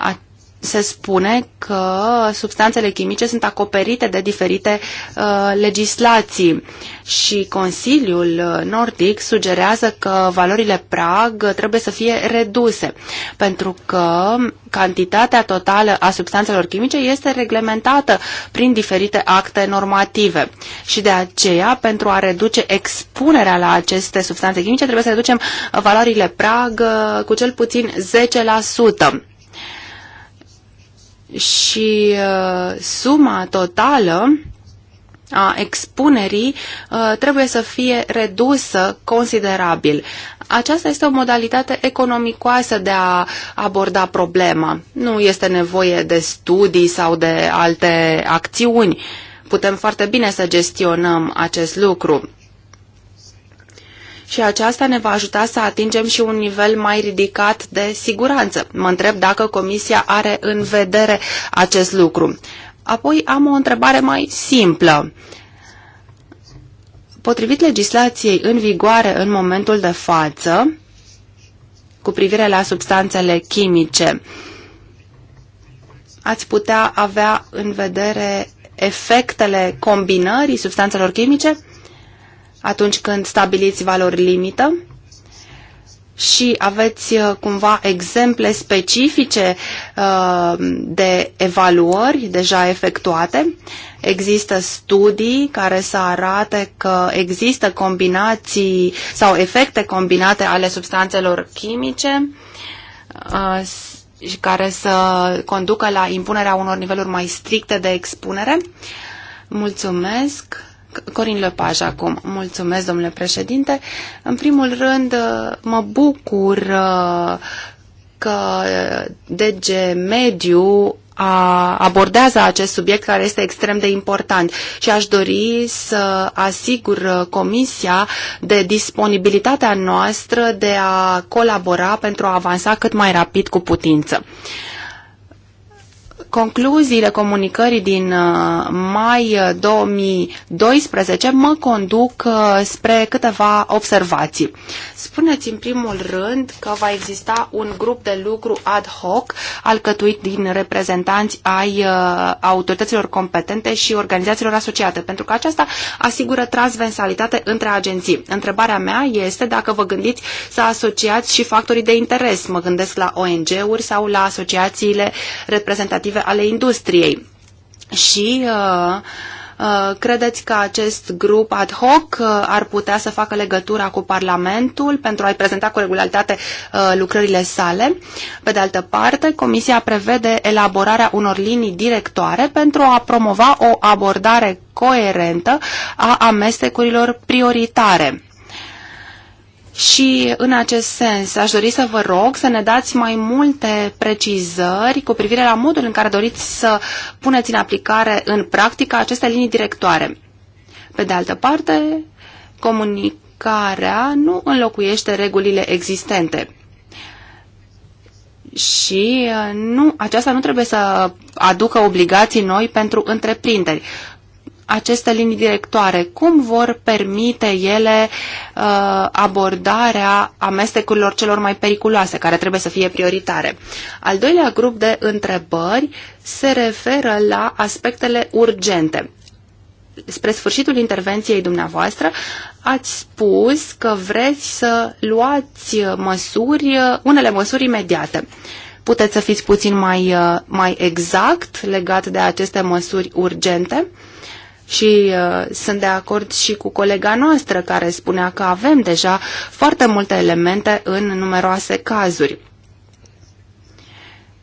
se spune că substanțele chimice sunt acoperite de diferite uh, legislații și Consiliul uh, Nordic sugerează că valorile prag trebuie să fie reduse pentru că cantitatea totală a substanțelor chimice este reglementată prin diferite acte normative și de aceea pentru a reduce expunerea la aceste substanțe chimice trebuie să reducem valorile prag uh, cu cel puțin 10% și uh, suma totală a expunerii uh, trebuie să fie redusă considerabil. Aceasta este o modalitate economicoasă de a aborda problema. Nu este nevoie de studii sau de alte acțiuni. Putem foarte bine să gestionăm acest lucru și aceasta ne va ajuta să atingem și un nivel mai ridicat de siguranță. Mă întreb dacă Comisia are în vedere acest lucru. Apoi am o întrebare mai simplă. Potrivit legislației în vigoare în momentul de față, cu privire la substanțele chimice, ați putea avea în vedere efectele combinării substanțelor chimice? atunci când stabiliți valori limită și aveți uh, cumva exemple specifice uh, de evaluări deja efectuate. Există studii care să arate că există combinații sau efecte combinate ale substanțelor chimice uh, și care să conducă la impunerea unor niveluri mai stricte de expunere. Mulțumesc! Corin Lepaj acum. Mulțumesc, domnule președinte. În primul rând, uh, mă bucur uh, că uh, DG Mediu a, abordează acest subiect care este extrem de important și aș dori să asigur Comisia de disponibilitatea noastră de a colabora pentru a avansa cât mai rapid cu putință. Uh, concluziile comunicării din uh, mai 2012 uh, mă conduc uh, spre câteva observații. Spuneți în primul rând că va exista un grup de lucru ad hoc alcătuit din reprezentanți ai autorităților competente și organizațiilor asociate, pentru că aceasta asigură transversalitate între agenții. Întrebarea mea este dacă vă gândiți să asociați și factorii de interes. Mă gândesc la ONG-uri sau la asociațiile reprezentative obiective ale industriei. Și uh, uh, Credeți că acest grup ad hoc uh, ar putea să facă legătura cu Parlamentul pentru a-i prezenta cu regularitate uh, lucrările sale? Pe de altă parte, Comisia prevede elaborarea unor linii directoare pentru a promova o abordare coerentă a amestecurilor prioritare și în acest sens aș dori să vă rog să ne dați mai multe precizări cu privire la modul în care doriți să puneți în aplicare în practică aceste linii directoare. Pe de altă parte, comunicarea nu înlocuiește regulile existente. Și uh, nu, aceasta nu trebuie să aducă obligații noi pentru întreprinderi aceste linii directoare? Cum vor permite ele uh, abordarea amestecurilor celor mai periculoase, care trebuie să fie prioritare? Al doilea grup de întrebări se referă la aspectele urgente. Spre sfârșitul intervenției dumneavoastră, ați spus că vreți să luați măsuri, unele măsuri imediate. Puteți să fiți puțin mai, uh, mai exact legat de aceste măsuri urgente? și uh, sunt de acord și cu colega noastră care spunea că avem deja foarte multe elemente în numeroase cazuri.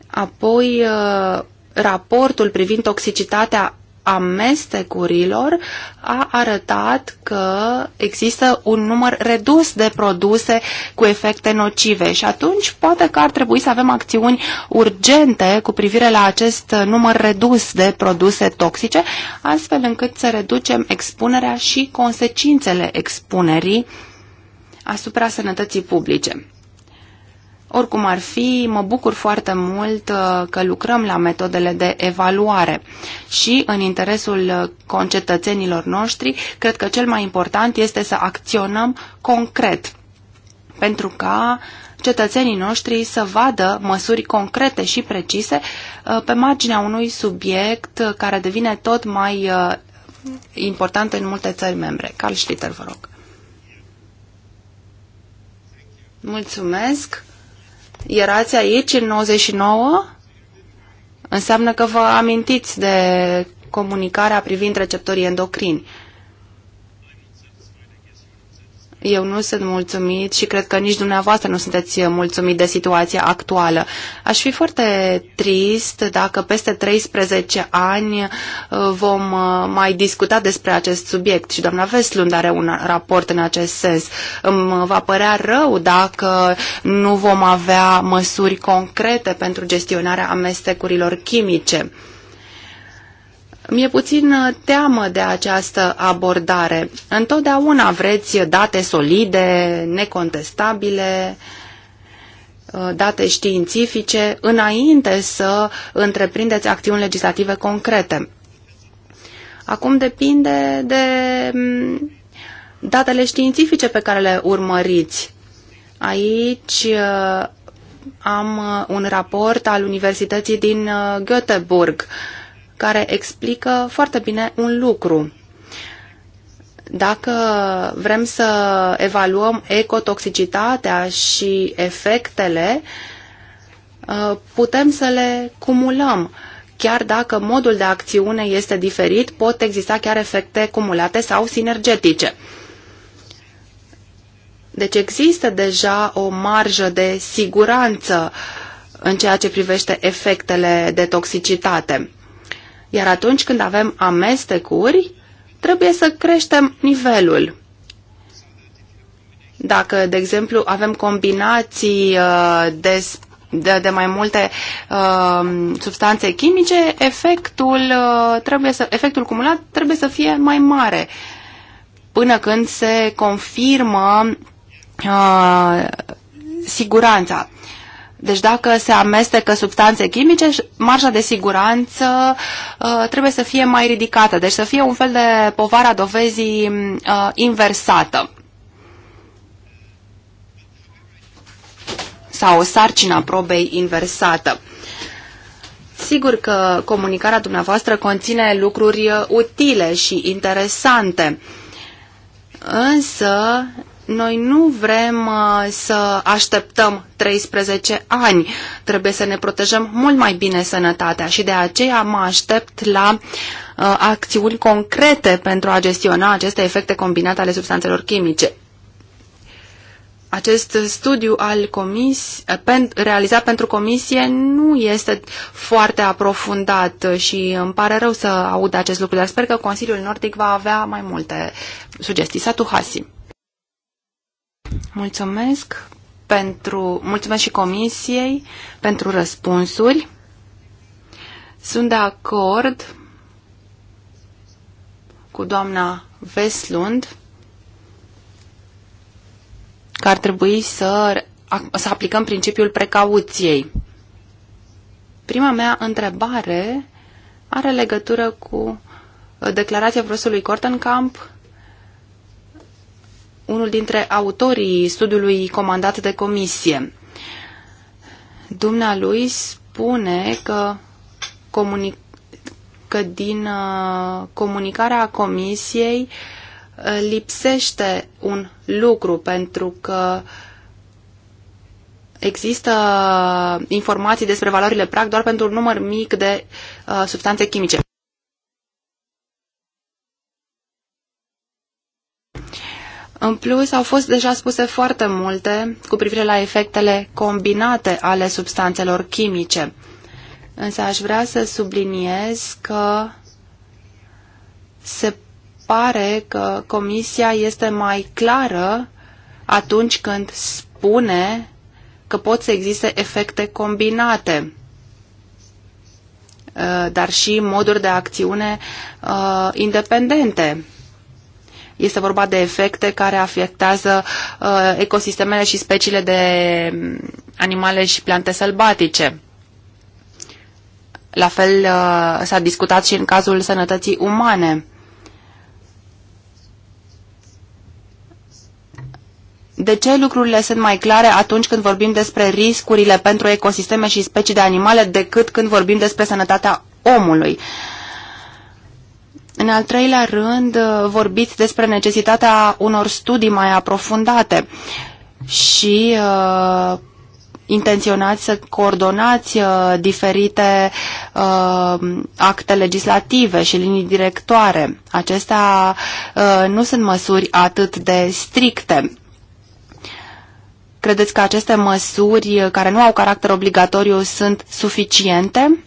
Apoi, uh, raportul privind toxicitatea amestecurilor a arătat că există un număr redus de produse cu efecte nocive și atunci poate că ar trebui să avem acțiuni urgente cu privire la acest număr redus de produse toxice, astfel încât să reducem expunerea și consecințele expunerii asupra sănătății publice. Oricum ar fi, mă bucur foarte mult uh, că lucrăm la metodele de evaluare și în interesul concetățenilor noștri, cred că cel mai important este să acționăm concret pentru ca cetățenii noștri să vadă măsuri concrete și precise uh, pe marginea unui subiect uh, care devine tot mai important în multe țări membre. Carl Schlitter, vă rog. Mulțumesc erați aici în 99? Înseamnă că vă amintiți de comunicarea privind receptorii endocrini. Eu nu sunt mulțumit și cred că nici dumneavoastră nu sunteți mulțumit de situația actuală. Aș fi foarte trist dacă peste 13 ani uh, vom uh, mai discuta despre acest subiect și doamna Veslund are un raport în acest sens. Îmi uh, va părea rău dacă nu vom avea măsuri concrete pentru gestionarea amestecurilor chimice. Mi-e puțin uh, teamă de această abordare. Întotdeauna vreți date solide, necontestabile, uh, date științifice, înainte să întreprindeți acțiuni legislative concrete. Acum depinde de mm, datele științifice pe care le urmăriți. Aici uh, am un raport al Universității din Göteborg care explică foarte bine un lucru. Dacă vrem să evaluăm ecotoxicitatea și efectele, uh, putem să le cumulăm. Chiar dacă modul de acțiune este diferit, pot exista chiar efecte cumulate sau sinergetice. Deci există deja o marjă de siguranță în ceea ce privește efectele de toxicitate. Iar atunci când avem amestecuri, trebuie să creștem nivelul. Dacă, de exemplu, avem combinații uh, de, de, de mai multe uh, substanțe chimice, efectul, uh, trebuie să, efectul cumulat trebuie să fie mai mare până când se confirmă uh, siguranța. Deci dacă se amestecă substanțe chimice, marja de siguranță uh, trebuie să fie mai ridicată, deci să fie un fel de povara dovezii uh, inversată. Sau sarcina probei inversată. Sigur că comunicarea dumneavoastră conține lucruri utile și interesante, însă noi nu vrem uh, să așteptăm 13 ani. Trebuie să ne protejăm mult mai bine sănătatea și de aceea mă aștept la uh, acțiuni concrete pentru a gestiona aceste efecte combinate ale substanțelor chimice acest studiu al comis, uh, pen, realizat pentru comisie nu este foarte aprofundat și îmi pare rău să aud acest lucru, dar sper că Consiliul Nordic va avea mai multe sugestii. Satu Hasim. Mulțumesc pentru, mulțumesc și comisiei pentru răspunsuri. Sunt de acord cu doamna Veslund că ar trebui să, să aplicăm principiul precauției. Prima mea întrebare are legătură cu declarația profesorului Cortenkamp unul dintre autorii studiului comandat de comisie. Dumnealui spune că, comuni- că din uh, comunicarea comisiei uh, lipsește un lucru pentru că există informații despre valorile prag doar pentru un număr mic de uh, substanțe chimice. În plus, au fost deja spuse foarte multe cu privire la efectele combinate ale substanțelor chimice. Însă aș vrea să subliniez că se pare că Comisia este mai clară atunci când spune că pot să existe efecte combinate, uh, dar și moduri de acțiune uh, independente este vorba de efecte care afectează uh, ecosistemele și speciile de mm, animale și plante sălbatice. La fel uh, s-a discutat și în cazul sănătății umane. De ce lucrurile sunt mai clare atunci când vorbim despre riscurile pentru ecosisteme și specii de animale decât când vorbim despre sănătatea omului? Uh, în al treilea rând, uh, vorbiți despre necesitatea unor studii mai aprofundate și uh, intenționați să coordonați uh, diferite uh, acte legislative și linii directoare. Acestea uh, nu sunt măsuri atât de stricte. Credeți că aceste măsuri uh, care nu au caracter obligatoriu sunt suficiente?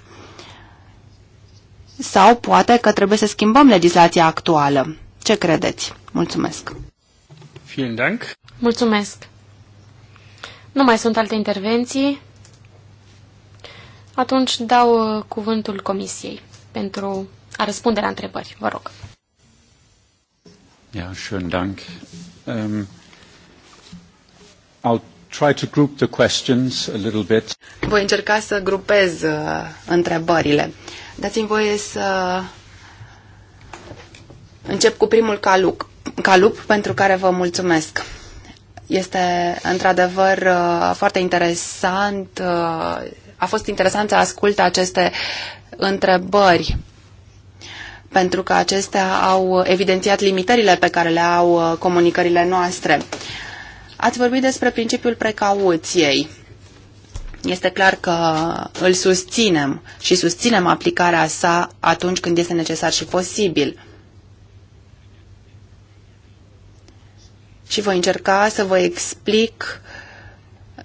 sau poate că trebuie să schimbăm legislația actuală. Ce credeți? Mulțumesc! Vielen Mulțumesc! Nu mai sunt alte intervenții. Atunci dau uh, cuvântul Comisiei pentru a răspunde la întrebări. Vă rog. Ja, schönen Dank. Um, I'll try to group the questions a little bit. Voi încerca să grupez uh, întrebările. Uh, Dați-mi voie să încep cu primul calup, calup pentru care vă mulțumesc. Este într-adevăr uh, foarte interesant, uh, a fost interesant să ascult aceste întrebări pentru că acestea au evidențiat limitările pe care le au uh, comunicările noastre. Ați vorbit despre principiul precauției este clar că îl susținem și susținem aplicarea sa atunci când este necesar și posibil. Și voi încerca să vă explic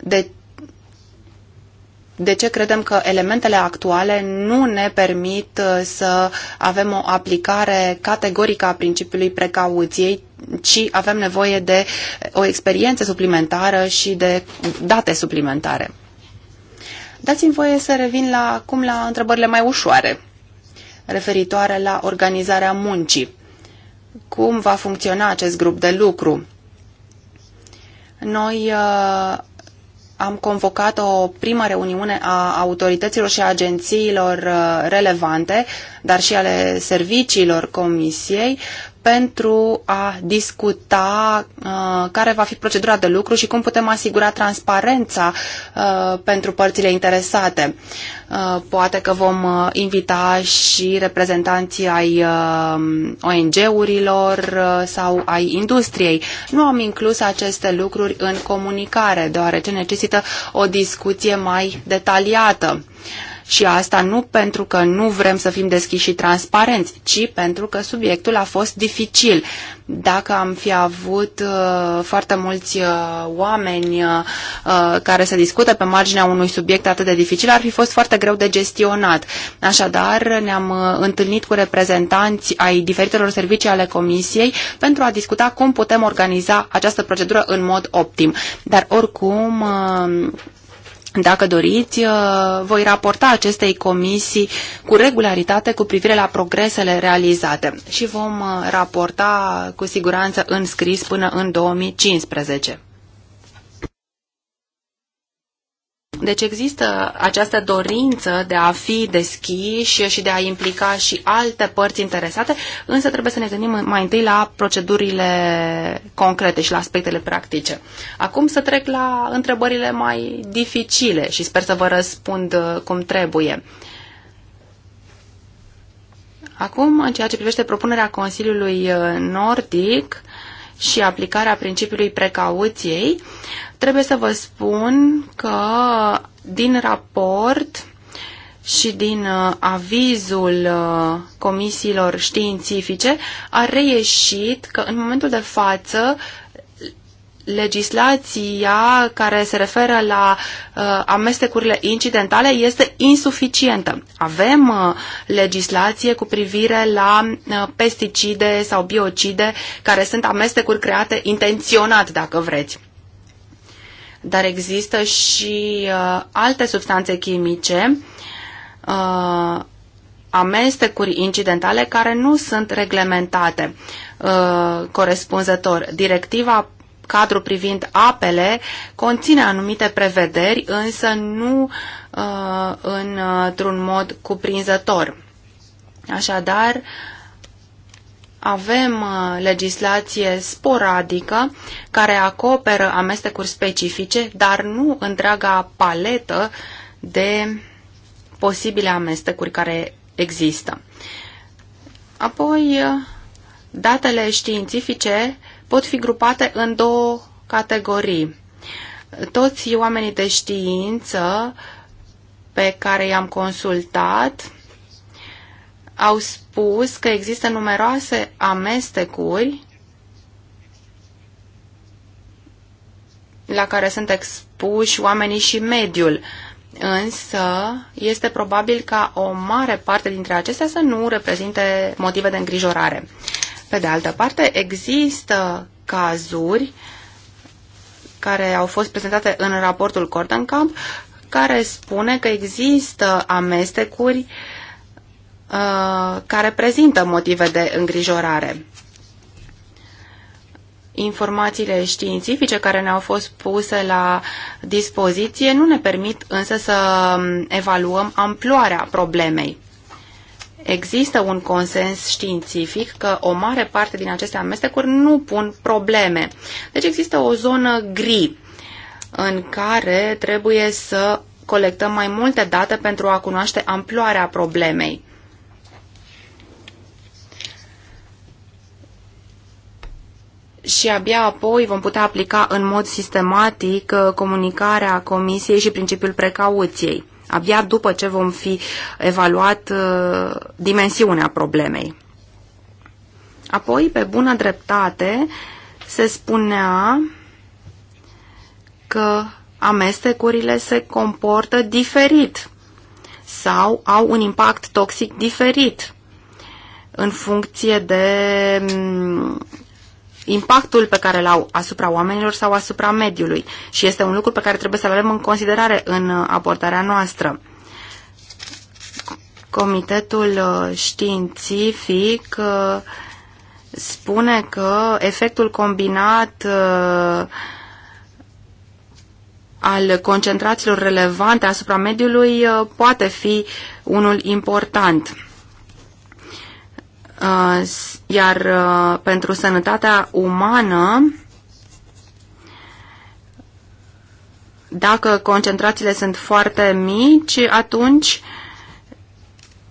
de, de ce credem că elementele actuale nu ne permit uh, să avem o aplicare categorică a principiului precauției, ci avem nevoie de o experiență suplimentară și de date suplimentare. Dați-mi voie să revin la, acum la întrebările mai ușoare, referitoare la organizarea muncii. Cum va funcționa acest grup de lucru? Noi uh, am convocat o primă reuniune a autorităților și agențiilor agențiilor uh, relevante, dar și ale serviciilor comisiei, pentru a discuta uh, care va fi procedura de lucru și cum putem asigura transparența uh, pentru părțile interesate. Uh, poate că vom uh, invita și reprezentanții ai uh, ONG-urilor uh, sau ai industriei. Nu am inclus aceste lucruri în comunicare, deoarece necesită o discuție mai detaliată. Uh, și asta nu pentru că nu vrem să fim deschiși și transparenți, ci pentru că subiectul a fost dificil. Dacă am fi avut uh, foarte mulți uh, oameni uh, uh care să discută pe marginea unui subiect atât de dificil, ar fi fost foarte greu de gestionat. Așadar, ne-am uh, întâlnit cu reprezentanți ai diferitelor servicii ale Comisiei pentru a discuta cum putem organiza această procedură în mod optim. Dar oricum, uh, dacă doriți, uh, voi raporta acestei comisii cu regularitate cu privire la progresele realizate și vom uh, raporta cu siguranță în scris până în 2015. Deci există această dorință de a fi deschiși și de a implica și alte părți interesate, însă trebuie să ne gândim mai întâi la procedurile concrete și la aspectele practice. Acum să trec la întrebările mai dificile și sper să vă răspund uh, cum trebuie. Acum, în ceea ce privește propunerea Consiliului uh, Nordic, uh, și aplicarea principiului precauției, trebuie să vă spun că din raport și din uh, avizul uh, comisiilor științifice a reieșit că în momentul de față legislația care se referă la uh, amestecurile incidentale este insuficientă. Avem uh, legislație cu privire la uh, pesticide sau biocide care sunt amestecuri create intenționat, dacă vreți. Dar există și uh, alte substanțe chimice uh, amestecuri incidentale care nu sunt reglementate uh, corespunzător. Directiva cadru privind apele conține anumite prevederi, însă nu uh, uh într-un mod cuprinzător. Așadar, avem uh, legislație sporadică care acoperă amestecuri specifice, dar nu întreaga paletă de posibile amestecuri care există. Apoi, uh, datele științifice pot fi grupate în două categorii. Toți oamenii de știință pe care i-am consultat au spus că există numeroase amestecuri la care sunt expuși oamenii și mediul. Însă, este probabil ca o mare parte dintre acestea să nu reprezinte motive de îngrijorare. Pe de altă parte, există cazuri care au fost prezentate în raportul Cordenkamp, care spune că există amestecuri uh, care prezintă motive de îngrijorare. Informațiile științifice care ne-au fost puse la dispoziție nu ne permit însă să um, evaluăm amploarea problemei. Există un consens științific că o mare parte din aceste amestecuri nu pun probleme. Deci există o zonă gri în care trebuie să colectăm mai multe date pentru a cunoaște amploarea problemei. și abia apoi vom putea aplica în mod sistematic uh, comunicarea Comisiei și principiul precauției abia după ce vom fi evaluat uh, dimensiunea problemei. Apoi, pe bună dreptate, se spunea că amestecurile se comportă diferit sau au un impact toxic diferit în funcție de mm, impactul pe care l-au asupra oamenilor sau asupra mediului și este un lucru pe care trebuie să-l avem în considerare în abordarea noastră. Comitetul uh, științific uh, spune că efectul combinat uh, al concentrațiilor relevante asupra mediului poate fi unul important. Uh, iar uh, pentru sănătatea umană, dacă concentrațiile sunt foarte mici, atunci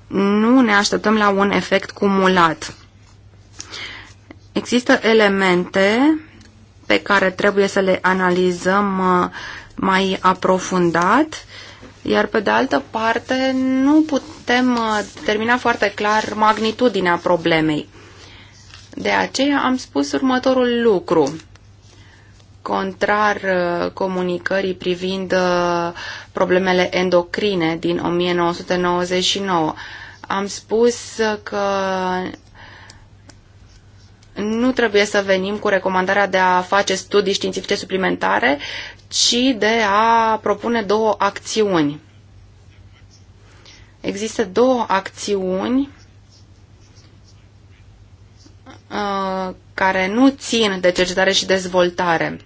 nu ne așteptăm la un efect cumulat. Există elemente pe care trebuie să le analizăm uh, mai aprofundat iar pe de altă parte, nu putem uh, determina foarte clar magnitudinea problemei. De aceea am spus următorul lucru. Contrar uh, comunicării privind uh, problemele endocrine din 1999, am spus că nu trebuie să venim cu recomandarea de a face studii științifice suplimentare, ci de a propune două acțiuni. Există două acțiuni uh, care nu țin de cercetare și dezvoltare.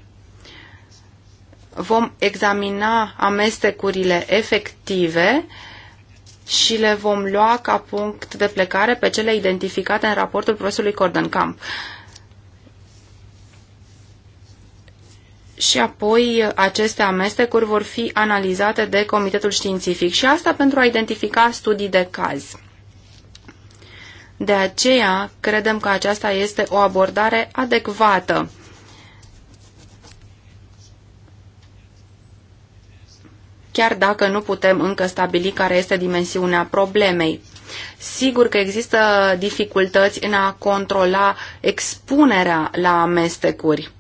Vom examina amestecurile efective și le vom lua ca punct de plecare pe cele identificate în raportul profesorului Cordenkamp. Camp și apoi aceste amestecuri vor fi analizate de Comitetul Științific și asta pentru a identifica studii de caz. De aceea, credem că aceasta este o abordare adecvată. chiar dacă nu putem încă stabili care este dimensiunea problemei. Sigur că există dificultăți în a controla expunerea la amestecuri.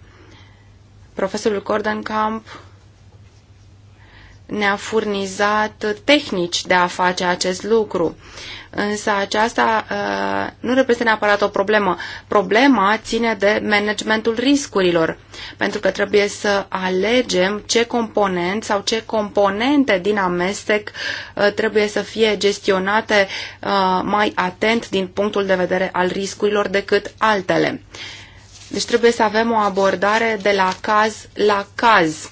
Profesorul Cordenkamp ne-a furnizat tehnici de a face acest lucru. Însă aceasta uh, nu reprezintă neapărat o problemă. Problema ține de managementul riscurilor, pentru că trebuie să alegem ce component sau ce componente din amestec uh, trebuie să fie gestionate uh, mai atent din punctul de vedere al riscurilor decât altele. Uh, deci trebuie să avem o abordare de la caz la caz.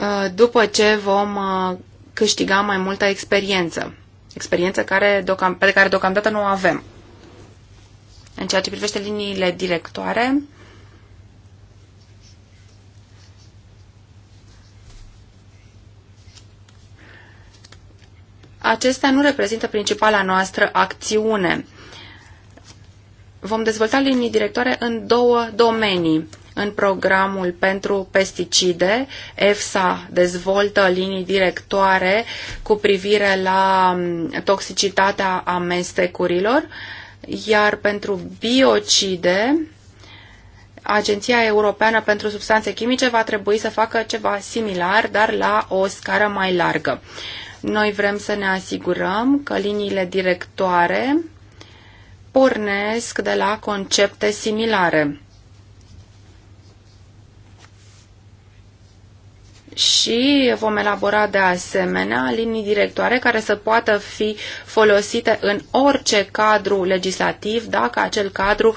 Uh, după ce vom uh, câștiga mai multă experiență. Experiență care deocam, pe care deocamdată nu o avem. În ceea ce privește liniile directoare, acestea nu reprezintă principala noastră acțiune vom dezvolta linii directoare în două domenii. În programul pentru pesticide, EFSA dezvoltă linii directoare cu privire la mm, toxicitatea amestecurilor, iar pentru biocide, Agenția Europeană pentru Substanțe Chimice va trebui să facă ceva similar, dar la o scară mai largă. Noi vrem să ne asigurăm că liniile directoare pornesc de la concepte similare. și vom elabora de asemenea linii directoare care să poată fi folosite în orice cadru legislativ dacă acel cadru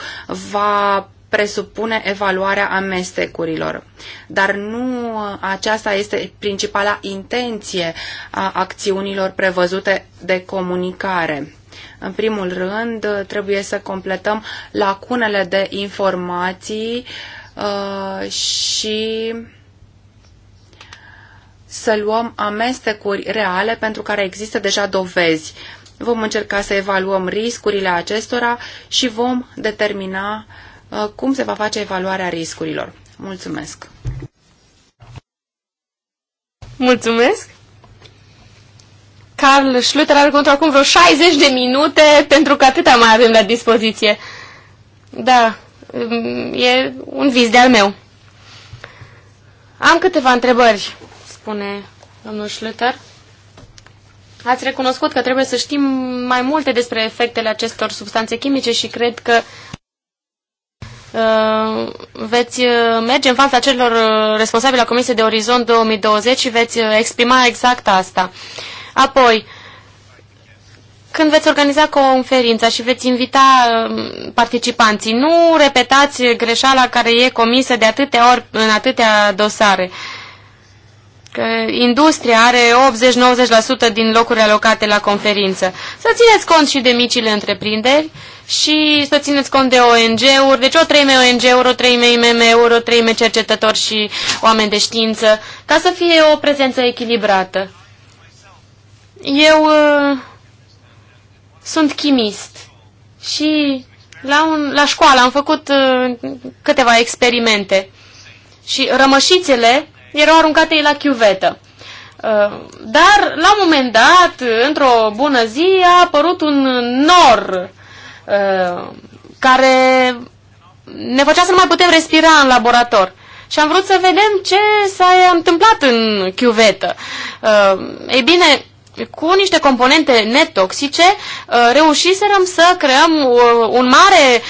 va presupune evaluarea amestecurilor. Dar nu aceasta este principala intenție a acțiunilor prevăzute de comunicare. În primul rând, trebuie să completăm lacunele de informații uh, și să luăm amestecuri reale pentru care există deja dovezi. Vom încerca să evaluăm riscurile acestora și vom determina uh, cum se va face evaluarea riscurilor. Mulțumesc! Mulțumesc! Carl Schlüter are cuvântul acum vreo 60 de minute, pentru că atâta mai avem la dispoziție. Da, mm, e un vis de-al meu. Am câteva întrebări, spune domnul Schlüter. Ați recunoscut că trebuie să știm mai multe despre efectele acestor substanțe chimice și cred că uh, veți uh, merge în fața celor uh, responsabili la Comisia de Orizont 2020 și veți exprima exact asta. Apoi, când veți organiza conferința și veți invita um, participanții, nu repetați greșeala care e comisă de atâtea ori în atâtea dosare. Că industria are 80-90% din locuri alocate la conferință. Să țineți cont și de micile întreprinderi și să țineți cont de ONG-uri, deci o treime ONG-uri, o treime IMM-uri, o treime cercetători și oameni de știință, ca să fie o prezență echilibrată. Eu uh, sunt chimist și la, un, la școală am făcut uh, câteva experimente și rămășițele erau aruncate la chiuvetă. Uh, dar, la un moment dat, într-o bună zi, a apărut un nor uh, care ne făcea să nu mai putem respira în laborator. Și am vrut să vedem ce s-a întâmplat în chiuvetă. Uh, ei bine, cu niște componente netoxice uh, reușiserăm să creăm uh, un mare,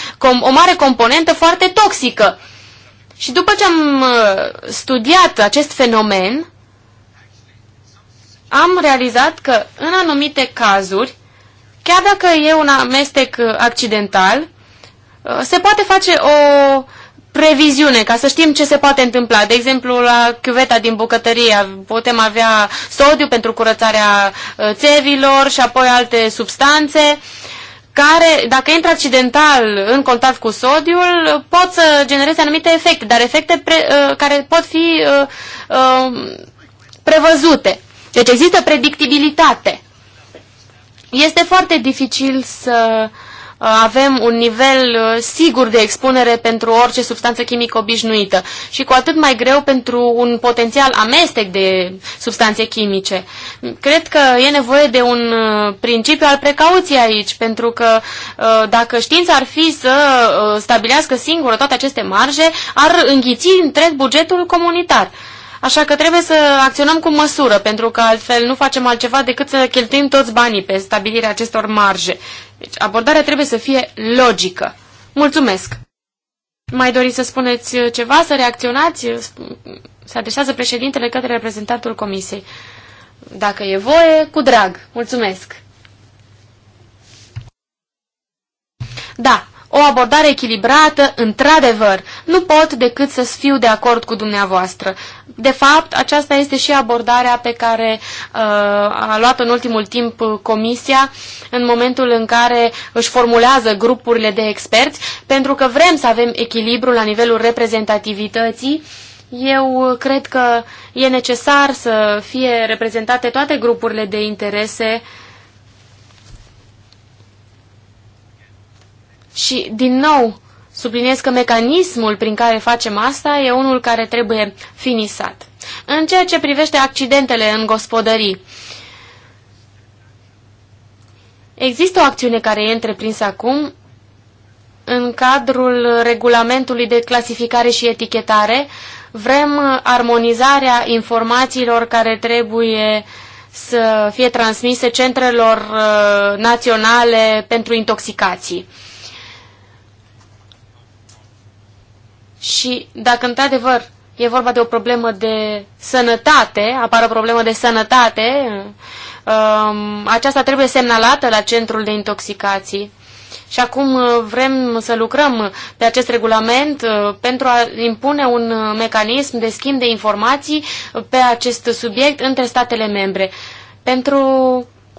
o mare componentă foarte toxică. Și după ce am uh, studiat acest fenomen, am realizat că în anumite cazuri, chiar dacă e un amestec accidental, se poate face o previziune, ca să știm ce se poate întâmpla. De exemplu, la chiuveta din bucătărie putem avea sodiu pentru curățarea uh, țevilor și apoi alte substanțe care, dacă intră accidental în contact cu sodiul, pot să genereze anumite efecte, dar efecte pre, uh, care pot fi uh, prevăzute. Deci există predictibilitate. Este foarte dificil să uh, avem un nivel uh, sigur de expunere pentru orice substanță chimică obișnuită și cu atât mai greu pentru un potențial amestec de substanțe chimice. Cred că e nevoie de un uh, principiu al precauției aici, pentru că uh, dacă știința ar fi să stabilească singură toate aceste marje, ar înghiți întreg bugetul comunitar. Așa că trebuie să acționăm cu măsură, pentru că altfel nu facem altceva decât să cheltuim toți banii pe stabilirea acestor marje. Deci abordarea trebuie să fie logică. Mulțumesc! Mai doriți să spuneți ceva, să reacționați? Se adresează președintele către reprezentantul comisiei. Dacă e voie, cu drag. Mulțumesc! Da, o abordare echilibrată, într-adevăr. Nu pot decât să fiu de acord cu dumneavoastră. De fapt, aceasta este și abordarea pe care uh, a luat în ultimul timp Comisia în momentul în care își formulează grupurile de experți, pentru că vrem să avem echilibru la nivelul reprezentativității. Eu cred că e necesar să fie reprezentate toate grupurile de interese uh, Și, din nou, subliniez că mecanismul prin care facem asta e unul care trebuie finisat. În ceea ce privește accidentele în gospodării, există o acțiune care e întreprinsă acum în cadrul regulamentului de clasificare și etichetare. Vrem armonizarea informațiilor care trebuie să fie transmise centrelor uh, naționale pentru intoxicații. Și dacă într-adevăr e vorba de o problemă de sănătate, apare o problemă de sănătate, um, aceasta trebuie semnalată la centrul de intoxicații. Și acum uh, vrem să lucrăm pe acest regulament uh, pentru a impune un mecanism de schimb de informații pe acest subiect între statele membre. Pentru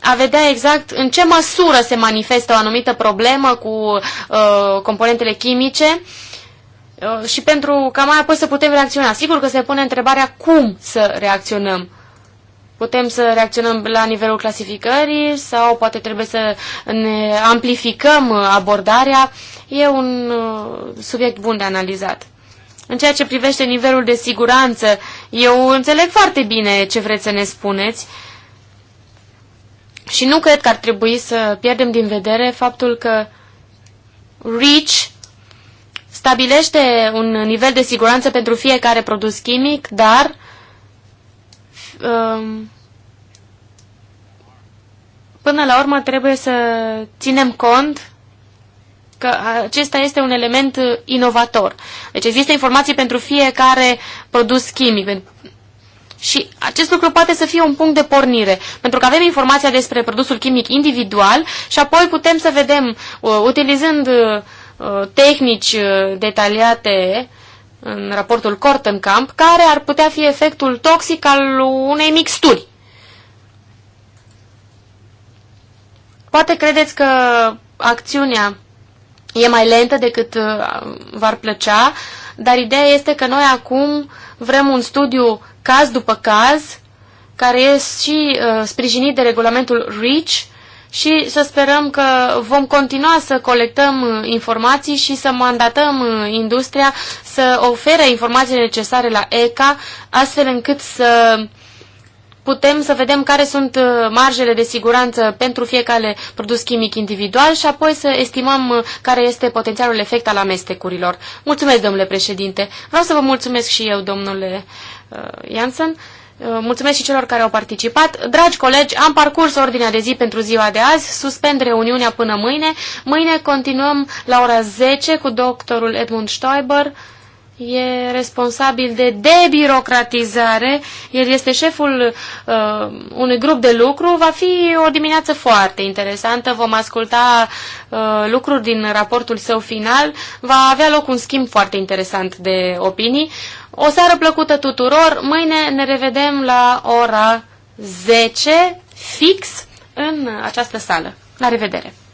a vedea exact în ce măsură se manifestă o anumită problemă cu uh, componentele chimice uh, Uh, și pentru ca mai apoi să putem reacționa. Sigur că se pune întrebarea cum să reacționăm. Putem să reacționăm la nivelul clasificării sau poate trebuie să ne amplificăm abordarea. E un uh, subiect bun de analizat. În ceea ce privește nivelul de siguranță, eu înțeleg foarte bine ce vreți să ne spuneți și nu cred că ar trebui să pierdem din vedere faptul că REACH stabilește un nivel de siguranță pentru fiecare produs chimic, dar um, până la urmă trebuie să ținem cont că acesta este un element inovator. Deci există informații pentru fiecare produs chimic. Și acest lucru poate să fie un punct de pornire, pentru că avem informația despre produsul chimic individual și apoi putem să vedem, uh, utilizând uh, Uh, tehnici uh, detaliate în raportul Kortenkamp, care ar putea fi efectul toxic al unei mixturi. Poate credeți că acțiunea e mai lentă decât uh, v-ar plăcea, dar ideea este că noi acum vrem un studiu caz după caz, care este și uh, sprijinit de regulamentul REACH, și să sperăm că vom continua să colectăm uh, informații și să mandatăm uh, industria să ofere informațiile necesare la ECA, astfel încât să putem să vedem care sunt uh, marjele de siguranță pentru fiecare produs chimic individual și apoi să estimăm care este potențialul efect al amestecurilor. Mulțumesc, domnule președinte. Vreau să vă mulțumesc și eu, domnule uh, Janssen. Uh, mulțumesc și celor care au participat. Dragi colegi, am parcurs ordinea de zi pentru ziua de azi. Suspend reuniunea până mâine. Mâine continuăm la ora 10 cu doctorul Edmund Stoiber. E responsabil de debirocratizare. El este șeful uh, unui grup de lucru. Va fi o dimineață foarte interesantă. Vom asculta uh, lucruri din raportul său final. Va avea loc un schimb foarte interesant de opinii. O seară plăcută tuturor. Mâine ne revedem la ora 10 fix în această sală. La revedere!